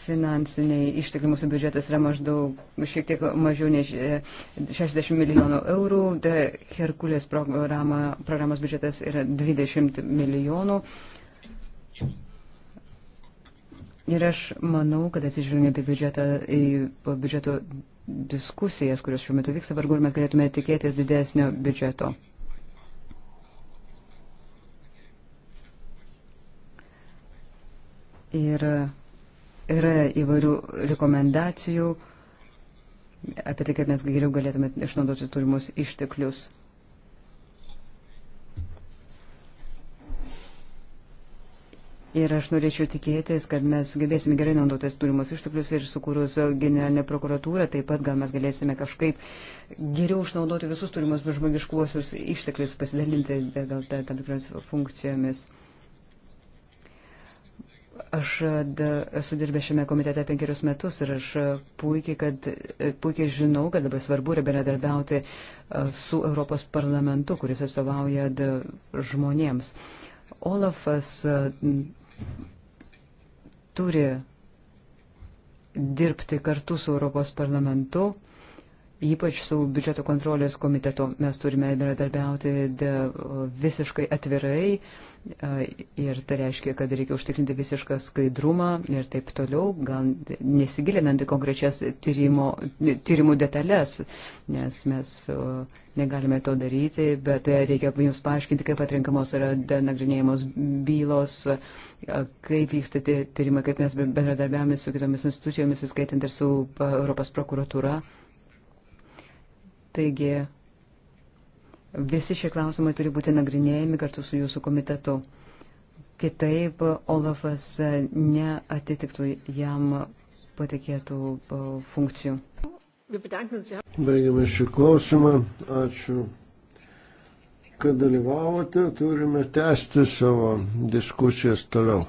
[SPEAKER 5] finansiniai ištekliai mūsų biudžetas yra maždaug šiek tiek mažiau nei 60 e, milijonų eurų, Herkulės programa, programos biudžetas yra 20 milijonų. Ir aš manau, kad atsižvelgiant į biudžetą, į biudžeto diskusijas, kurios šiuo metu vyksta, vargu ar mes galėtume tikėtis didesnio biudžeto. Ir yra įvairių rekomendacijų apie tai, kaip mes geriau galėtume išnaudoti turimus išteklius. Ir aš norėčiau tikėtis, kad mes sugebėsime gerai naudotis turimus išteklius ir sukūrus generalinę prokuratūrą, taip pat gal mes galėsime kažkaip geriau išnaudoti visus turimus žmogiškuosius išteklius, pasidalinti gal tam tikromis funkcijomis. Aš da, esu dirbęs šiame komitete penkerius metus ir aš puikiai, kad, puikiai žinau, kad labai svarbu yra bendradarbiauti su Europos parlamentu, kuris atstovauja da, žmonėms. Uh, Olafas e, turi dirbti kartu su Europos parlamentu, ypač su biudžeto kontrolės komitetu. Mes turime bendradarbiauti visiškai atvirai E, ir tai reiškia, kad reikia užtikrinti visišką skaidrumą ir taip toliau, gal nesigilinant į konkrečias tyrimo, tyrimų detalės, nes mes e, negalime to daryti, bet reikia jums paaiškinti, kaip atrinkamos yra nagrinėjamos bylos, e, kaip vyksta tyrimai, kaip mes bendradarbiavame su kitomis institucijomis, įskaitant ir su Europos prokuratūra. Taigi, Visi šie klausimai turi būti nagrinėjami kartu su jūsų komitetu. Kitaip Olafas neatitiktų jam patikėtų e,
[SPEAKER 2] funkcijų. Baigiame šį klausimą. Ačiū, kad dalyvavote. Turime tęsti savo diskusijas toliau.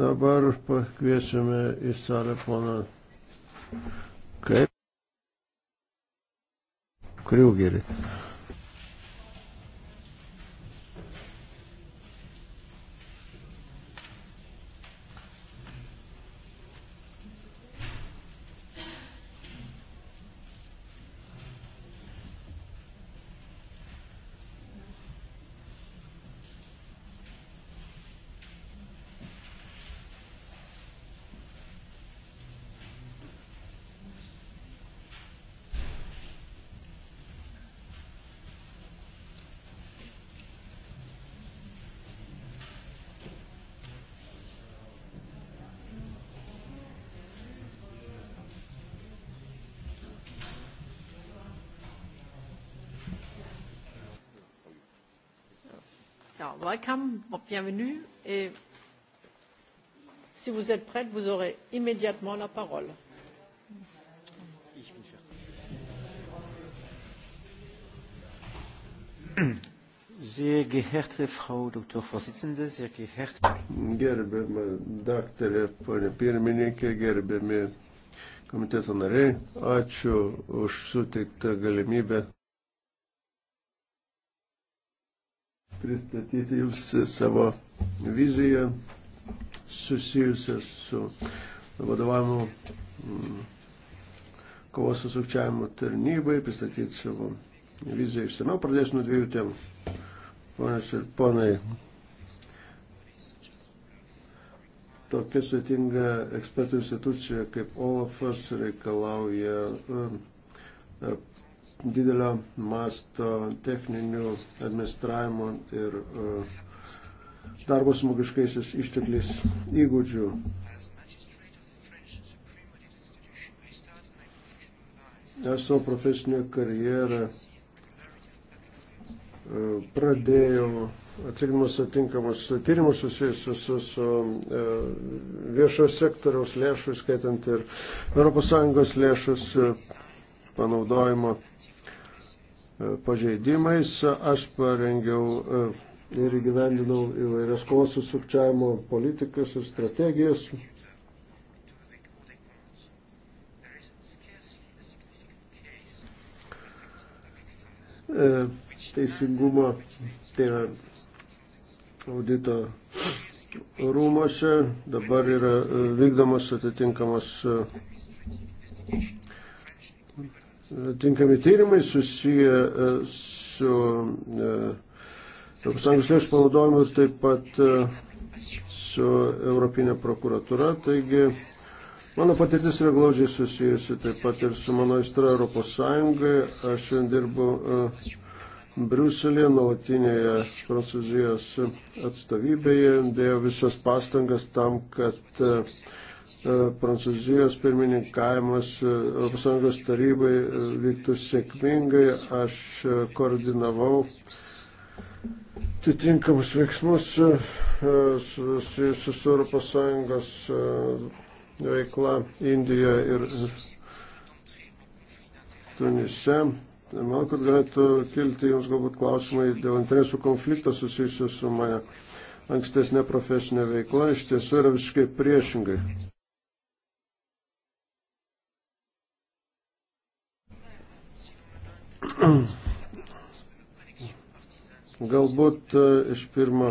[SPEAKER 2] Dabar pakviesime į salę poną Kriugerį.
[SPEAKER 1] bienvenue et si vous êtes prête, vous aurez immédiatement la parole.
[SPEAKER 3] Sehr geehrte Frau Dr. Vorsitzende,
[SPEAKER 2] sehr geehrte. Gerbiama daktarė, ponė pirmininkė, gerbiami komiteto nariai, ačiū už suteiktą galimybę pristatyti Jums savo viziją susijusią su vadovavimu mm, kovos su sukčiavimu tarnybai, pristatyti savo viziją išsameu. Pradėsiu nuo dviejų temų. Ponas ir ponai, tokia sudėtinga ekspertų institucija kaip OLAFas reikalauja mm, didelio masto techninių administravimo ir e, darbo smogiškaisiais ištekliais įgūdžių. Aš savo profesinę karjerą e, pradėjau atlikdamas atinkamus tyrimus susijusius su, su e, viešo sektoriaus lėšų, skaitant ir ES lėšus panaudojimo pažeidimais. Aš parengiau e, ir gyvendinau įvairias kovos su sukčiavimo politikas ir strategijas. E, teisingumo, tai yra audito rūmose, dabar yra e, vykdomas atitinkamas tinkami tyrimai susiję e, su ES lėšų panaudojimu ir taip pat e, su Europinė prokuratūra. Taigi mano patirtis yra glaudžiai susijusi taip pat ir su mano istra Europos Sąjungai. Aš šiandien dirbu e, Briuselėje, nuolatinėje Prancūzijos atstovybėje, dėjau visas pastangas tam, kad uh, E, Prancūzijos pirmininkavimas ES tarybai e, vyktų sėkmingai. Aš e, koordinavau atitinkamus veiksmus susijusius su ES veikla Indijoje ir Tunise. Tai manau, kad galėtų kilti jums galbūt klausimai dėl interesų konflikto susijusio su mane ankstesnė profesinė veikla. Iš tiesų yra visiškai priešingai. Galbūt e, iš pirmo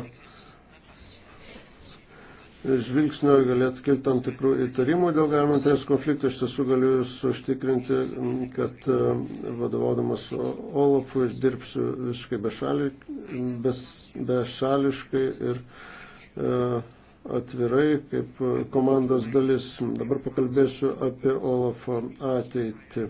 [SPEAKER 2] žvilgsnio galėtų kilti tam tikrų įtarimų dėl galimo interesų konflikto. Iš tiesų galiu Jūs užtikrinti, kad e, vadovaudamas Olafui dirbsiu visiškai bešališkai ir e, atvirai kaip komandos dalis. Dabar pakalbėsiu apie Olafo ateitį.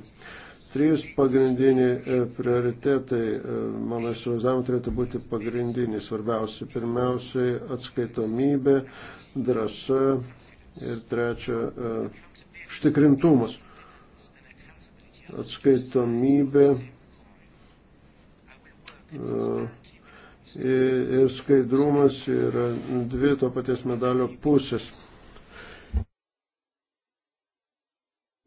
[SPEAKER 2] Trys pagrindiniai e, prioritetai, e, mano įsivaizdavimu, turėtų būti pagrindiniai, svarbiausi. Pirmiausiai atskaitomybė, drąsa ir trečia, štikrintumas. E, atskaitomybė ir skaidrumas yra dvi to paties medalio pusės.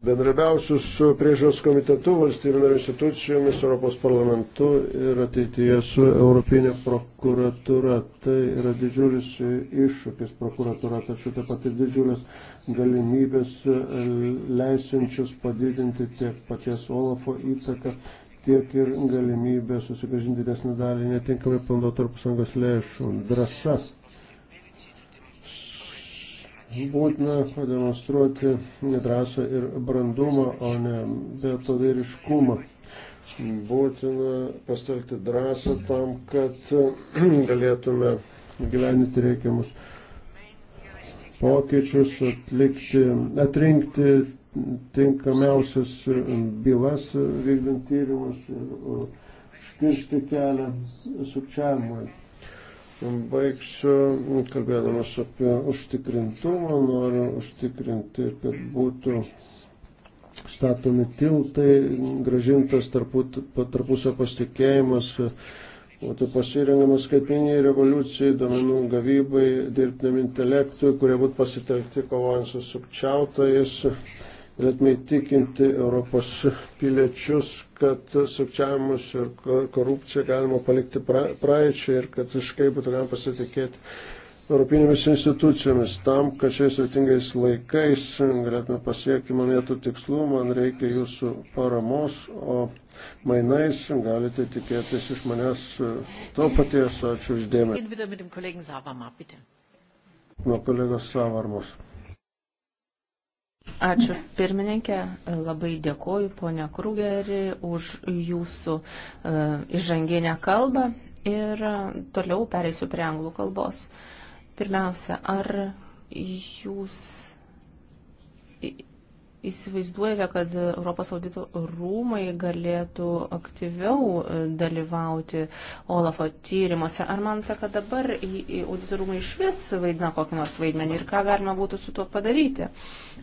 [SPEAKER 2] bendrabiausius su priežiūros komitetu, valstybinio institucijomis, Europos parlamentu ir ateityje su Europinė prokuratūra. Tai yra didžiulis iššūkis prokuratūra, tačiau taip pat ir didžiulis galimybės e, leisinčius padidinti tiek paties Olafo įtaką, tiek ir galimybę susigražinti didesnį dalį netinkamai panaudotų tarpusangos lėšų. Drasas būtina pademonstruoti nedrąsą ir brandumą, o ne betodairiškumą. Būtina pastelti drąsą tam, kad galėtume gyveninti reikiamus pokyčius, atlikti, atrinkti tinkamiausias bylas vykdant tyrimus ir užkirsti uh, kelią sukčiavimui. Baigsiu, kalbėdamas apie užtikrintumą, noriu užtikrinti, kad būtų statomi tiltai, gražintas tarpusio pasitikėjimas, būtų pasirengamas skaitminiai revoliucijai, domenų gavybai, dirbtiniam intelektui, kurie būtų pasitelkti kovojant su sukčiautais. Tai galėtume įtikinti Europos piliečius, kad sukčiavimus ir korupciją galima palikti pra, praeičiai ir kad visiškai būtų galima pasitikėti Europinėmis institucijomis. Tam, kad šiais sėtingais laikais galėtume pasiekti manėtų tikslų, man reikia jūsų paramos, o mainais galite tikėtis iš manęs to paties. Ačiū
[SPEAKER 1] uždėmesi.
[SPEAKER 2] Nuo kolegos Savarmos. Ačiū
[SPEAKER 4] pirmininkė, labai dėkoju ponia Krugeri už jūsų uh, įžanginę kalbą ir e, toliau pereisiu prie anglų kalbos. Pirmiausia, ar jūs įsivaizduojate, kad Europos audito rūmai galėtų aktyviau e, dalyvauti Olafo tyrimuose? Ar manote, kad dabar audito rūmai iš vis vaidina kokį nors vaidmenį ir ką galima būtų su tuo padaryti?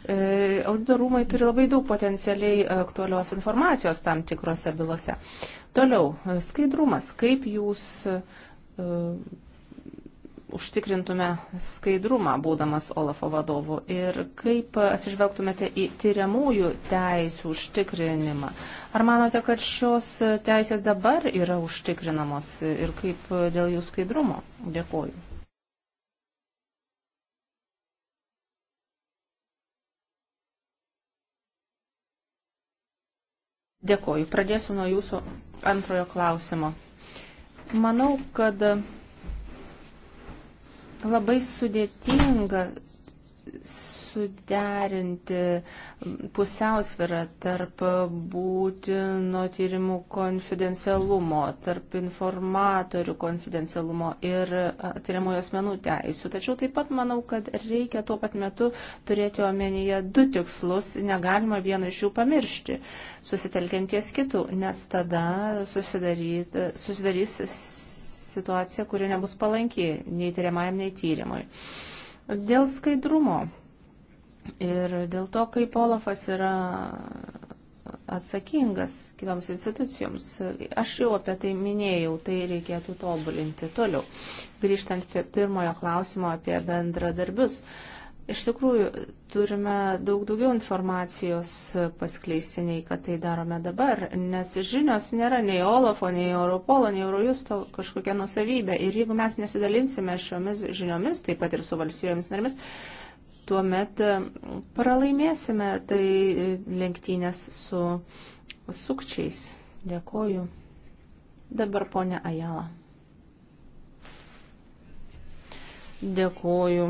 [SPEAKER 4] E, audito rūmai turi labai daug potencialiai aktualios informacijos tam tikrose bylose. Toliau, e, skaidrumas. Kaip jūs užtikrintume skaidrumą, būdamas Olafo vadovu, ir kaip atsižvelgtumėte į tyriamųjų teisų užtikrinimą. Ar manote, kad šios teisės dabar yra užtikrinamos ir kaip dėl jų skaidrumo? Dėkuoju. Dėkuoju. Pradėsiu nuo jūsų antrojo klausimo. Manau, kad labai sudėtinga suderinti pusiausvirą tarp būtino tyrimų konfidencialumo, tarp informatorių konfidencialumo ir tyriamojų asmenų teisų. Tačiau taip pat manau, kad reikia tuo pat metu turėti omenyje du tikslus, negalima vieno iš jų pamiršti, susitelkianties kitų, nes tada susidarys situacija, kuri nebus palanki nei tyriamajam, nei tyrimui. Dėl skaidrumo ir dėl to, kaip Olafas yra atsakingas kitoms institucijoms. Aš jau apie tai minėjau, tai reikėtų tobulinti toliau. Grįžtant prie pirmojo klausimo apie bendradarbius. Uh, Iš tikrųjų, turime daug daugiau informacijos paskleisti, nei kad tai darome dabar, nes žinios nėra nei Olafo, nei Europolo, nei Eurojusto kažkokia nusavybė. Ir jeigu mes nesidalinsime šiomis žiniomis, taip pat ir su valstybėmis narėmis, tuomet e, pralaimėsime tai e, lenktynės su sukčiais. Dėkoju. Dabar ponia Ajala. Dėkoju.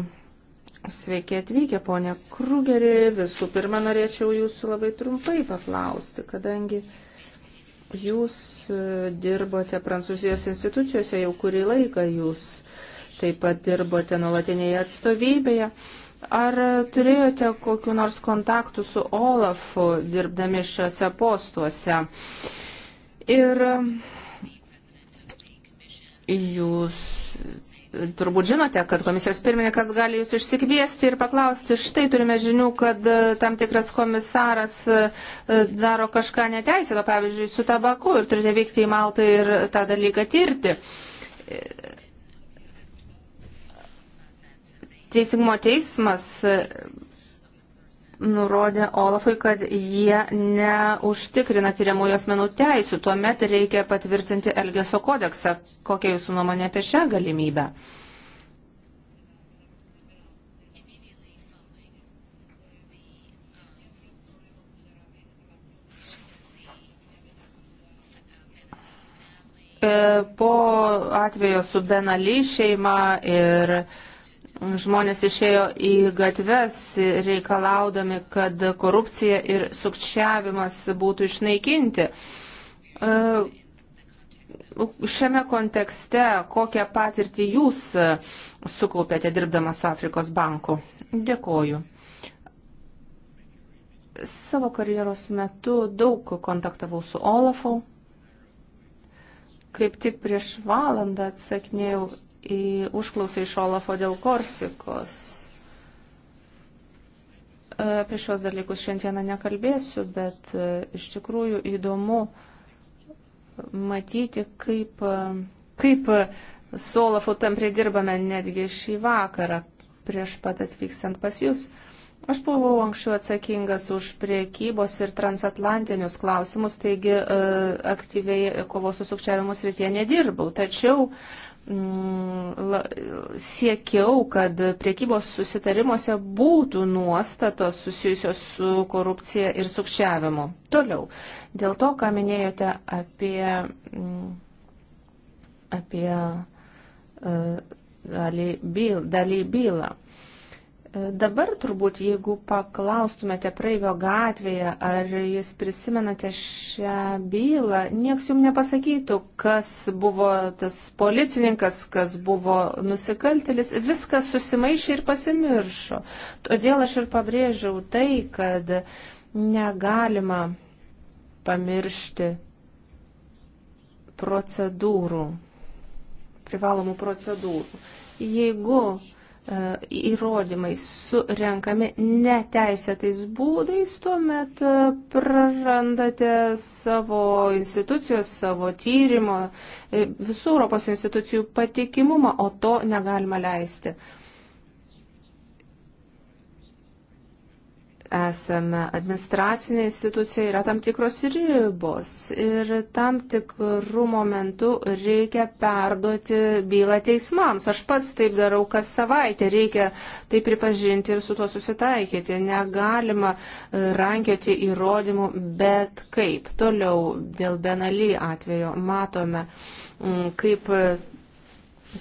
[SPEAKER 4] Sveiki atvykę, ponė Krugerį. Visų pirma, norėčiau jūsų labai trumpai paklausti, kadangi jūs e, dirbote Prancūzijos institucijose jau kurį laiką, jūs taip pat dirbote nuolatinėje atstovybėje. Ar turėjote kokiu nors kontaktų su Olafu dirbdami šiuose postuose? Ir e, jūs turbūt žinote, kad komisijos pirmininkas gali jūs išsikviesti ir paklausti, štai turime žinių, kad e, tam tikras komisaras e, e, daro kažką neteisėto, pavyzdžiui, su tabaku ir turite vykti į Maltą ir tą dalyką tirti. Teisingumo teismas nurodė Olafui, kad jie neužtikrina tyriamųjų asmenų teisų. Tuomet reikia patvirtinti Elgesio kodeksą. Kokia jūsų nuomonė apie šią galimybę? E, po atvejo su Benali šeima ir žmonės išėjo į gatves reikalaudami, kad korupcija ir sukčiavimas būtų išnaikinti. E, šiame kontekste kokią patirtį jūs sukaupėte dirbdamas su Afrikos banku? Dėkoju. Savo karjeros metu daug kontaktavau su Olafu. Kaip tik prieš valandą atsakinėjau į užklausą iš Olafo dėl Korsikos. Apie šios dalykus šiandieną nekalbėsiu, bet e, iš tikrųjų įdomu matyti, kaip, e, kaip su Olafu tamprie dirbame netgi šį vakarą prieš pat atvykstant pas jūs. Aš buvau anksčiau atsakingas už priekybos ir transatlantinius klausimus, taigi e, aktyviai kovos su sukčiavimu srityje nedirbau. Tačiau e, Mm, siekiau, kad priekybos susitarimuose būtų nuostatos susijusios su korupcija ir sukčiavimu. Toliau, dėl to, ką minėjote apie, mm, apie uh, dalį bylą. Dabar turbūt, jeigu paklaustumėte praeivio gatvėje, ar jis prisimenate šią bylą, nieks jums nepasakytų, kas buvo tas policininkas, kas buvo nusikaltelis, viskas susimaišė ir pasimiršo. Todėl aš ir pabrėžiau tai, kad negalima pamiršti procedūrų, privalomų procedūrų. Jeigu E, įrodymai surenkami neteisėtais būdais, tuomet e, prarandate savo institucijos, savo tyrimo, e, visų Europos institucijų patikimumą, o to negalima leisti. esame administracinė institucija, yra tam tikros ribos ir tam tikrų momentų reikia perduoti bylą teismams. Aš pats taip darau kas savaitę, reikia tai pripažinti ir su tuo susitaikyti. Negalima e, rankioti įrodymų bet kaip. Toliau dėl Benali atvejo matome, kaip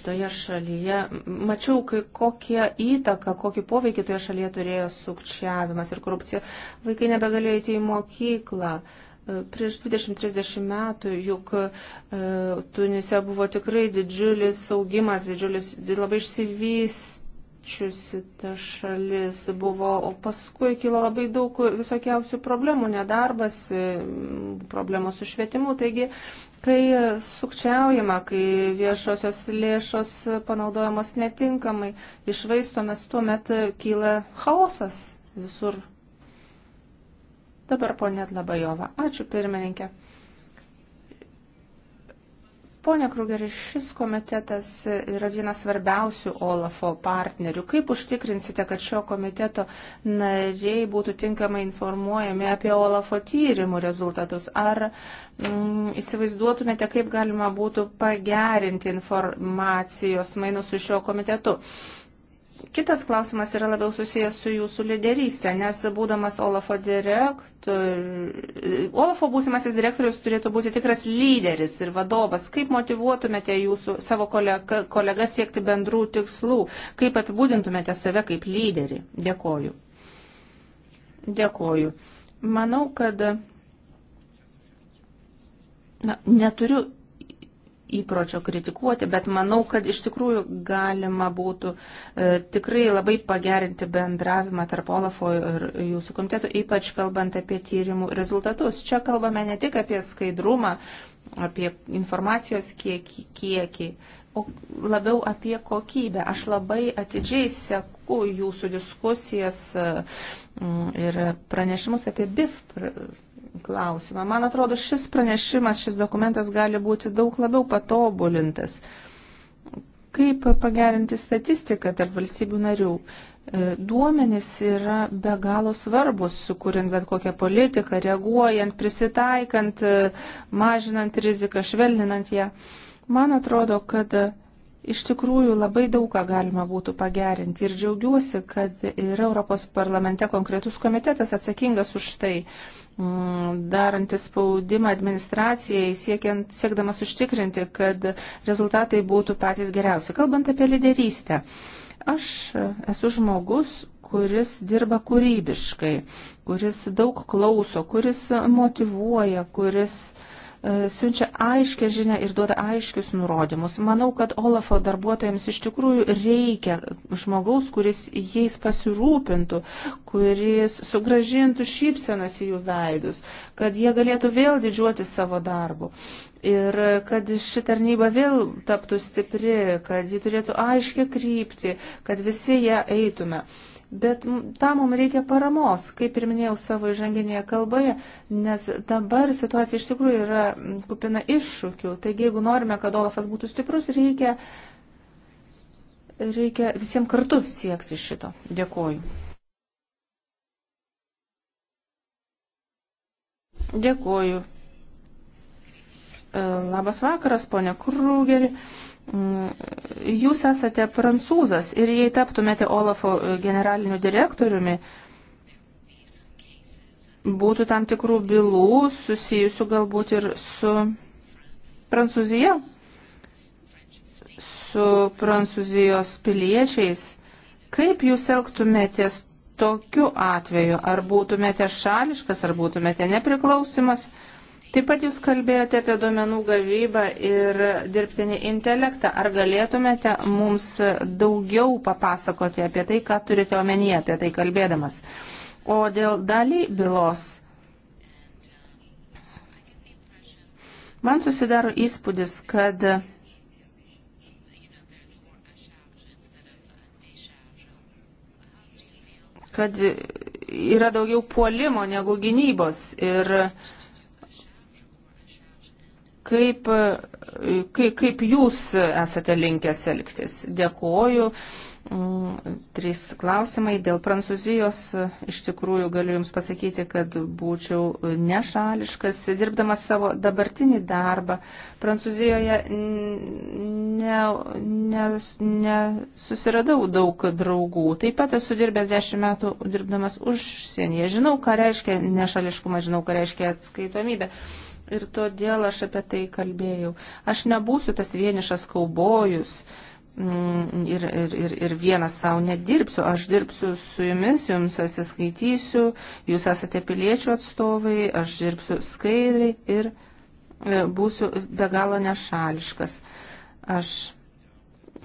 [SPEAKER 4] toje šalyje, mačiau, kai, kokie įtaka, kokį poveikį toje šalyje turėjo sukčiavimas ir korupcija. Vaikai nebegalėjo eiti į mokyklą. Prieš 20-30 metų juk e, Tunise buvo tikrai didžiulis augimas, didžiulis, labai išsivysčiusi ta šalis buvo, o paskui kilo labai daug visokiausių problemų, nedarbas, problemos su švietimu, taigi kai sukčiaujama, kai viešosios lėšos panaudojamos netinkamai, išvaistomės, tuomet kyla chaosas visur. Dabar ponė Labajova. Ačiū pirmininkė. Pone Krugeri, šis komitetas yra vienas svarbiausių OLAFO partnerių. Kaip užtikrinsite, kad šio komiteto nariai būtų tinkamai informuojami apie OLAFO tyrimų rezultatus? Ar mm, įsivaizduotumėte, kaip galima būtų pagerinti informacijos mainus su šio komitetu? Uh, Kitas klausimas yra labiau susijęs su jūsų lyderystė, nes būdamas Olafo direktorius, Olafo būsimasis direktorius turėtų būti tikras lyderis ir vadovas. Kaip motivuotumėte jūsų savo kolega, kolegas siekti bendrų tikslų? Kaip apibūdintumėte save kaip lyderį? Dėkoju. Dėkoju. Manau, kad na, neturiu įpročio kritikuoti, bet manau, kad iš tikrųjų galima būtų e, tikrai labai pagerinti bendravimą tarp Olafo ir jūsų komiteto, ypač kalbant apie tyrimų rezultatus. Čia kalbame ne tik apie skaidrumą, apie informacijos kiekį, kiekį o labiau apie kokybę. Aš labai atidžiai seku jūsų diskusijas e, ir pranešimus apie BIF klausimą. Man atrodo, šis pranešimas, šis dokumentas gali būti daug labiau patobulintas. Kaip pagerinti statistiką tarp valstybių narių? E, duomenys yra be galo svarbus, sukuriant bet kokią politiką, reaguojant, prisitaikant, e, mažinant riziką, švelninant ją. Man atrodo, kad Iš tikrųjų, labai daug ką galima būtų pagerinti ir džiaugiuosi, kad yra Europos parlamente konkretus komitetas atsakingas už tai, mm, darantis spaudimą administracijai, siekiant, siekdamas užtikrinti, kad rezultatai būtų patys geriausi. Kalbant apie lyderystę, aš esu žmogus, kuris dirba kūrybiškai, kuris daug klauso, kuris motivuoja, kuris siunčia aiškę žinę ir duoda aiškius nurodymus. Manau, kad Olafo darbuotojams iš tikrųjų reikia žmogaus, kuris jais pasirūpintų, kuris sugražintų šypsenas į jų veidus, kad jie galėtų vėl didžiuoti savo darbu. Ir kad ši tarnyba vėl taptų stipri, kad ji turėtų aiškę kryptį, kad visi ją eitume. Uh, Bet tam mums reikia paramos, kaip ir minėjau savo įžanginėje kalboje, nes dabar situacija iš tikrųjų yra kupina iššūkių. Taigi, jeigu norime, kad Olafas būtų stiprus, reikia, reikia visiems kartu siekti šito. Dėkuoju. Dėkuoju. E, labas vakaras, ponia Krūgeri. Mm, jūs esate prancūzas ir jei taptumėte Olafo generaliniu direktoriumi, būtų tam tikrų bylų susijusių galbūt ir su Prancūzija, su Prancūzijos piliečiais. Kaip jūs elgtumėtės tokiu atveju? Ar būtumėte šališkas, ar būtumėte nepriklausimas? Taip pat jūs kalbėjote apie duomenų gavybą ir dirbtinį intelektą. Ar galėtumėte mums daugiau papasakoti apie tai, ką turite omenyje apie tai kalbėdamas? O dėl dalį bylos. Man susidaro įspūdis, kad kad yra daugiau puolimo negu gynybos ir uh, kaip, kaip, kaip jūs esate linkęs elgtis. Dėkoju. Mm, trys klausimai. Dėl Prancūzijos iš tikrųjų galiu Jums pasakyti, kad būčiau nešališkas, dirbdamas savo dabartinį darbą. Prancūzijoje nesusiradau ne, ne, ne daug draugų. Taip pat esu dirbęs dešimt metų dirbdamas užsienyje. Žinau, ką reiškia nešališkumas, žinau, ką reiškia atskaitomybė. Ir todėl aš apie tai kalbėjau. Aš nebūsiu tas vienišas kaubojus mm, ir, ir, ir, ir vienas savo nedirbsiu, aš dirbsiu su jumis, jums atsiskaitysiu, jūs esate piliečių atstovai, aš dirbsiu skaidriai ir e, būsiu be galo nešališkas. Aš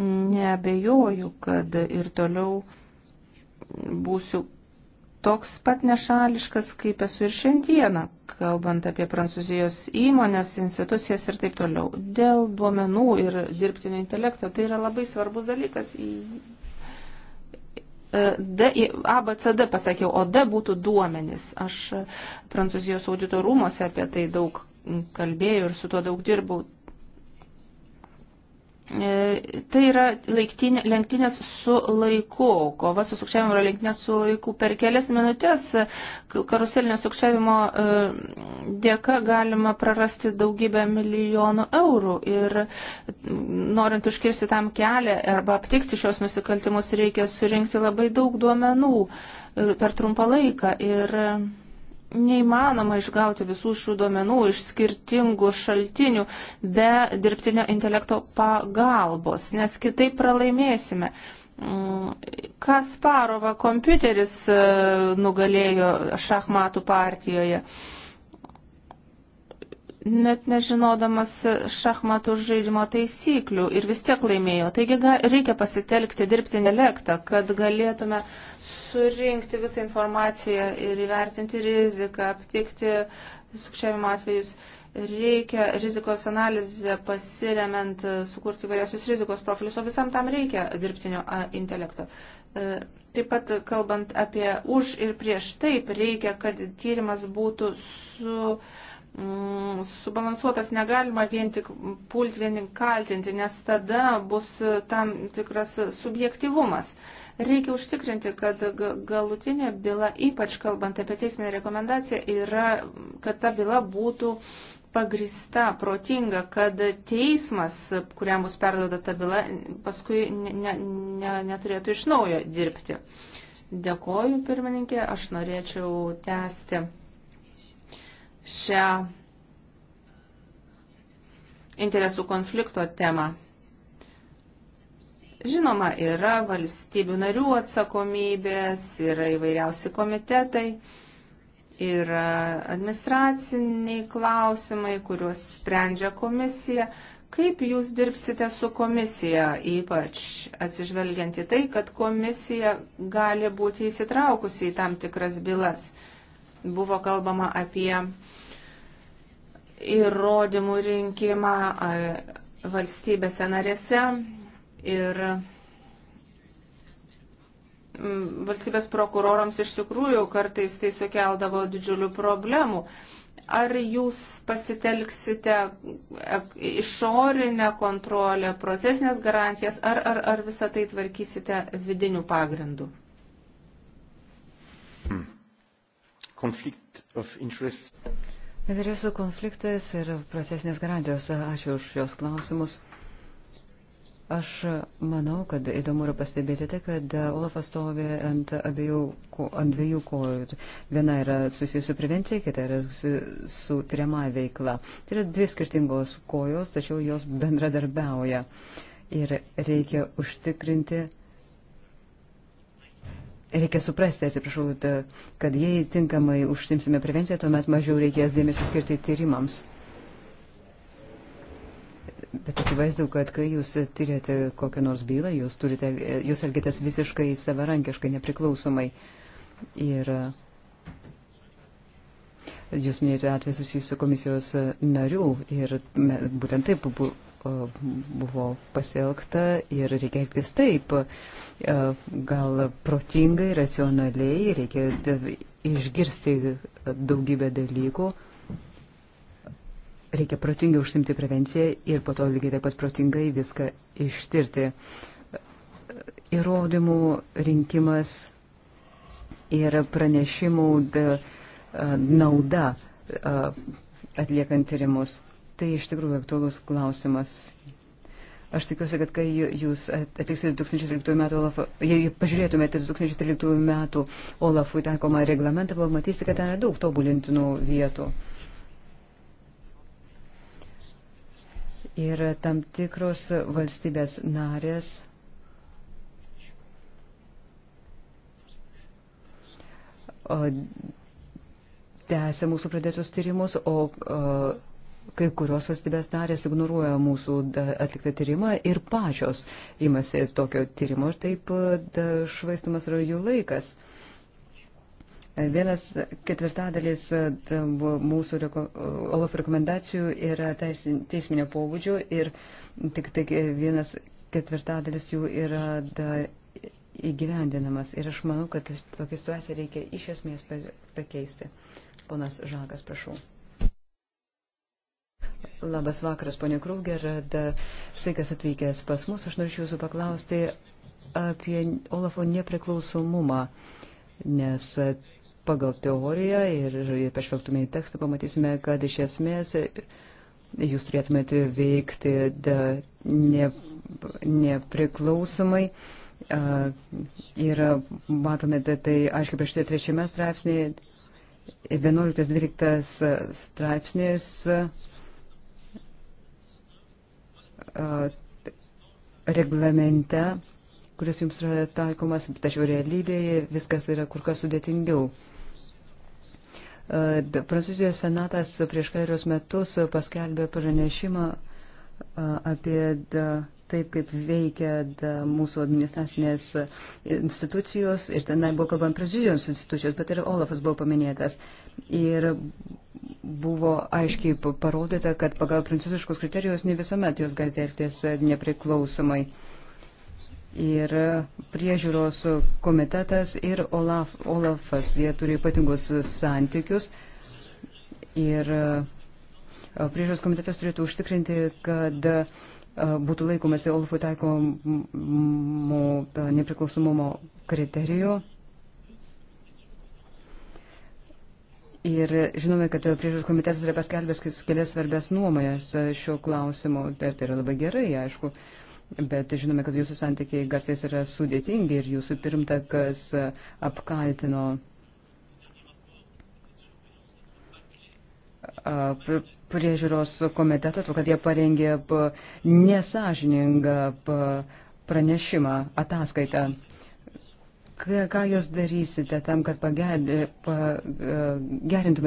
[SPEAKER 4] neabejoju, kad ir toliau būsiu toks pat nešališkas, kaip esu ir šiandieną, kalbant apie prancūzijos įmonės, institucijas ir taip toliau. Dėl duomenų ir dirbtinio intelekto tai yra labai svarbus dalykas. E, D, A, B, C, D pasakiau, o D būtų duomenys. Aš prancūzijos audito rūmose apie tai daug kalbėjau ir su tuo daug dirbau. E, tai yra laiktinė, lenktynės su laiku, kova su sukčiavimu yra lenktynės su laiku. Per kelias minutės karuselinio sukčiavimo e, dėka galima prarasti daugybę milijonų eurų ir norint užkirsti tam kelią arba aptikti šios nusikaltimus reikia surinkti labai daug duomenų e, per trumpą laiką. Ir neįmanoma išgauti visų šių duomenų iš skirtingų šaltinių be dirbtinio intelekto pagalbos, nes kitaip pralaimėsime. Mm, Kasparova kompiuteris e, nugalėjo šachmatų partijoje net nežinodamas šachmatų žaidimo taisyklių ir vis tiek laimėjo. Taigi reikia pasitelkti dirbtinį elektą, kad galėtume surinkti visą informaciją ir įvertinti riziką, aptikti sukčiavimo atvejus. Reikia rizikos analizę pasiremiant sukurti įvairiausius rizikos profilius, o visam tam reikia dirbtinio intelekto. E, taip pat kalbant apie už ir prieš taip, reikia, kad tyrimas būtų su uh, Mm, subalansuotas, negalima vien tik pult vieni kaltinti, nes tada bus tam tikras subjektivumas. Reikia užtikrinti, kad galutinė byla, ypač kalbant apie teisinę rekomendaciją, yra, kad ta byla būtų pagrista, protinga, kad teismas, kuriam bus perduoda ta byla, paskui ne, ne, neturėtų iš naujo dirbti. Dėkoju, pirmininkė, aš norėčiau tęsti šią interesų konflikto temą. Žinoma, yra valstybių narių atsakomybės, yra įvairiausi komitetai, yra administraciniai klausimai, kuriuos sprendžia komisija. Kaip jūs dirbsite su komisija, ypač atsižvelgiant į tai, kad komisija gali būti įsitraukusi į tam tikras bylas? Buvo kalbama apie įrodymų rinkimą valstybėse narėse ir valstybės prokurorams iš tikrųjų kartais tai sukeldavo didžiulių problemų. Ar jūs pasitelksite e, išorinę kontrolę, procesinės garantijas, ar, ar, ar visą tai tvarkysite vidiniu pagrindu? Konflikt hmm. of
[SPEAKER 3] interests.
[SPEAKER 5] Interesų konfliktas ir procesinės garantijos. Ačiū už jos klausimus. Aš manau, kad įdomu yra pastebėti tai, kad Olafas stovi ant, abiejų, ant dviejų kojų. Viena yra susijusi su prevencija, kita yra su, su tyriama veikla. Tai yra dvi skirtingos kojos, tačiau jos bendradarbiauja. Ir reikia užtikrinti, Reikia suprasti, atsiprašau, kad jei tinkamai užsimsime prevenciją, tuomet mažiau reikės dėmesio skirti tyrimams. Bet akivaizdu, kad kai jūs tyrėte kokią nors bylą, jūs, turite, jūs elgitės visiškai savarankiškai, nepriklausomai. Ir e, jūs minėjote atvejus susijusiu komisijos e, narių ir būtent taip buvo pasielgta ir reikia elgtis taip. E, gal protingai, racionaliai, reikia išgirsti daugybę dalykų. Reikia protingai užsimti prevenciją ir po to lygiai taip pat protingai viską ištirti. Įrodymų rinkimas ir pranešimų e, nauda e, atliekant tyrimus Tai iš tikrųjų aktuolus klausimas. Aš tikiuosi, kad kai jūs atliksite 2013 metų Olafą, jei pažiūrėtumėte 2013 metų Olafui taikomą reglamentą, pamatysite, kad ten yra daug tobulintinų vietų. Ir tam tikros valstybės narės tęsia mūsų pradėtus tyrimus, o, o kai kurios valstybės narės ignoruoja mūsų atliktą tyrimą ir pačios imasi tokio tyrimo ir taip švaistumas yra jų laikas. Vienas ketvirtadalis mūsų reko, OLAF rekomendacijų yra teisminio pobūdžio ir tik tai vienas ketvirtadalis jų yra da, įgyvendinamas. Ir aš manau, kad tokią situaciją reikia iš esmės pakeisti. Ponas Žakas, prašau. Labas vakaras, ponė Krūger, sveikas atvykęs pas mus. Aš norėčiau jūsų paklausti apie Olafo nepriklausomumą, nes pagal teoriją ir pažvelgtume į tekstą, pamatysime, kad iš esmės jūs turėtumėte veikti ne, nepriklausomai. Ir matomėte tai, aišku, prieš tai trečiame straipsnėje, 11-12 straipsnės. straipsnės reglamente, kuris jums yra taikomas, tačiau realybėje viskas yra kur kas sudėtingiau. Prancūzijos senatas prieš kelius metus paskelbė pranešimą apie taip, kaip veikia mūsų administracinės institucijos ir tenai buvo kalbant Prancūzijos institucijos, bet ir Olafas buvo paminėtas. Ir buvo aiškiai parodyta, kad pagal prancūziškus kriterijus ne visuomet jūs galite elgtis nepriklausomai. Ir priežiūros komitetas ir Olaf, Olafas, jie turi ypatingus santykius. Ir priežiūros komitetas turėtų užtikrinti, kad būtų laikomasi Olafui taikomo nepriklausomumo kriterijų Ir žinome, kad priežiūros komitetas yra paskelbęs kelias svarbės nuomonės e, šiuo klausimu. Tai, tai yra labai gerai, aišku. Bet žinome, kad jūsų santykiai kartais yra sudėtingi ir jūsų pirmtakas e, apkaltino priežiūros komitetą, to, kad jie parengė nesažiningą pranešimą, ataskaitą ką jūs darysite tam, kad pagerintume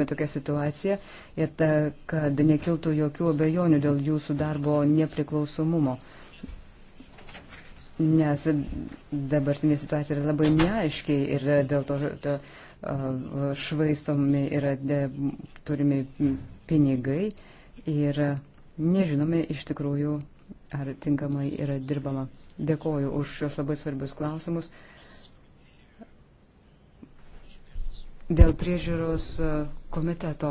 [SPEAKER 5] e, tokią situaciją ir ta, kad nekiltų jokių abejonių dėl jūsų darbo nepriklausomumo? Nes dabartinė situacija yra labai neaiškiai ir dėl to, to švaistomi yra de, turimi pinigai ir nežinome iš tikrųjų, ar tinkamai yra dirbama. Dėkoju už šios labai svarbius klausimus. dėl priežiūros e, komiteto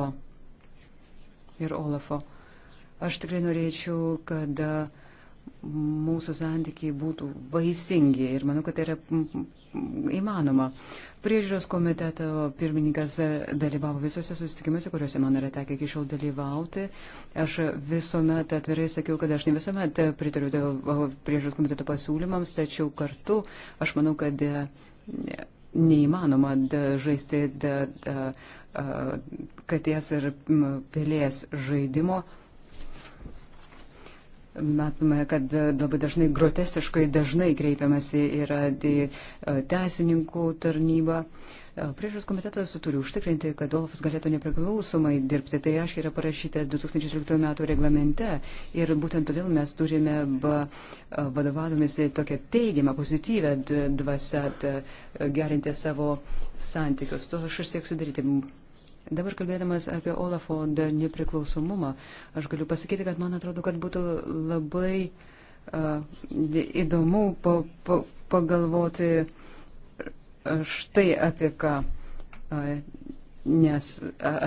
[SPEAKER 5] ir Olafo. Aš tikrai norėčiau, kad e, mūsų santykiai būtų vaisingi ir manau, kad tai yra įmanoma. Priežiūros komiteto pirmininkas e, dalyvavo visose susitikimuose, kuriuose man yra tekę iki šiol dalyvauti. Aš visuomet atvirai sakiau, kad aš ne visuomet pritariu priežiūros komiteto pasiūlymams, tačiau kartu aš manau, kad neįmanoma da, žaisti da, da, katės ir pelės žaidimo. Matome, kad labai dažnai grotestiškai dažnai kreipiamasi yra teisininkų tarnyba. Uh, Priežas komitetas turi užtikrinti, kad Olafas galėtų nepriklausomai dirbti. Tai aiškiai yra parašyta 2013 metų reglamente ir būtent todėl mes turime vadovavomis tokią teigiamą, pozityvę dvasę gerinti savo santykius. To aš ir sieksiu daryti. Dabar kalbėdamas apie Olafo nepriklausomumą, aš galiu pasakyti, kad man atrodo, kad būtų labai uh, įdomu pa, pa, pagalvoti štai apie ką. Nes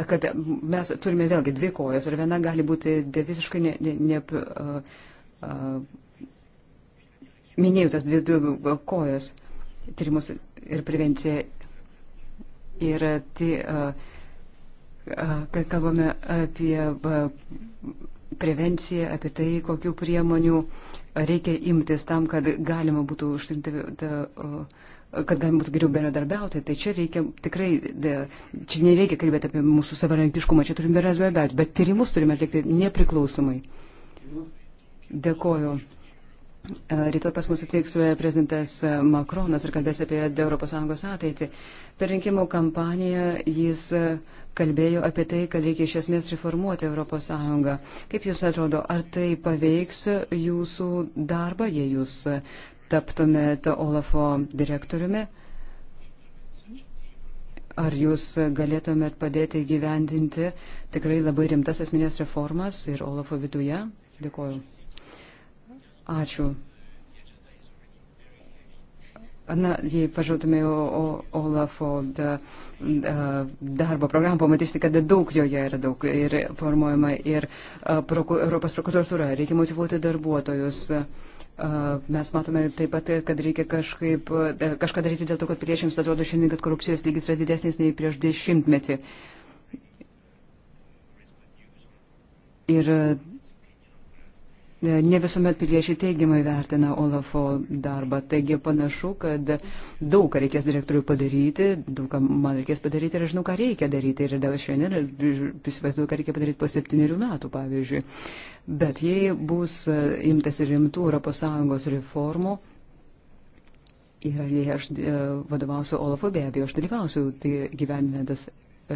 [SPEAKER 5] kad mes turime vėlgi dvi kojas ir viena gali būti visiškai ne. ne, ne a, a, minėjau tas dvi, dvi kojas - tyrimus ir prevenciją. Ir tai, kai kalbame apie a, prevenciją, apie tai, kokiu priemonių reikia imtis tam, kad galima būtų užtikrinti kad galima būtų geriau bendradarbiauti, tai čia reikia tikrai, de, čia nereikia kalbėti apie mūsų savarankiškumą, čia turime bendradarbiauti, bet tyrimus turime atlikti nepriklausomai. Dėkoju. Rytoj pas mus atvyks prezidentas Makronas ir kalbės apie ES ateitį. Per rinkimų kampaniją jis kalbėjo apie tai, kad reikia iš esmės reformuoti ES. Kaip Jūs atrodo, ar tai paveiks Jūsų darbą, jei Jūs taptumėt Olafo direktoriumi? Ar jūs galėtumėt padėti gyvendinti tikrai labai rimtas esminės reformas ir Olafo viduje? Dėkoju. Ačiū. Na, jei pažvelgtume Olafo da, da, darbo programą, pamatysite, kad daug joje yra daug ir formuojama ir proku, Europos prokuratūra. Reikia motivuoti darbuotojus. A, Mes matome taip pat, kad reikia kažkaip, e, kažką daryti dėl to, kad priešiems atrodo šiandien, kad korupcijos lygis yra didesnis nei prieš dešimtmetį. Ir ne visuomet piliečiai teigiamai vertina Olafo darbą. Taigi panašu, kad daug ką reikės direktoriui padaryti, daug ką man reikės padaryti ir aš žinau, ką reikia daryti. Ir dar šiandien įsivaizduoju, ką reikia padaryti po septyniarių metų, pavyzdžiui. Bet jei bus imtas rimtų ES reformų. Ir jei aš e, vadovausiu Olafui, be abejo, aš dalyvausiu tai gyveninantas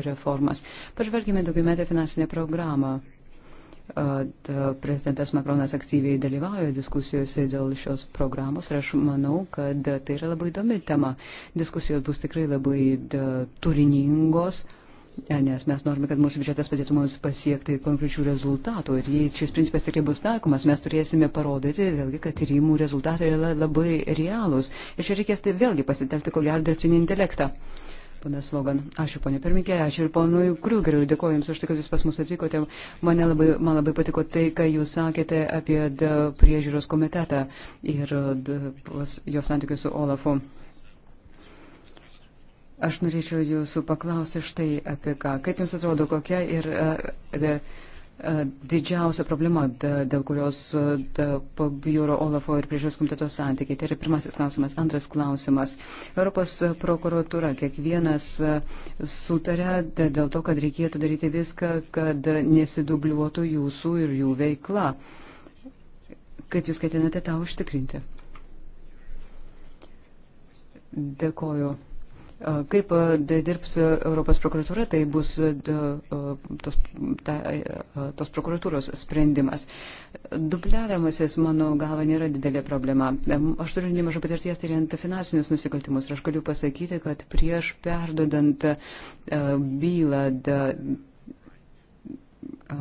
[SPEAKER 5] reformas. Pažvelgime daugiau metę finansinę programą. Prezidentas Makronas aktyviai dalyvauja diskusijose dėl šios programos ir aš manau, kad tai yra labai įdomi tema. Diskusijos bus tikrai labai turiningos. E, nes mes norime, kad mūsų biudžetas padėtų mums pasiekti konkrečių rezultatų. Ir jei šis principas tikrai bus taikomas, mes turėsime parodyti vėlgi, kad tyrimų rezultatai yra labai realūs. Ir čia reikės tai vėlgi pasitelkti, ko gero, dirbtinį intelektą. Uh, Panas Logan, ačiū ponė pirmininkė, ačiū ir ponui Kriugeriu, dėkoju Jums už tai, kad Jūs pas mus atvykote. Mane labai, man labai patiko tai, ką Jūs sakėte apie priežiūros komitetą ir jo santykius su Olafu. Aš norėčiau Jūsų paklausti štai apie ką. Kaip Jums atrodo, kokia ir. Uh, E, didžiausia problema, dėl kurios e, pabjūro Olafo ir priežiūros komiteto santykiai. Tai yra pirmasis klausimas. Antras klausimas. Europos prokuratura kiekvienas e, sutarė dėl to, kad reikėtų daryti viską, kad nesidubliuotų jūsų ir jų veikla. Kaip jūs ketinate tą užtikrinti? Dėkoju. Kaip dirbs Europos prokuratūra, tai bus tos, ta, tos prokuratūros sprendimas. Dubliavimasis, mano galva, nėra didelė problema. Aš turiu nemažai patirties tyriant finansinius nusikaltimus ir aš galiu pasakyti, kad prieš perdodant bylą. Da, da,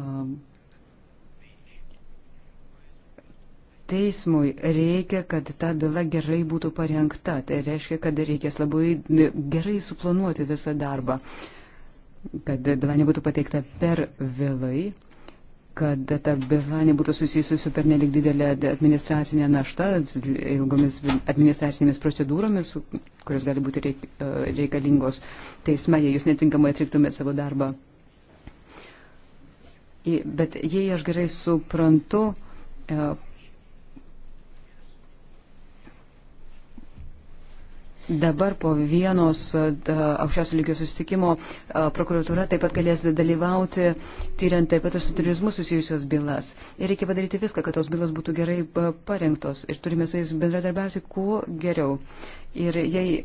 [SPEAKER 5] teismui reikia, kad ta byla gerai būtų parengta. Tai reiškia, kad reikės labai gerai suplanuoti visą darbą, kad byla nebūtų pateikta per vėlai kad ta byla nebūtų susijusi su pernelik didelė administracinė našta, ilgomis administracinėmis procedūromis, kurios gali būti reik, e, reikalingos teisme, jei jūs netinkamai atliktumėt savo darbą. Bet jei aš gerai suprantu, e, Dabar po vienos aukščiausio lygio susitikimo prokuratūra taip pat galės dalyvauti, tyriant taip pat ir su turizmu susijusios bylas. Ir reikia padaryti viską, kad tos bylos būtų gerai parengtos ir turime su jais bendradarbiauti kuo geriau. Ir jei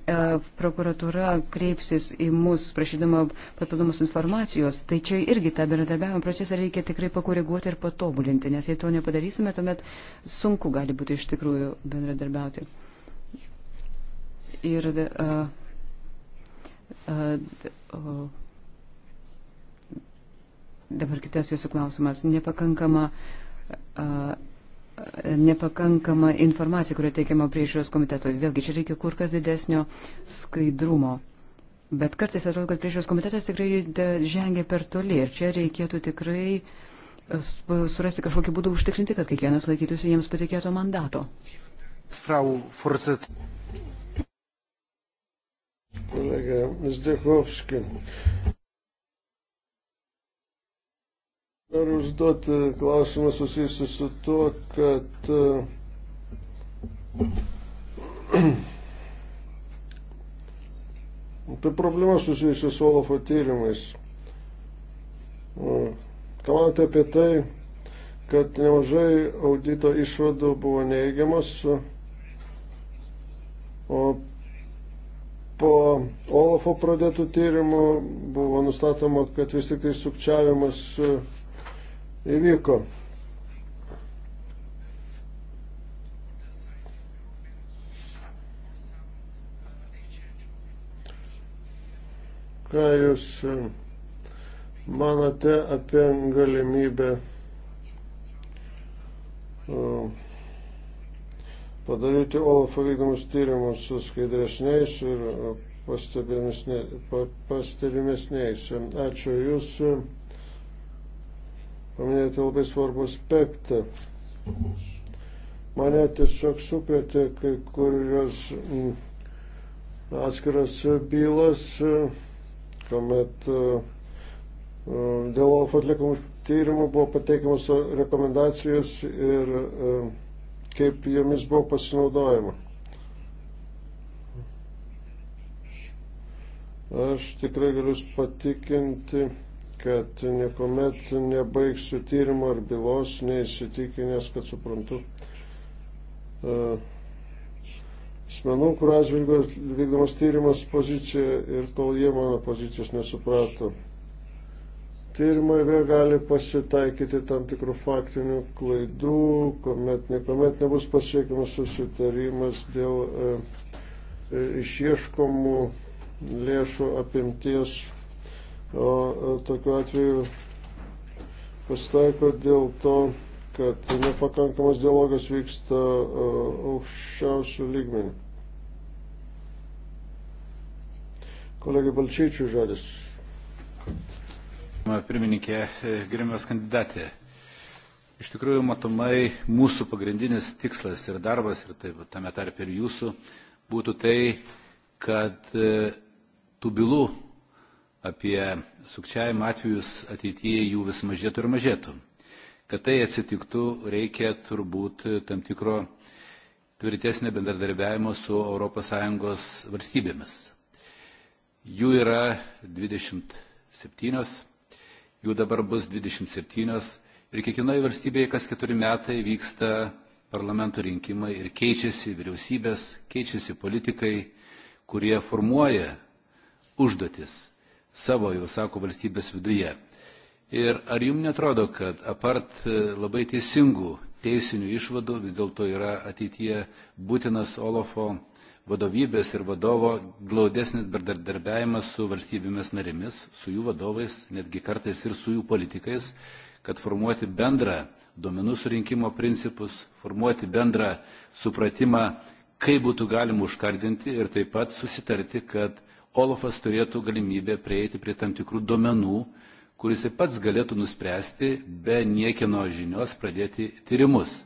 [SPEAKER 5] prokuratūra kreipsis į mus prašydama papildomos informacijos, tai čia irgi tą bendradarbiavimo procesą reikia tikrai pakoreguoti ir patobulinti, nes jei to nepadarysime, tuomet sunku gali būti iš tikrųjų bendradarbiauti ir uh, uh, dabar kitas jūsų klausimas. Nepakankama, uh, nepakankama informacija, kurio teikiama priežiūros komitetui. Vėlgi, čia reikia kur kas didesnio skaidrumo. Bet kartais atrodo, kad priežiūros komitetas tikrai žengia per toli ir čia reikėtų tikrai surasti kažkokį būdą užtikrinti, kad kiekvienas laikytųsi jiems patikėto mandato.
[SPEAKER 2] Frau Furzit kolega Zdechovski. Noriu užduoti e, klausimą susijusiu su tuo, kad e, apie problemą susijusiu su Olafo tyrimais. E, ką manote apie tai, kad nemažai audito išvadų buvo neigiamas, o po Olafo pradėtų tyrimų buvo nustatoma, kad vis tik tai sukčiavimas e, įvyko. Ką Jūs e, manote apie galimybę uh, padaryti Olafo vykdomus tyrimus skaidresniais ir pastebimesniais. Ačiū Jūs e, paminėjote labai svarbų aspektą. Mane tiesiog sukrėtė kai kurios atskiras bylas, e, kuomet e, dėl atlikamų tyrimų buvo pateikiamos rekomendacijos ir uh, kaip jomis buvo pasinaudojama. Aš tikrai galiu patikinti, kad niekuomet nebaigsiu tyrimo ar bylos, neįsitikinęs, kad suprantu. E, Smenų, kur atžvilgiu vykdomas tyrimas pozicija ir kol jie mano pozicijos nesuprato tyrimai gali pasitaikyti tam tikrų faktinių klaidų, kuomet niekuomet nebus pasiekiamas susitarimas dėl e, e, išieškomų lėšų apimties. O e, tokiu atveju pasitaiko dėl to, kad nepakankamas dialogas vyksta e, aukščiausių lygmenių. Kolegai Balčyčių žodis.
[SPEAKER 3] Pirmininkė, e, gerimas kandidatė. Iš tikrųjų, matomai, mūsų pagrindinis tikslas ir darbas, ir taip, tame tarp ir jūsų, būtų tai, kad e, tų bylų apie sukčiavimo atvejus ateityje jų vis mažėtų ir mažėtų. Kad tai atsitiktų, reikia turbūt tam tikro tvirtesnio bendradarbiavimo su ES valstybėmis. Jų yra 27 jų dabar bus 27 ir kiekvienoje valstybėje kas keturi metai vyksta parlamento rinkimai ir keičiasi vyriausybės, keičiasi politikai, kurie formuoja užduotis savo, jau sako, valstybės viduje. Ir ar jums netrodo, kad apart e, labai teisingų teisinių išvadų vis dėlto yra ateityje būtinas Olofo vadovybės ir vadovo glaudesnis bendradarbiavimas su valstybėmis narėmis, su jų vadovais, netgi kartais ir su jų politikais, kad formuoti bendrą duomenų surinkimo principus, formuoti bendrą supratimą, kaip būtų galima užkardinti ir taip pat susitarti, kad Olafas turėtų galimybę prieiti prie tam tikrų duomenų, kuris ir pats galėtų nuspręsti be niekino žinios pradėti tyrimus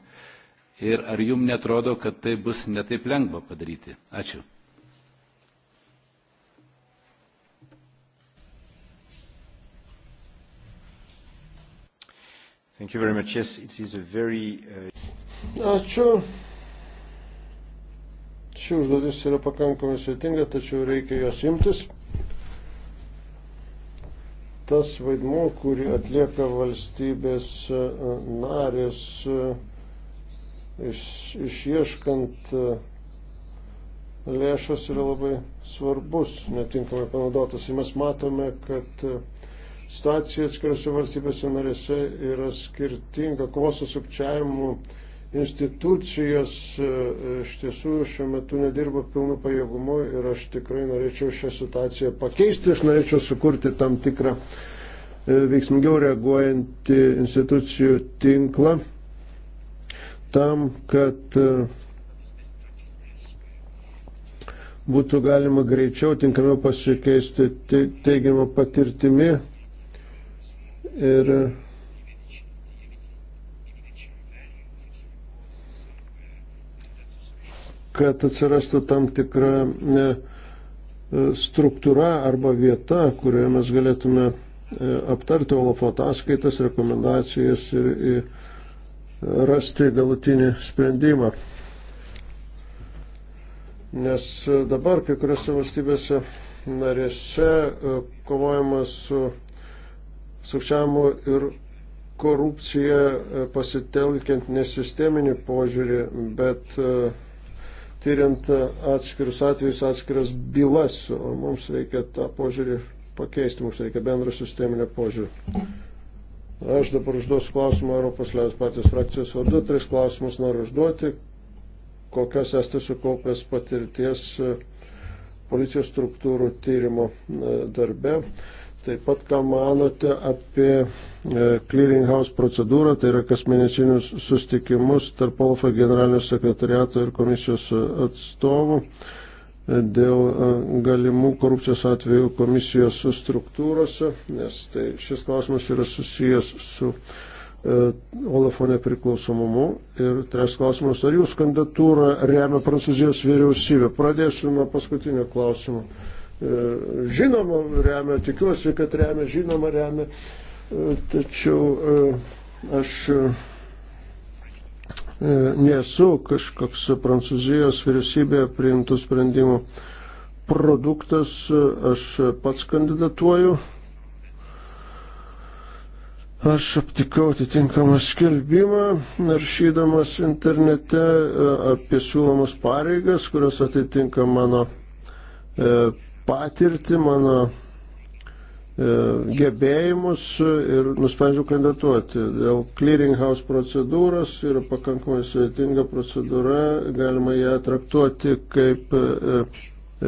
[SPEAKER 3] ir ar jums netrodo, kad tai bus netaip lengva padaryti? Ačiū.
[SPEAKER 1] Thank you very much. Yes, it is a very...
[SPEAKER 2] Uh... Ačiū. Ši užduotis yra pakankamai sveitinga, tačiau reikia jos imtis. Tas vaidmuo, kurį atlieka valstybės uh, narės, uh, iš, išieškant e, lėšas yra labai svarbus, netinkamai panaudotas. Ir mes matome, kad e, situacija atskirose valstybėse narėse yra skirtinga. Kovos su sukčiavimu institucijos e, iš tiesų šiuo metu nedirba pilnu pajėgumu ir aš tikrai norėčiau šią situaciją pakeisti, aš norėčiau sukurti tam tikrą veiksmingiau reaguojantį institucijų tinklą tam, kad e, būtų galima greičiau tinkamiau pasikeisti teigiamą patirtimi ir kad atsirastų tam tikra ne, e, struktūra arba vieta, kurioje mes galėtume e, aptarti Olafo ataskaitas, rekomendacijas ir, ir rasti galutinį sprendimą. Nes e, dabar kai kuriuose valstybėse narėse e, kovojama su sukčiavimu ir korupcija e, pasitelkiant nesisteminį požiūrį, bet tyriant atskirus atvejus, atskiras bylas. O mums reikia tą požiūrį pakeisti, mums reikia bendrą sisteminę požiūrį. Aš dabar užduosiu klausimą Europos Liaudės partijos frakcijos vardu. Tris klausimus noriu užduoti. Kokios esate sukaupęs patirties e, policijos struktūrų tyrimo e, darbe? Taip pat, ką manote apie e, clearinghouse procedūrą, tai yra kasmėnesinius sustikimus tarp OLFA generalinio sekretariato ir komisijos atstovų dėl galimų korupcijos atvejų komisijos struktūrose, nes tai šis klausimas yra susijęs su e, Olafo nepriklausomumu. Ir trečias klausimas, ar jūs kandidatūrą remia Prancūzijos vyriausybė? Pradėsiu nuo paskutinio klausimo. E, žinoma, remia, tikiuosi, kad remia, žinoma, remia. E, tačiau aš E, nesu kažkoks Prancūzijos vyriausybė priimtų sprendimų produktas, e, aš pats kandidatuoju. Aš aptikau atitinkamą skelbimą, naršydamas internete e, apie siūlomas pareigas, kurios atitinka mano patirtį, mano E, gebėjimus ir nusprendžiau kandidatuoti. Dėl clearinghouse procedūros yra pakankamai sudėtinga procedūra, galima ją traktuoti kaip e,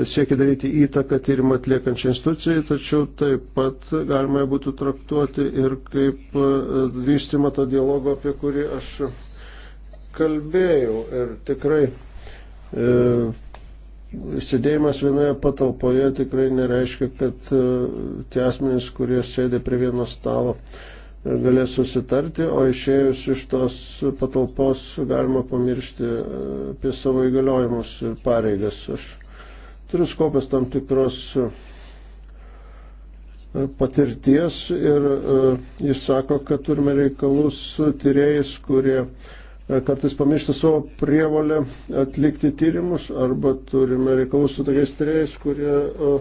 [SPEAKER 2] siekia daryti įtaką tyrimą atliekančią institucijai, tačiau taip pat galima ją būtų traktuoti ir kaip e, vystimą to dialogo, apie kurį aš kalbėjau. Ir tikrai e, sėdėjimas vienoje patalpoje tikrai nereiškia, kad e, tie asmenys, kurie sėdė prie vieno stalo, e, galės susitarti, o išėjus iš tos patalpos galima pamiršti e, apie savo įgaliojimus ir pareigas. Aš turiu skopęs tam tikros patirties ir jis sako, kad turime reikalus su tyrėjais, kurie uh, E, kartais pamiršta savo prievalę atlikti tyrimus arba turime reikalus su tokiais tyrėjais, kurie e,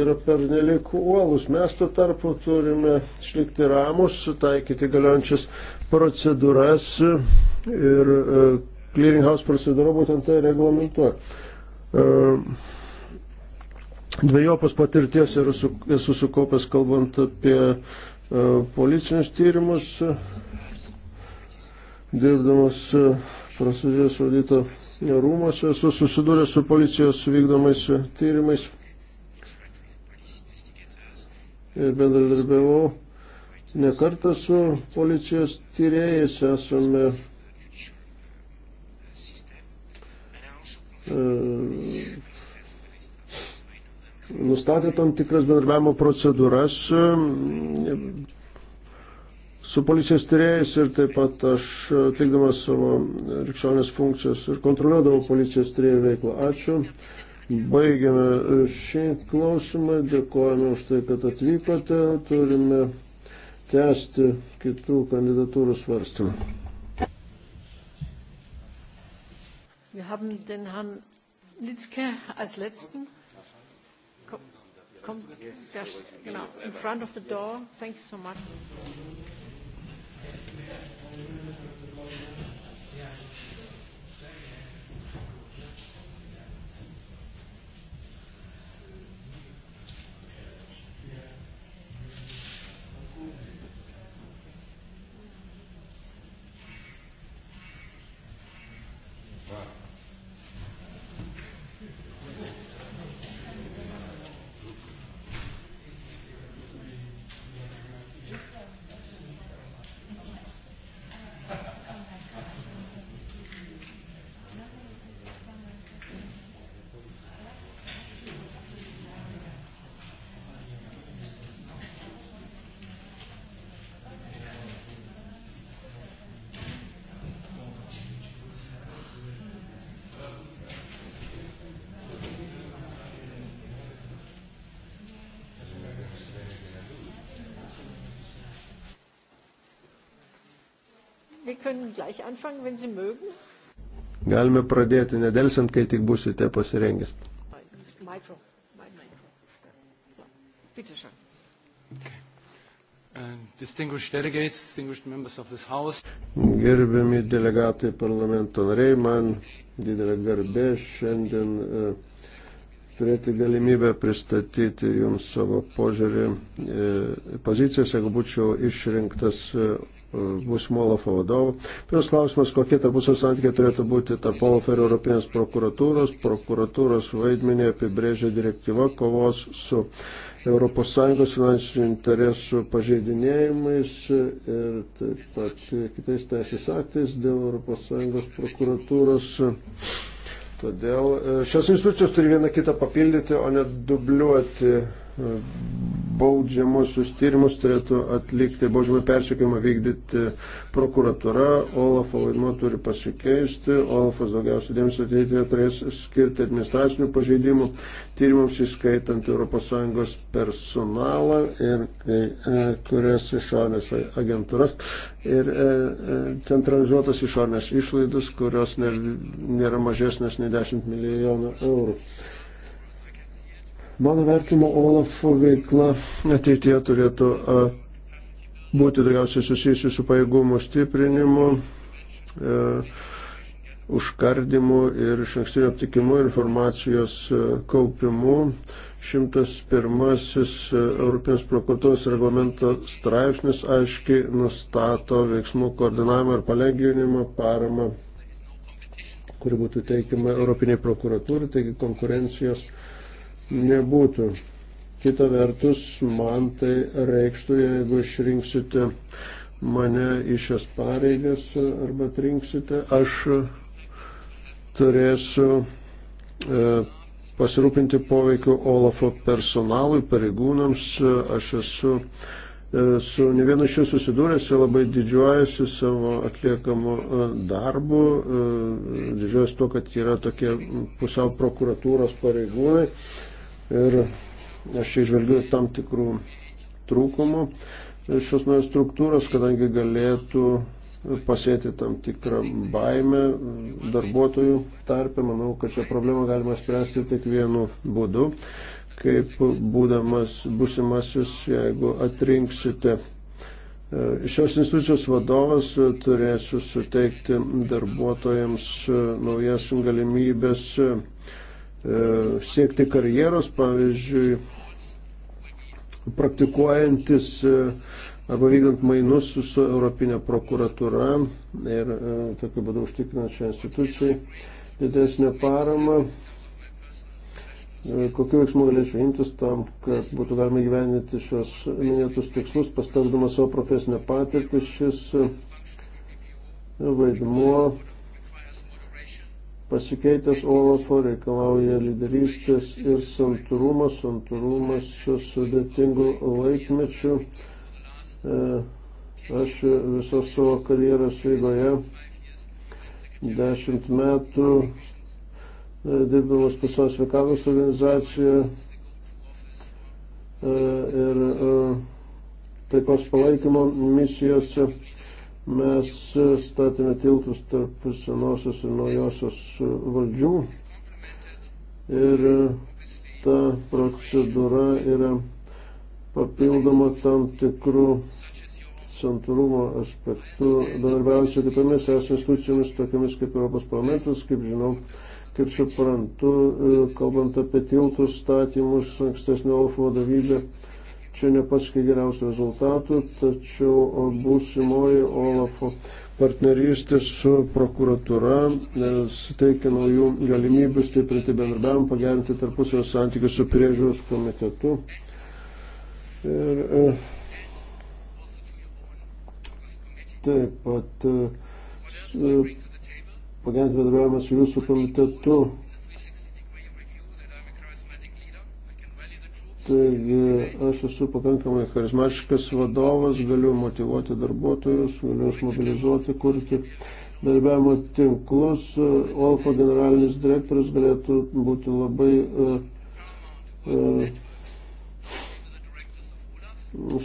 [SPEAKER 2] yra pernelik uolus. Mes tuo tarpu turime išlikti ramus, taikyti galiojančias procedūras ir e, clearinghouse procedūra būtent tai reglamentuoja. Dviejopas patirties esu sukaupęs kalbant apie policinius tyrimus dirbdamas e, Prancūzijos audito rūmose, esu susidūręs su policijos vykdomais e, tyrimais ir bendradarbiavau ne kartą su policijos tyrėjais esame e, nustatė tam tikras bendradarbiavimo procedūras, su policijos tyrėjais ir taip pat aš atlikdamas savo rikščionės funkcijas ir kontroliuodavau policijos tyrėjų veiklą. Ačiū. Baigiame šį klausimą, dėkojame už tai, kad atvykote, turime tęsti kitų kandidatūrų svarstymą.
[SPEAKER 1] Wir haben den Herrn Litzke als letzten kommt, genau, in front of the door. Thank you so much. können gleich anfangen, wenn Sie mögen.
[SPEAKER 2] Galime pradėti nedelsiant, kai tik būsite pasirengęs.
[SPEAKER 1] Mikro. Bitte schön.
[SPEAKER 3] Uh,
[SPEAKER 2] Gerbiami delegatai parlamento nariai, man didelė garbė šiandien uh, turėti galimybę pristatyti jums savo požiūrį uh, pozicijas, jeigu būčiau išrinktas būsimo Olafo vadovu. Pirmas klausimas, kokie tarpusio santykiai turėtų būti tarp Olafo ir Europinės prokuratūros. Prokuratūros vaidmenį apibrėžia direktyva kovos su ES finansinių interesų pažeidinėjimais ir taip pat kitais teisės aktais dėl ES prokuratūros. Todėl e, šios institucijos turi vieną kitą papildyti, o ne dubliuoti e, baudžiamusius tyrimus turėtų atlikti, baudžiamą persiekimą vykdyti prokuratura, Olafo vaidmo turi pasikeisti, Olafas daugiausiai dėmesio ateityje turės skirti administracinių pažeidimų tyrimams, įskaitant ES personalą ir kurias e, e, išorės agentūras ir e, centralizuotas išorės išlaidas, kurios nėra mažesnės nei 10 milijonų eurų. Mano vertimo Olafo veikla ateityje turėtų būti daugiausiai susijusi su pajėgumų stiprinimu, e, užkardimu ir iš ankstinio aptikimu informacijos kaupimu. 101 Europinės prokuratūros reglamento straipsnis aiškiai nustato veiksmų koordinavimą ir palenginimą paramą, kuri būtų teikiama Europiniai prokuratūrai, taigi konkurencijos nebūtų. Kita vertus, man tai reikštų, jeigu išrinksite mane iš šias pareigas arba atrinksite, aš turėsiu e, pasirūpinti poveikiu Olafo personalui, pareigūnams. Aš esu e, su ne vienu iš jų susidūręs ir labai didžiuojasi savo atliekamu e, darbu, e, didžiuojasi to, kad yra tokie pusiau prokuratūros pareigūnai. Ir aš čia išvelgiu tam tikrų trūkumų šios naujos struktūros, kadangi galėtų pasėti tam tikrą baimę darbuotojų tarpę. Manau, kad šią problemą galima spręsti tik vienu būdu, kaip būdamas būsimasis, jeigu atrinksite. E, šios institucijos vadovas turėsiu suteikti darbuotojams e, naujas galimybės E, siekti karjeros, pavyzdžiui, praktikuojantis e, arba vykdant mainus su, su Europinė prokuratūra ir e, tokiu būdu užtikrinant šią instituciją didesnę paramą. Kokiu veiksmu galėčiau imtis tam, kad būtų galima gyveninti šios minėtus tikslus, pasteldamas savo profesinę patirtį, šis vaidmuo Pasikeitęs Olafo reikalauja lyderystės ir santūrumo, santūrumas su sudėtingu laikmečiu. E, aš visos savo karjeros eigoje dešimt metų e, dirbdamas pasaulio sveikatos organizacijoje e, ir taikos palaikymo misijose Mes statėme tiltus tarp senosios ir naujosios valdžių ir ta procedūra yra papildoma tam tikrų santūrumo aspektu, bendradarbiaujant su kitomis es institucijomis, tokiamis kaip Europos parlamentas, kaip žinau, kaip suprantu, kalbant apie tiltų statymus, ankstesnio Olfo vadovybė čia nepaskė geriausių rezultatų, tačiau būsimoji Olafo partnerystė su prokuratūra e, suteikia naujų galimybių stiprinti bendradarbiavimą, pagerinti tarpusio santykius su priežiūros komitetu. Ir e, taip pat e, pagerinti bendradarbiavimą su jūsų komitetu Taigi aš esu pakankamai charizmatiškas vadovas, galiu motivuoti darbuotojus, galiu mobilizuoti, kurti dalyvavimo tinklus. Olfo generalinis direktorius galėtų būti labai uh, uh,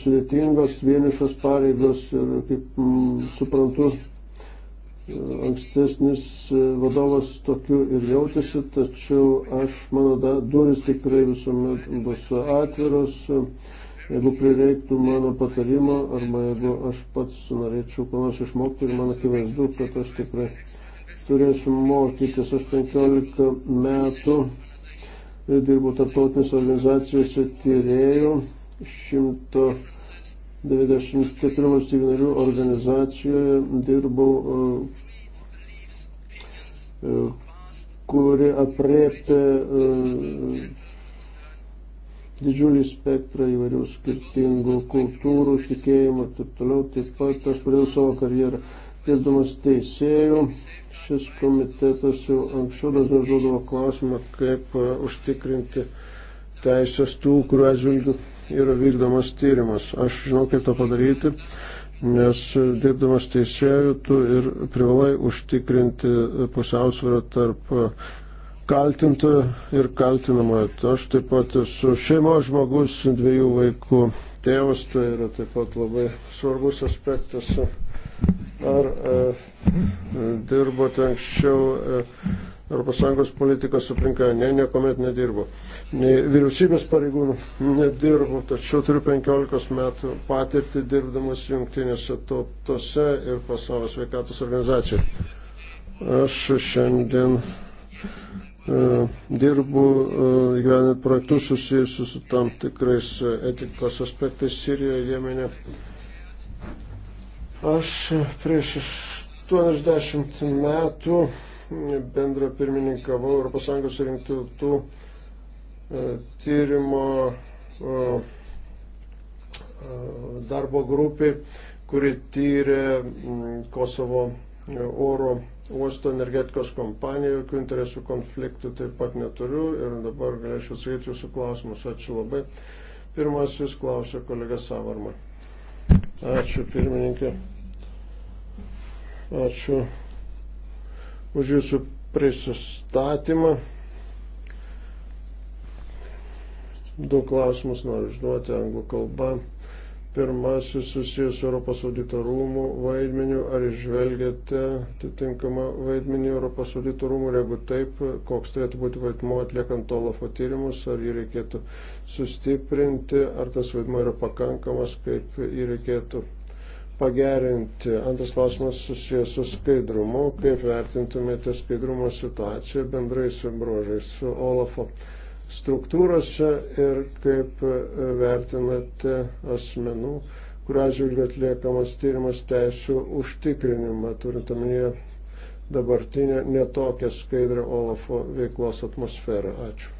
[SPEAKER 2] sudėtingos, vienišos pareigos ir kaip m, suprantu, ankstesnis e, vadovas tokiu ir jautėsi, tačiau aš, mano duris tikrai visuomet bus atviros. Jeigu prireiktų mano patarimo, arba jeigu aš pats norėčiau ko nors išmokti, ir tai man akivaizdu, kad aš tikrai turėsiu mokytis. Aš 15 metų dirbau tarptautinės organizacijose tyrėjų, 100 94 valstybių narių organizacijoje dirbau, e, e, kuri apriepė e, didžiulį spektrą įvairių skirtingų kultūrų, tikėjimų ir taip toliau. Taip pat aš pradėjau savo karjerą dirbdamas teisėjų. Šis komitetas jau anksčiau dažnai žodavo klausimą, kaip užtikrinti teisės tų, kuriuo atžvilgiu yra vykdomas tyrimas. Aš žinau, kaip tą padaryti, nes dirbdamas teisėjų tu ir privalai užtikrinti pusiausvyrą tarp kaltintojo ir kaltinamojo. Aš taip pat esu šeimos žmogus, dviejų vaikų tėvas, tai yra taip pat labai svarbus aspektas. Ar e, dirbote anksčiau e, ES politikos aplinkoje, nei niekuomet nedirbo, nei vyriausybės pareigūnų nedirbo, tačiau turiu 15 metų patirtį dirbdamas jungtinėse tautose ir pasaulio sveikatos organizacijoje. Aš šiandien e, dirbu e, gyvenant projektus susijusius su tam tikrais etikos aspektais Sirijoje, Jemenė. Aš prieš 80 metų bendra pirmininkavau Europos Sąjungos rinktų e, tyrimo e, darbo grupį, kuri tyrė Kosovo e, oro uosto energetikos kompaniją, jokių interesų konfliktų taip pat neturiu ir dabar galėčiau atsakyti jūsų klausimus. Ačiū labai. Pirmasis klausė kolega Savarma. Ačiū pirmininkė. Ačiū už jūsų prisistatymą. Du klausimus noriu užduoti anglų kalba. Pirmasis susijęs su Europos audito rūmų vaidmeniu. Ar išvelgiate atitinkamą vaidmenį Europos audito rūmų ir jeigu taip, koks turėtų būti vaidmuo atliekant Olafo tyrimus, ar jį reikėtų sustiprinti, ar tas vaidmuo yra pakankamas, kaip jį reikėtų pagerinti. Antras klausimas susijęs su skaidrumu. Kaip vertintumėte skaidrumo situaciją bendrais bruožais su Olafo struktūrose ir kaip e, vertinate asmenų, kurio atžvilgiu atliekamas tyrimas teisų užtikrinimą, turint omenyje dabartinę netokią skaidrę Olafo veiklos atmosferą. Ačiū.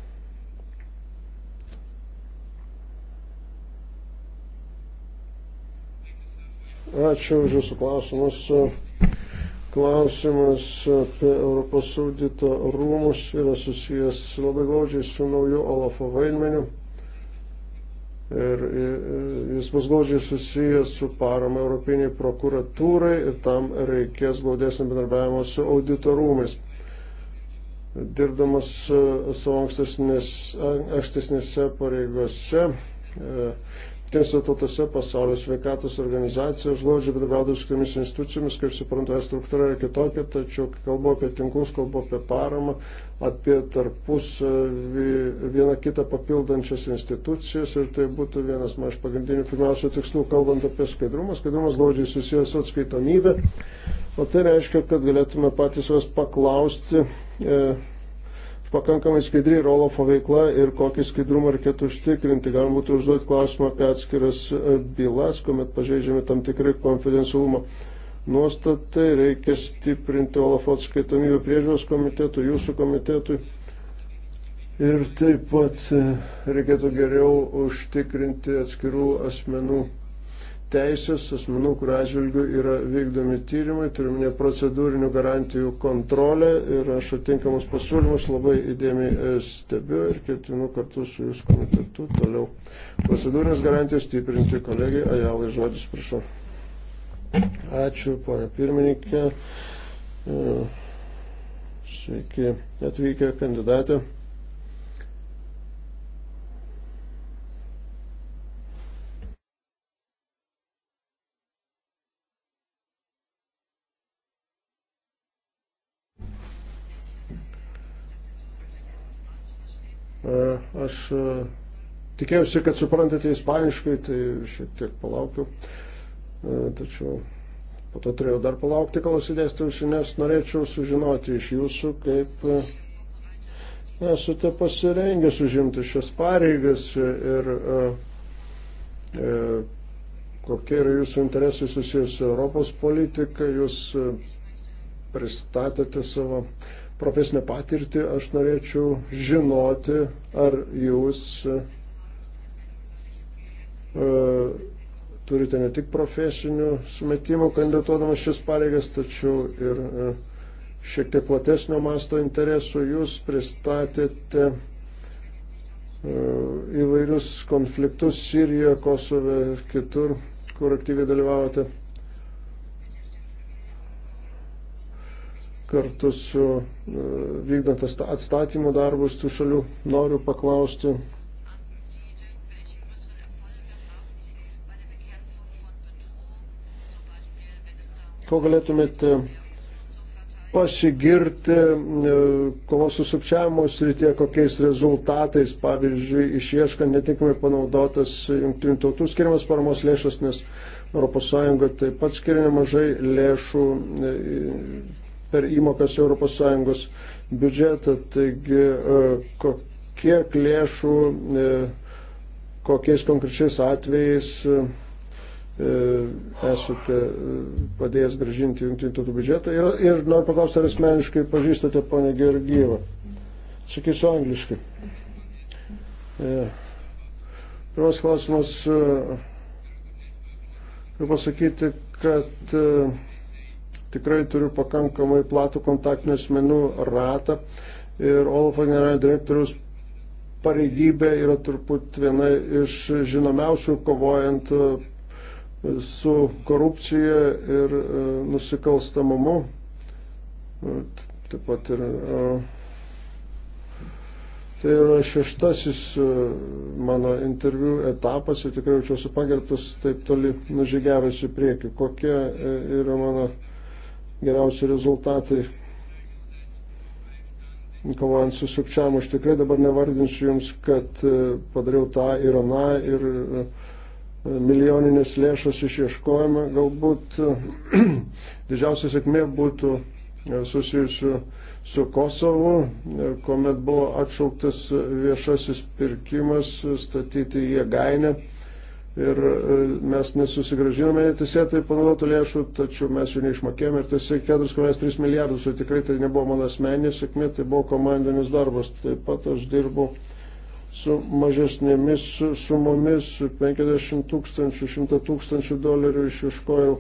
[SPEAKER 2] Ačiū už Jūsų klausimus. Klausimas apie Europos audito rūmus yra susijęs labai glaudžiai su nauju Olafo vaidmeniu. Ir jis bus glaudžiai susijęs su parama Europiniai prokuratūrai ir tam reikės glaudesnio bendarbiavimo su auditorumais. Dirbdamas e, savo ankstesnėse pareigose, e, Tiesa, tautose pasaulio sveikatos organizacijos glaudžiai bendrabiaudo su kitomis institucijomis, kaip suprantu, struktūra yra kitokia, tačiau kalbu apie tinklus, kalbu apie paramą, apie tarpus e, vieną kitą papildančias institucijas ir tai būtų vienas man iš pagrindinių pirmiausia tikslų, kalbant apie skaidrumą. Skaidrumas glaudžiai susijęs su atskaitomybė. O tai reiškia, kad galėtume patys juos paklausti. E, pakankamai skaidri yra Olafo veikla ir kokį skaidrumą reikėtų užtikrinti. Galima būtų užduoti klausimą apie atskiras e, bylas, kuomet pažeidžiami tam tikrai konfidencialumo nuostatai, reikia stiprinti Olafo atskaitomybę priežiūros komitetui, jūsų komitetui. Ir taip pat e, reikėtų geriau užtikrinti atskirų asmenų teisės asmenų, kur atžvilgių yra vykdomi tyrimai, turime procedūrinių garantijų kontrolę ir aš atinkamus pasiūlymus labai įdėmiai e, stebiu ir ketinu kartu su jūsų komitetu toliau procedūrinės garantijos stiprinti kolegiai. Ajalai žodis, prašau. Ačiū, ponia pirmininkė. E, sveiki atvykę kandidatė. E, aš e, tikėjausi, kad suprantate ispaniškai, tai šiek tiek palaukiu. E, tačiau po to turėjau dar palaukti, kol įsidėstų ausinės. Norėčiau sužinoti iš jūsų, kaip esate pasirengęs užimti šias pareigas ir kokie yra jūsų interesai susijęs su Europos politika. Jūs pristatėte savo uh, profesinę patirtį, aš norėčiau žinoti, ar jūs e, turite ne tik profesinių sumetimų kandidatuodamas šis pareigas, tačiau ir e, šiek tiek platesnio masto interesų. Jūs pristatėte e, įvairius konfliktus Sirijoje, Kosove, kitur, kur aktyviai dalyvavote. kartu su e, vykdant atstatymo darbus tų šalių. Noriu paklausti, ko galėtumėte pasigirti e, kovos su sukčiavimo srityje, kokiais rezultatais, pavyzdžiui, išieškant netinkamai panaudotas jungtinių tautų skiriamas paramos lėšas, nes ES taip pat skiria nemažai lėšų e, per įmokas ES biudžetą. Taigi, e, kiek lėšų, e, kokiais konkrečiais atvejais e, esate padėjęs gražinti jungtinių tautų biudžetą. Ir, ir noriu paklausti, ar asmeniškai pažįstate ponę Georgievą. Sakysiu angliškai. Pirmas klausimas. Turiu pasakyti, kad uh, tikrai turiu pakankamai platų kontaktinių asmenų ratą ir Olafo generalinio direktoriaus pareigybė yra turbūt viena iš žinomiausių kovojant e, su korupcija ir e, nusikalstamumu. E, taip pat ir Tai yra šeštasis mano interviu etapas ir tikrai jaučiuosi pagerbtas taip toli nužygiavęs į priekį. Kokia yra mano geriausi rezultatai kovojant su sukčiavimu. Aš tikrai dabar nevardinsiu Jums, kad e, padariau tą ir aną ir e, milijoninės lėšas išieškojimą. Galbūt e, didžiausia sėkmė būtų susijusiu su Kosovu, kuomet buvo atšauktas viešasis pirkimas statyti jėgainę ir e, mes nesusigražinome neteisėtai panaudotų lėšų, tačiau mes jų neišmokėjome ir tas 4,3 milijardus, tai tikrai tai nebuvo mano asmeninė sėkmė, tai buvo komandinis darbas. Taip pat aš dirbau su mažesnėmis sumomis, 50 tūkstančių, 100 tūkstančių dolerių išieškojau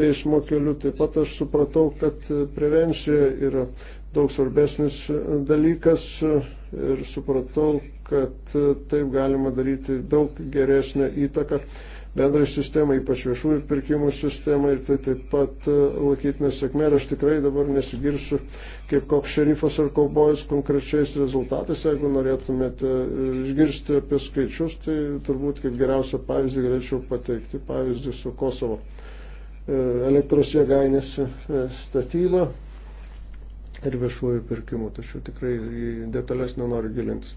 [SPEAKER 2] teismo keliu. Taip pat aš supratau, kad prevencija yra daug svarbesnis dalykas ir supratau, kad e, taip galima daryti daug geresnę įtaką bendrai sistemai, ypač viešųjų pirkimų sistemai ir tai taip pat e, laikyti nesėkmė. Ir aš tikrai dabar nesigirsiu kaip koks šerifas ar kaubojas konkrečiais rezultatais. Jeigu norėtumėte e, išgirsti apie skaičius, tai turbūt kaip geriausią pavyzdį galėčiau pateikti pavyzdį su Kosovo elektros jėgainės statyba ir viešųjų pirkimų, tačiau tikrai detalės nenoriu gilintis.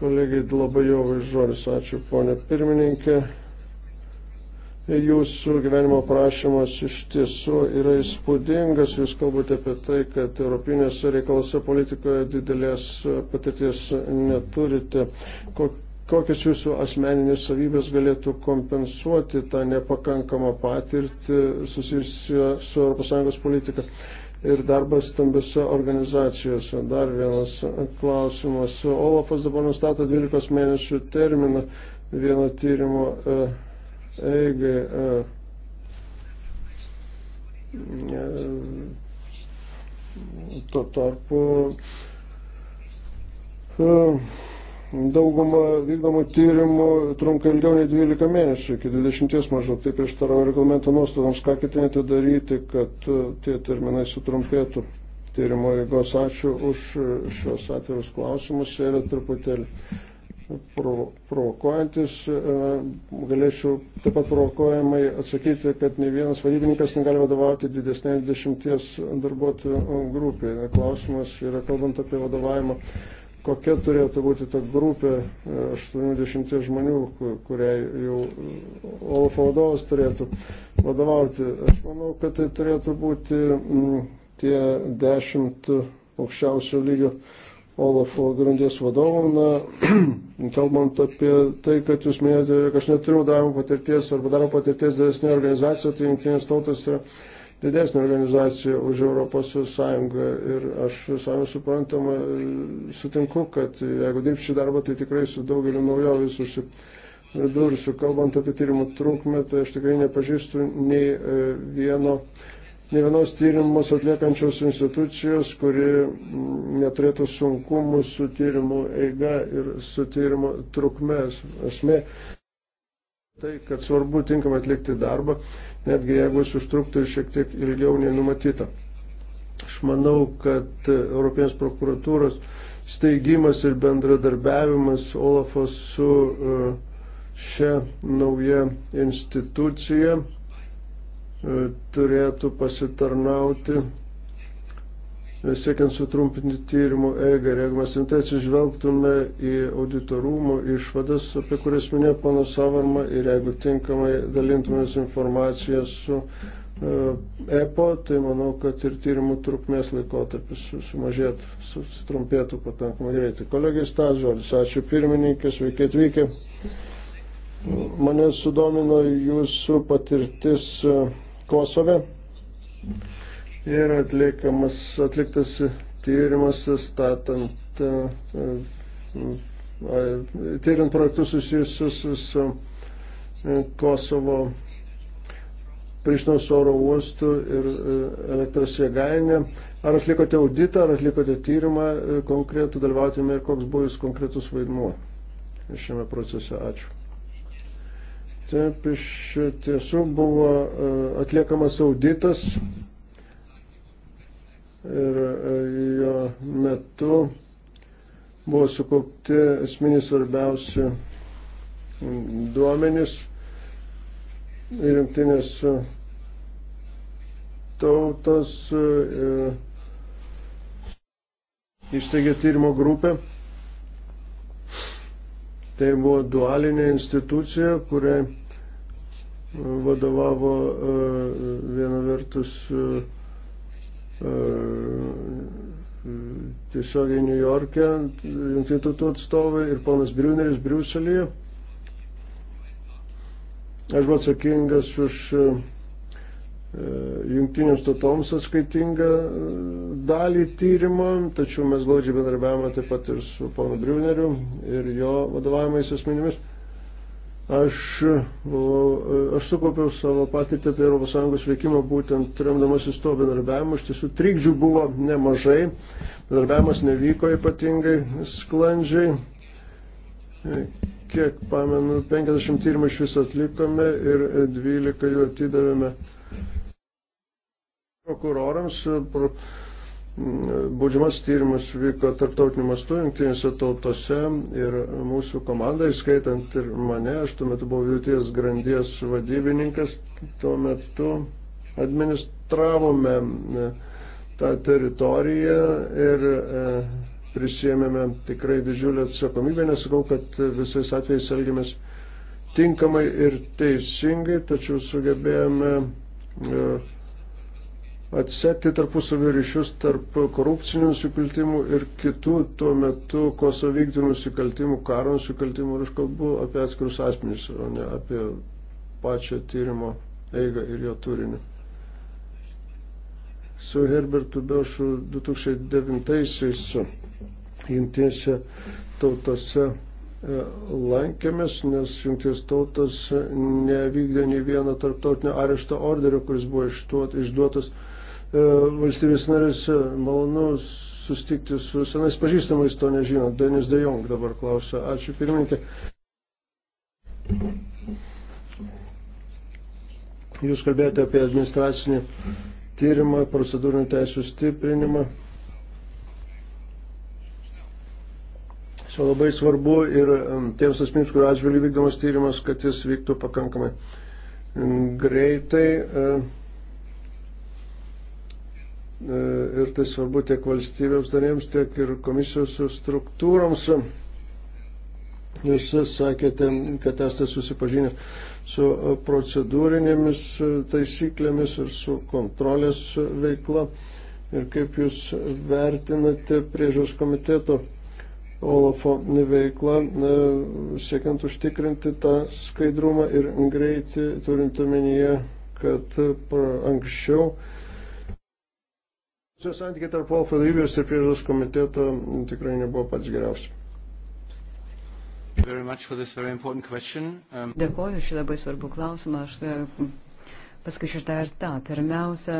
[SPEAKER 2] Kolegai labai jau žodis, ačiū ponė pirmininkė. Jūsų gyvenimo prašymas iš tiesų yra įspūdingas. Jūs kalbate apie tai, kad Europinėse reikalose politikoje didelės patirties neturite. Kokias jūsų asmeninės savybės galėtų kompensuoti tą nepakankamą patirtį susijusią su ES politika? ir darbas stambiose organizacijose. Dar vienas klausimas. Olafas dabar nustato 12 mėnesių terminą vieno tyrimo e, eigai. E, e, tuo tarpu dauguma vykdomų tyrimų trunka ilgiau nei 12 mėnesių, iki 20 maždaug. Tai prieštarauja reglamento nuostatoms, ką ketinate daryti, kad e, tie terminai sutrumpėtų. Tyrimo eigos ačiū už e, šios atvirus klausimus, jie yra truputėlį provokuojantis. E, galėčiau taip pat provokuojamai atsakyti, kad ne vienas vadybininkas negali vadovauti didesnė dešimties darbuotojų grupė. Klausimas yra kalbant apie vadovavimą kokia turėtų būti ta grupė 80 e, žmonių, kuriai jau e, Olafo vadovas turėtų vadovauti. Aš manau, kad tai turėtų būti tie 10 aukščiausio lygio Olafo grandies vadovų. Na, kalbant apie tai, kad jūs minėjote, kad aš neturiu darbo patirties arba darbo patirties didesnė organizacija, tai jungtinės tautos yra. Ir didesnė organizacija už Europos Sąjungą ir aš savai suprantama sutinku, kad jeigu dirbsiu darbą, tai tikrai su daugeliu naujovių susidursiu. Kalbant apie tyrimų trukmę, tai aš tikrai nepažįstu nei e, vieno. Ne vienos tyrimus atliekančios institucijos, kuri neturėtų sunkumų su tyrimų eiga ir su tyrimo trukmės. Esmė, tai, kad svarbu tinkamai atlikti darbą, netgi jeigu jis užtruktų ir šiek tiek ilgiau nei numatyta. Aš manau, kad Europės prokuratūros steigimas ir bendradarbiavimas Olafas su e, šia nauja institucija e, turėtų pasitarnauti siekiant sutrumpinti tyrimų eigą. Ir jeigu mes rimtai atsižvelgtume į auditorumų išvadas, apie kurias minėjo pana Savarma, ir jeigu tinkamai dalintumės informaciją su EPO, e tai manau, kad ir tyrimų trukmės laikotarpis sumažėtų, sutrumpėtų pakankamai greitai. Kolegai Stažvalis, ačiū pirmininkė, sveiki atvykę. Mane sudomino jūsų patirtis e, Kosove ir atliekamas, atliktas tyrimas statant, e, e, tyriant projektus susijusius su e, Kosovo Prištinos oro uostų ir elektros jėgainė. Ar atlikote auditą, ar atlikote tyrimą konkretų, dalyvautėme ir koks buvo jūs konkretus vaidmuo šiame procese? Ačiū. Taip, iš tiesų buvo atliekamas auditas ir e, jo metu buvo sukaupti esminiai svarbiausi duomenys ir jungtinės tautos e, įsteigė tyrimo grupę. Tai buvo dualinė institucija, kuriai vadovavo e, viena vertus E, tiesiogiai New York'e, jungtinių tautų atstovai ir ponas Briuneris Briuselėje. Aš buvau atsakingas už e, jungtinėms tautoms atskaitingą e, dalį tyrimą, tačiau mes glaudžiai bendarbiavome taip pat ir su ponu Briuneriu ir jo vadovavimais asmenimis. Aš, aš sukaupiau savo patirtį apie ES veikimą būtent remdamasis to bendarbiavimu. Iš tiesų trikdžių buvo nemažai, bendarbiavimas nevyko ypatingai sklandžiai. Kiek pamenu, 50 tyrimų iš viso atlikome ir 12 jų atidavėme prokurorams. Pro, Baudžiamas tyrimas vyko tarptautiniu mastu jungtinėse tautose ir mūsų komanda, įskaitant ir mane, aš tuo metu buvau viduties grandies vadybininkas, tuo metu administravome e, tą teritoriją ir e, prisėmėme tikrai didžiulę atsakomybę, nesakau, kad visais atvejais elgiamės tinkamai ir teisingai, tačiau sugebėjome e, atsekti tarpusavio ryšius tarp korupcinių nusikaltimų ir kitų tuo metu koso vykdymų nusikaltimų, karo nusikaltimų. Ir aš kalbu apie atskirus asmenys, o ne apie pačio tyrimo eigą ir jo turinį. Su Herbertu Bešu 2009-aisiais jungtinėse tautose e, lankėmės, nes jungtinės tautas nevykdė nei vieno tarptautinio arešto orderio, kuris buvo išduotas. Išduot, E, valstybės narės e, malonu sustikti su senais pažįstamais, to nežino. Denis De Jong dabar klausia. Ačiū pirmininkė. Jūs kalbėjote apie administracinį tyrimą, procedūrinių teisų stiprinimą. Čia labai svarbu ir tiems asmenims, kurio atžvilgiu vykdomas tyrimas, kad jis vyktų pakankamai greitai. E, E, ir tai svarbu tiek valstybėms darėms, tiek ir komisijos struktūroms. Jūs sakėte, kad esate susipažinę su procedūrinėmis taisyklėmis ir su kontrolės veikla. Ir kaip jūs vertinate priežiūros komiteto Olafo veiklą, e, siekiant užtikrinti tą skaidrumą ir greitį, turint omenyje, kad anksčiau Šios santykiai tarp Alfa Lybijos ir priežos komiteto tikrai nebuvo pats geriausias.
[SPEAKER 3] Um...
[SPEAKER 5] Dėkoju šį labai svarbų klausimą. Aš e, paskui šitą ir tą. Pirmiausia,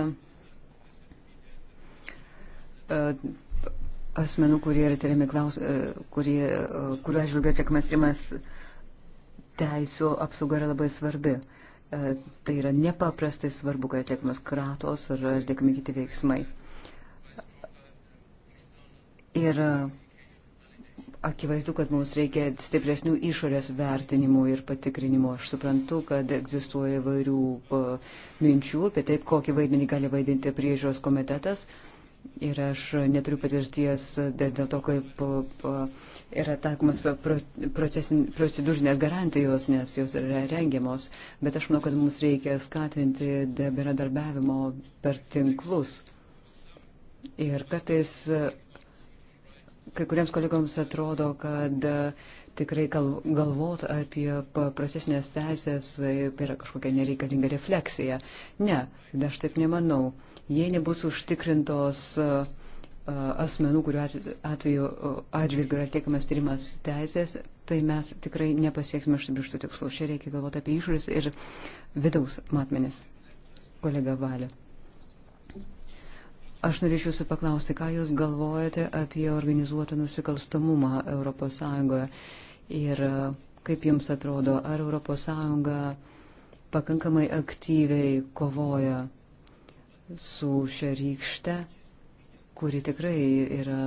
[SPEAKER 5] e, asmenų, kurie yra tyriami klausimai, e, kuriuo atžvilgiu atliekamas rimas teisų apsauga yra labai svarbi. Tai yra nepaprastai svarbu, kai atliekamas kratos ar atliekami kiti veiksmai. Ir e, akivaizdu, kad mums reikia stipresnių išorės vertinimų ir patikrinimų. Aš suprantu, kad egzistuoja įvairių e, minčių apie tai, kokį vaidmenį gali vaidinti priežiūros komitetas. Ir aš neturiu patirties dėl to, kaip e, yra taikomas procedūrinės garantijos, nes jos yra rengiamos. Bet aš manau, kad mums reikia skatinti bendradarbiavimo per tinklus. Ir kartais kai kuriems kolegoms atrodo, kad e, tikrai galvot apie procesinės teisės e, yra kažkokia nereikalinga refleksija. Ne, aš taip nemanau. Jei nebus užtikrintos e, asmenų, kurių atveju atžvilgiu yra atliekamas tyrimas teisės, tai mes tikrai nepasieksime užsibrištų tikslų. Čia reikia galvoti apie išorės ir vidaus matmenis. Kolega Valė. Aš norėčiau jūsų paklausti, ką jūs galvojate apie organizuotą nusikalstamumą ES ir e, kaip jums atrodo, ar ES pakankamai aktyviai kovoja su šia rykšte, kuri tikrai yra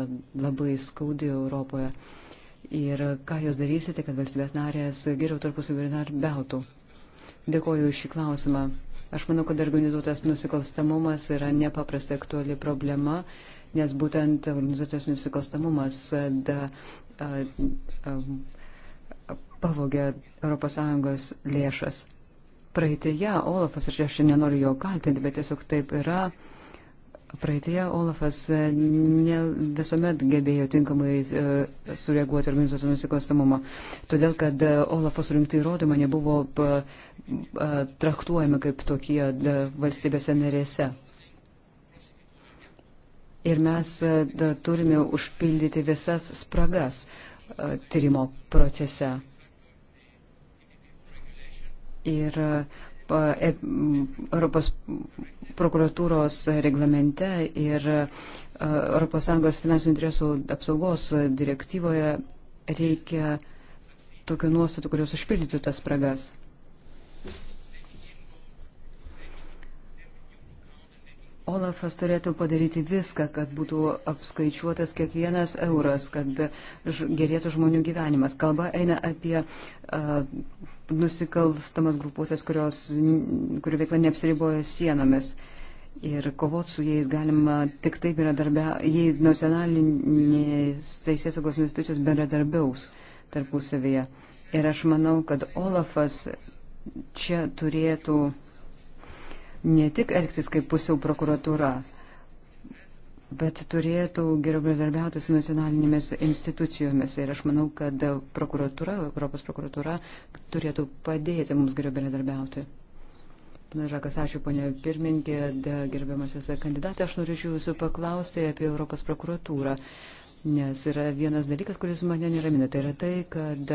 [SPEAKER 5] labai skaudi Europoje. Ir ką jūs darysite, kad valstybės narės geriau tarpusavį bendarbiautų? Dėkoju šį klausimą. Aš manau, kad organizuotas nusikalstamumas yra nepaprastai aktuali problema, nes būtent organizuotas nusikalstamumas da, a, a, a, pavogė ES lėšas. Praeitėje Olafas, ir aš nenoriu jo kaltinti, bet tiesiog taip yra. A, Praeitie Olafas e, ne visuomet gebėjo tinkamai e, sureaguoti organizuotų nusikalstamumą, todėl kad e, Olafas surinkti įrodymą nebuvo traktuojami kaip tokie valstybėse narėse. Ir mes da, turime užpildyti visas spragas a, tyrimo procese. Ir a, e, Europos prokuratūros reglamente ir ES finansinių interesų apsaugos direktyvoje reikia tokių nuostatų, kurios užpildytų tas spragas. Olafas turėtų padaryti viską, kad būtų apskaičiuotas kiekvienas euras, kad gerėtų žmonių gyvenimas. Kalba eina apie uh, nusikalstamas grupuotės, kurios, kurių veikla neapsiriboja sienomis. Ir kovot su jais galima tik taip yra darbia, jei nacionalinės teisės saugos institucijos bendradarbiaus tarpusavyje. Ir aš manau, kad Olafas čia turėtų ne tik elgtis kaip pusiau prokuratūra, bet turėtų geriau bendradarbiauti su nacionalinėmis institucijomis. Ir aš manau, kad prokuratūra, Europos prokuratūra turėtų padėti mums geriau bendradarbiauti. Pana Žakas, ačiū, ponė pirmininkė, gerbiamasis kandidatė. Aš norėčiau jūsų paklausti apie Europos prokuratūrą. Nes yra vienas dalykas, kuris mane neramina, tai yra tai, kad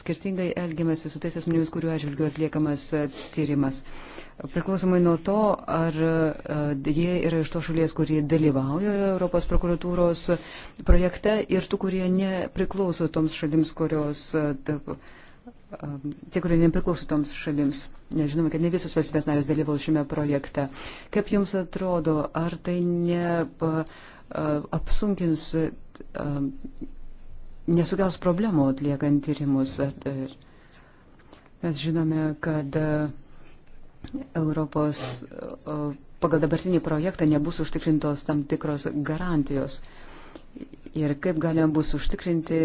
[SPEAKER 5] skirtingai elgiamasi su tais asmenimis, kuriuo atžvilgiu atliekamas tyrimas. Priklausomai nuo to, ar jie yra iš to šalies, kurie dalyvauja Europos prokuratūros projekte ir tų, kurie nepriklauso toms šalims, kurios. Taip, tie, kurie nepriklauso toms šalims. Nežinome, kad ne visos valstybės narės dalyvaus šiame projekte. Kaip Jums atrodo, ar tai ne apsunkins, nesukels problemų atliekant tyrimus? Mes žinome, kad Europos pagal dabartinį projektą nebus užtikrintos tam tikros garantijos. Ir kaip galima bus užtikrinti,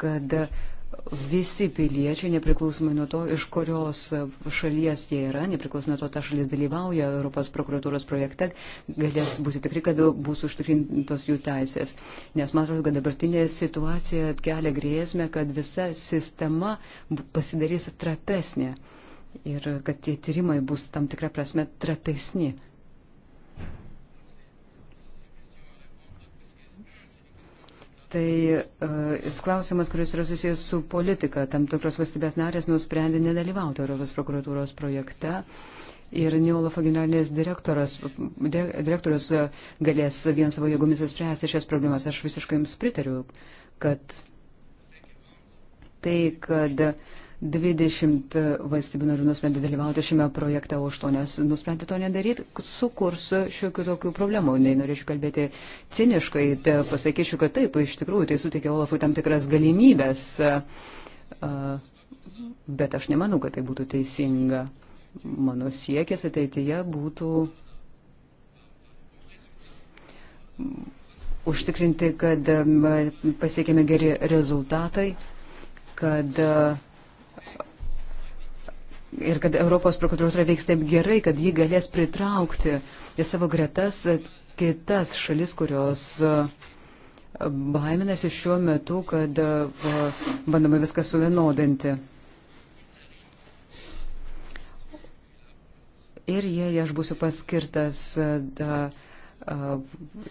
[SPEAKER 5] kad uh, visi piliečiai, nepriklausomai nuo to, iš kurios šalies jie yra, nepriklausomai nuo to, ta šalis dalyvauja Europos prokuratūros projekte, galės būti tikri, kad bus užtikrintos jų teisės. Nes man atrodo, kad dabartinė situacija kelia grėsmę, kad visa sistema pasidarys trapesnė ir kad tie tyrimai bus tam tikrą prasme trapesni. tai uh, klausimas, kuris yra susijęs su politika. Tam tikros valstybės narės nusprendė nedalyvauti Europos prokuratūros projekte. Ir Neolafo generalinės direktoras, direktorius galės vien savo jėgomis spręsti šias problemas. Aš visiškai jums pritariu, kad tai, kad uh, 20 valstybių narių nusprendė dalyvauti šiame projekte, o 8 nusprendė to nedaryti, sukurs šiokių tokių problemų. Nei norėčiau kalbėti ciniškai, tai pasakyčiau, kad taip, iš tikrųjų tai suteikia Olafui tam tikras galimybės, bet aš nemanau, kad tai būtų teisinga. Mano siekis ateityje būtų užtikrinti, kad pasiekėme geri rezultatai, kad uh, ir kad Europos prokuratūra veiks taip gerai, kad ji galės pritraukti į savo gretas kitas šalis, kurios e, baiminasi šiuo metu, kad e, bandoma viską suvienodinti. Ir jei aš būsiu paskirtas e, da,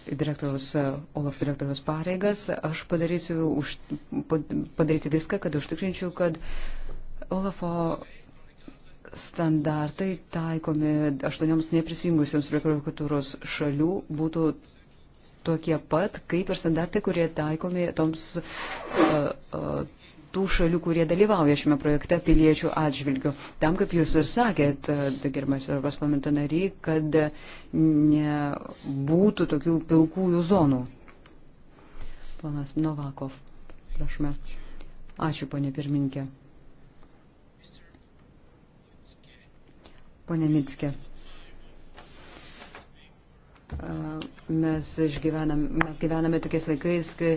[SPEAKER 5] direktoriaus, Olaf direktoriaus pareigas, aš padarysiu už, padaryti viską, kad užtikrinčiau, kad Olafo standartai taikomi aštuonioms neprisijungusiams prie prokuratūros šalių būtų tokie pat, kaip ir standartai, kurie taikomi toms uh, uh, tų šalių, kurie dalyvauja šiame projekte piliečių atžvilgiu. Tam, kaip jūs ir sakėt, gerbiamas Europos parlamento nariai, kad nebūtų tokių pilkųjų zonų. Panas Novakov, prašome. Ačiū, ponė pirminkė. Pone Mitske. Mes, išgyvenam, mes gyvename tokiais laikais, kai,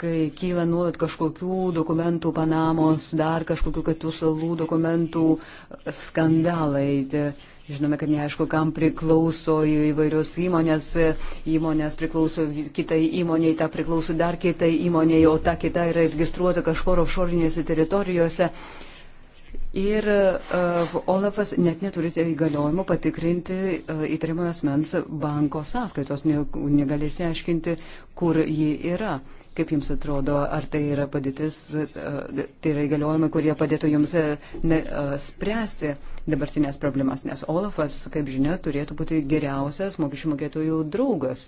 [SPEAKER 5] kai kyla nuolat kažkokių dokumentų Panamos, dar kažkokių kitų salų dokumentų skandalai. Žinome, kad neaišku, kam priklauso įvairios įmonės, įmonės priklauso kitai įmoniai, ta priklauso dar kitai įmoniai, o ta kita yra registruota kažkur offshore'inėse teritorijose. Uh, Ir uh, Olafas net neturi įgaliojimo patikrinti uh, įtariamo asmens banko sąskaitos, ne, negalės neaiškinti, kur ji yra. Kaip jums atrodo, ar tai yra padėtis, uh, tai yra įgaliojimai, kurie padėtų jums uh, ne, uh, spręsti dabartinės problemas, nes Olafas, kaip žinia, turėtų būti geriausias mokesčių mokėtojų draugas.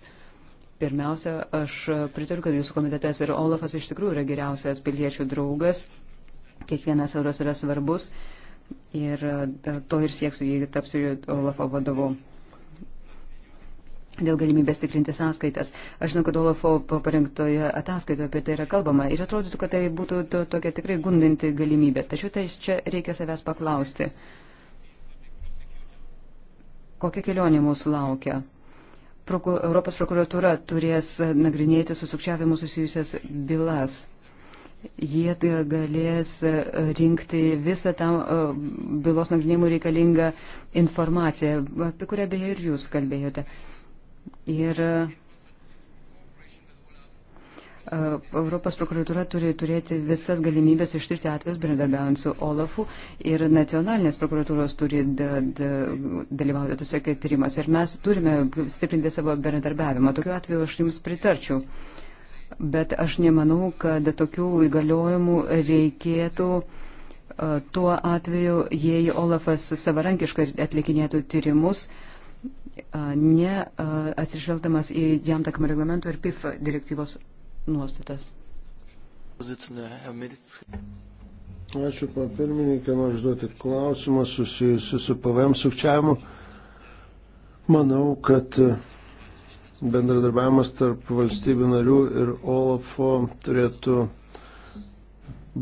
[SPEAKER 5] Pirmiausia, aš pritariu, kad jūsų komitetas ir Olafas iš tikrųjų yra geriausias piliečių draugas. Uh, Kiekvienas euras yra svarbus ir e, to ir sieksiu, jei tapsiu Olafo vadovu dėl galimybės tikrinti sąskaitas. Aš žinau, kad Olafo parengtoje ataskaitoje apie tai yra kalbama ir atrodytų, kad tai būtų to, tokia tikrai gundinti galimybė. Tačiau tai čia reikia savęs paklausti. Kokia kelionė mūsų laukia? Proku, Europos prokuratūra turės nagrinėti su sukčiavimu susijusias bylas jie tai galės e, rinkti visą tą e, bylos nagrinėjimų reikalingą informaciją, apie kurią beje ir jūs kalbėjote. Ir e, Europos prokuratura turi turėti visas galimybės ištirti atvejus bendradarbiaujant su Olafu ir nacionalinės prokuratūros turi dalyvauti tose tyrimuose. Ir mes turime stiprinti savo bendradarbiavimą. Tokiu atveju aš jums pritarčiau. Uh, bet aš nemanau, kad tokių įgaliojimų reikėtų e, tuo atveju, jei Olafas savarankiškai atlikinėtų tyrimus, e, ne e, atsižvelgdamas į jam takamą reglamento ir PIF direktyvos nuostatas.
[SPEAKER 2] Ačiū, papirmininkė, noriu užduoti klausimą susijusiu su PVM sukčiavimu. Manau, kad bendradarbiavimas tarp valstybių narių ir OLAFO turėtų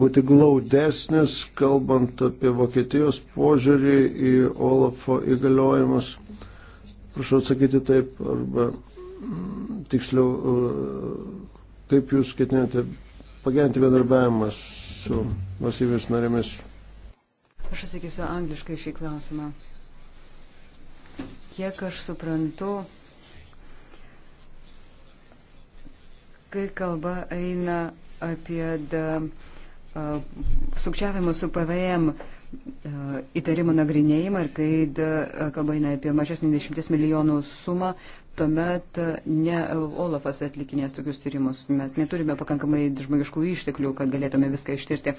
[SPEAKER 2] būti glaudesnis, kalbant apie Vokietijos požiūrį į OLAFO įgaliojimus. Prašau atsakyti taip, arba mm, tiksliau, e, kaip jūs ketinate pagerinti bendarbiavimą su valstybės narėmis?
[SPEAKER 5] Aš atsakysiu angliškai šį klausimą. Kiek aš suprantu, Kai kalba eina apie da, sukčiavimą su PVM įtarimo nagrinėjimą ir kai da, kalba eina apie mažesnį 10 milijonų sumą, tuomet ne Olafas atlikinės tokius tyrimus. Mes neturime pakankamai žmogiškų išteklių, kad galėtume viską ištirti.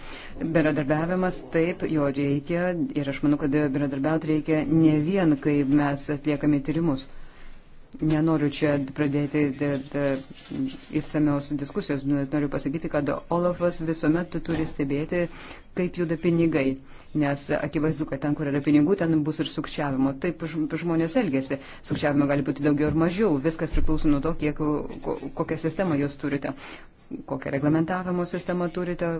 [SPEAKER 5] Beradarbiavimas, taip, jo reikia ir aš manau, kad beradarbiauti reikia ne vien, kai mes atliekame tyrimus. Nenoriu čia pradėti įsamios diskusijos, nu, noriu pasakyti, kad Olafas visuomet turi stebėti, kaip juda pinigai, nes akivaizdu, kad ten, kur yra pinigų, ten bus ir sukčiavimo. Taip žmonės elgesi. Sukčiavimo gali būti daugiau ir mažiau, viskas priklauso nuo to, kiek, kokią sistemą jūs turite, kokią reglamentavimo sistemą turite,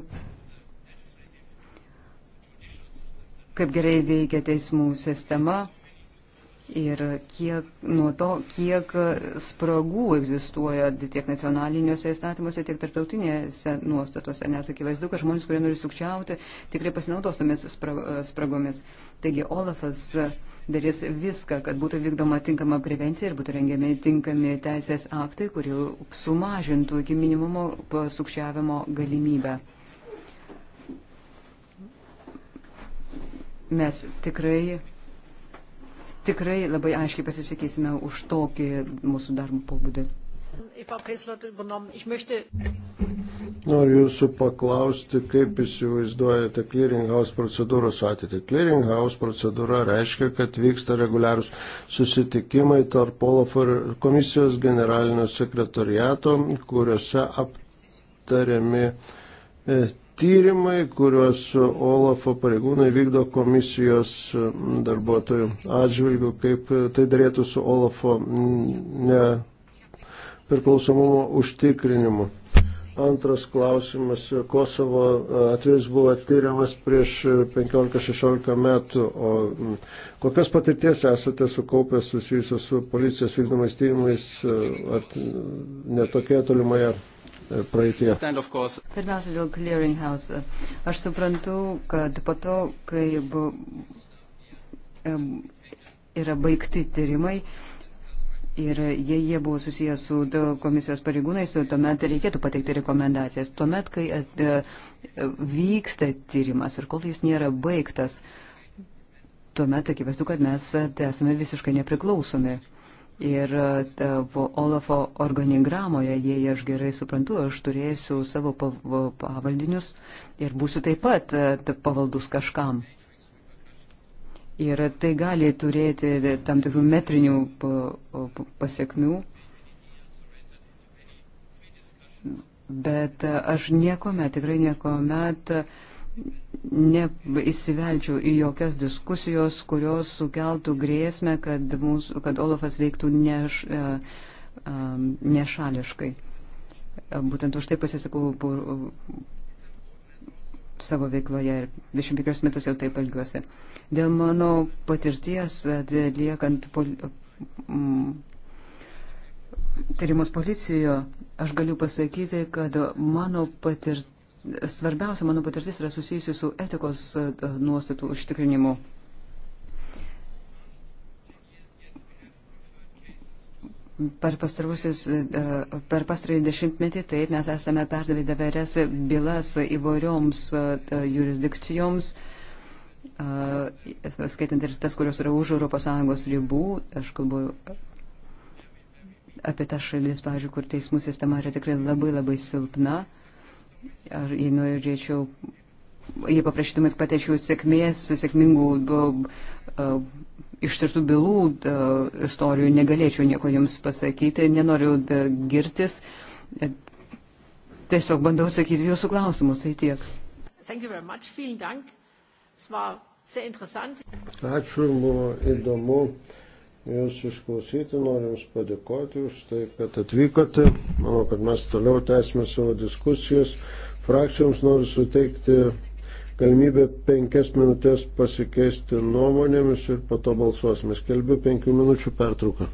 [SPEAKER 5] kaip gerai veikia teismų sistema ir kiek, nuo to, kiek spragų egzistuoja tiek nacionaliniuose įstatymuose, tiek tarptautinėse nuostatuose, nes akivaizdu, kad žmonės, kurie nori sukčiauti, tikrai pasinaudos tomis spragomis. Taigi Olafas darys viską, kad būtų vykdoma tinkama prevencija ir būtų rengiami tinkami teisės aktai, kurių sumažintų iki minimumo sukčiavimo galimybę. Mes tikrai tikrai labai aiškiai pasisakysime už tokį mūsų darbo pobūdį.
[SPEAKER 2] Noriu jūsų paklausti, kaip įsivaizduojate clearinghouse procedūros ateitį. Clearinghouse procedūra reiškia, kad vyksta reguliarūs susitikimai tarp Olaf ir komisijos generalinio sekretoriato, kuriuose aptariami e, tyrimai, kuriuos Olafo pareigūnai vykdo komisijos darbuotojų atžvilgių, kaip tai darėtų su Olafo nepriklausomumo užtikrinimu. Antras klausimas. Kosovo atvejs buvo tyriamas prieš 15-16 metų, o kokias patirties esate sukaupę susijusios su policijos vykdomais tyrimais ar netokie tolimoje praeitie.
[SPEAKER 5] Pirmiausia, dėl clearinghouse. Aš suprantu, kad po to, kai bu, yra baigti tyrimai, Ir jei jie buvo susijęs su komisijos pareigūnais, tuomet reikėtų pateikti rekomendacijas. Tuomet, kai at, e, vyksta tyrimas ir kol jis nėra baigtas, tuomet akivaizdu, kad mes esame visiškai nepriklausomi. Ir e, tavo Olafo organigramoje, jei aš gerai suprantu, aš turėsiu savo pavaldinius ir būsiu taip pat e, pavaldus kažkam. Ir tai gali turėti tam tikrų metrinių pasiekmių. Bet aš niekuomet, tikrai niekuomet. Uh, neįsivelčiau į jokias diskusijos, kurios sukeltų grėsmę, kad, mūsų, kad Olafas veiktų neš, e, e, nešališkai. E, būtent už tai pasisakau savo veikloje ir 25 metus jau taip elgiuosi. Dėl mano patirties atliekant pol, m, tyrimus policijoje, aš galiu pasakyti, kad mano patirtis svarbiausia mano patirtis yra susijusi su etikos e, nuostatų užtikrinimu. Per, e, per pastarąjį dešimtmetį taip mes esame perdavę įvairias bylas įvairioms e, jurisdikcijoms, skaitant ir tas, kurios yra už ES ribų. Aš kalbu apie tas šalis, pavyzdžiui, kur teismų sistema yra tikrai labai labai silpna. Uh, Ar jei norėčiau, jei paprašytumėt patečių sėkmės, sėkmingų ištirtų bylų istorijų, negalėčiau nieko jums pasakyti, nenoriu girtis. Tiesiog bandau atsakyti jūsų klausimus, tai tiek.
[SPEAKER 2] Ačiū, buvo įdomu Jūs išklausyti, noriu Jums padėkoti už tai, kad atvykote. Manau, kad mes toliau tęsime savo diskusijas. Frakcijoms noriu suteikti galimybę penkias minutės pasikeisti nuomonėmis ir po to balsuosime. Skelbiu penkių minučių pertrauką.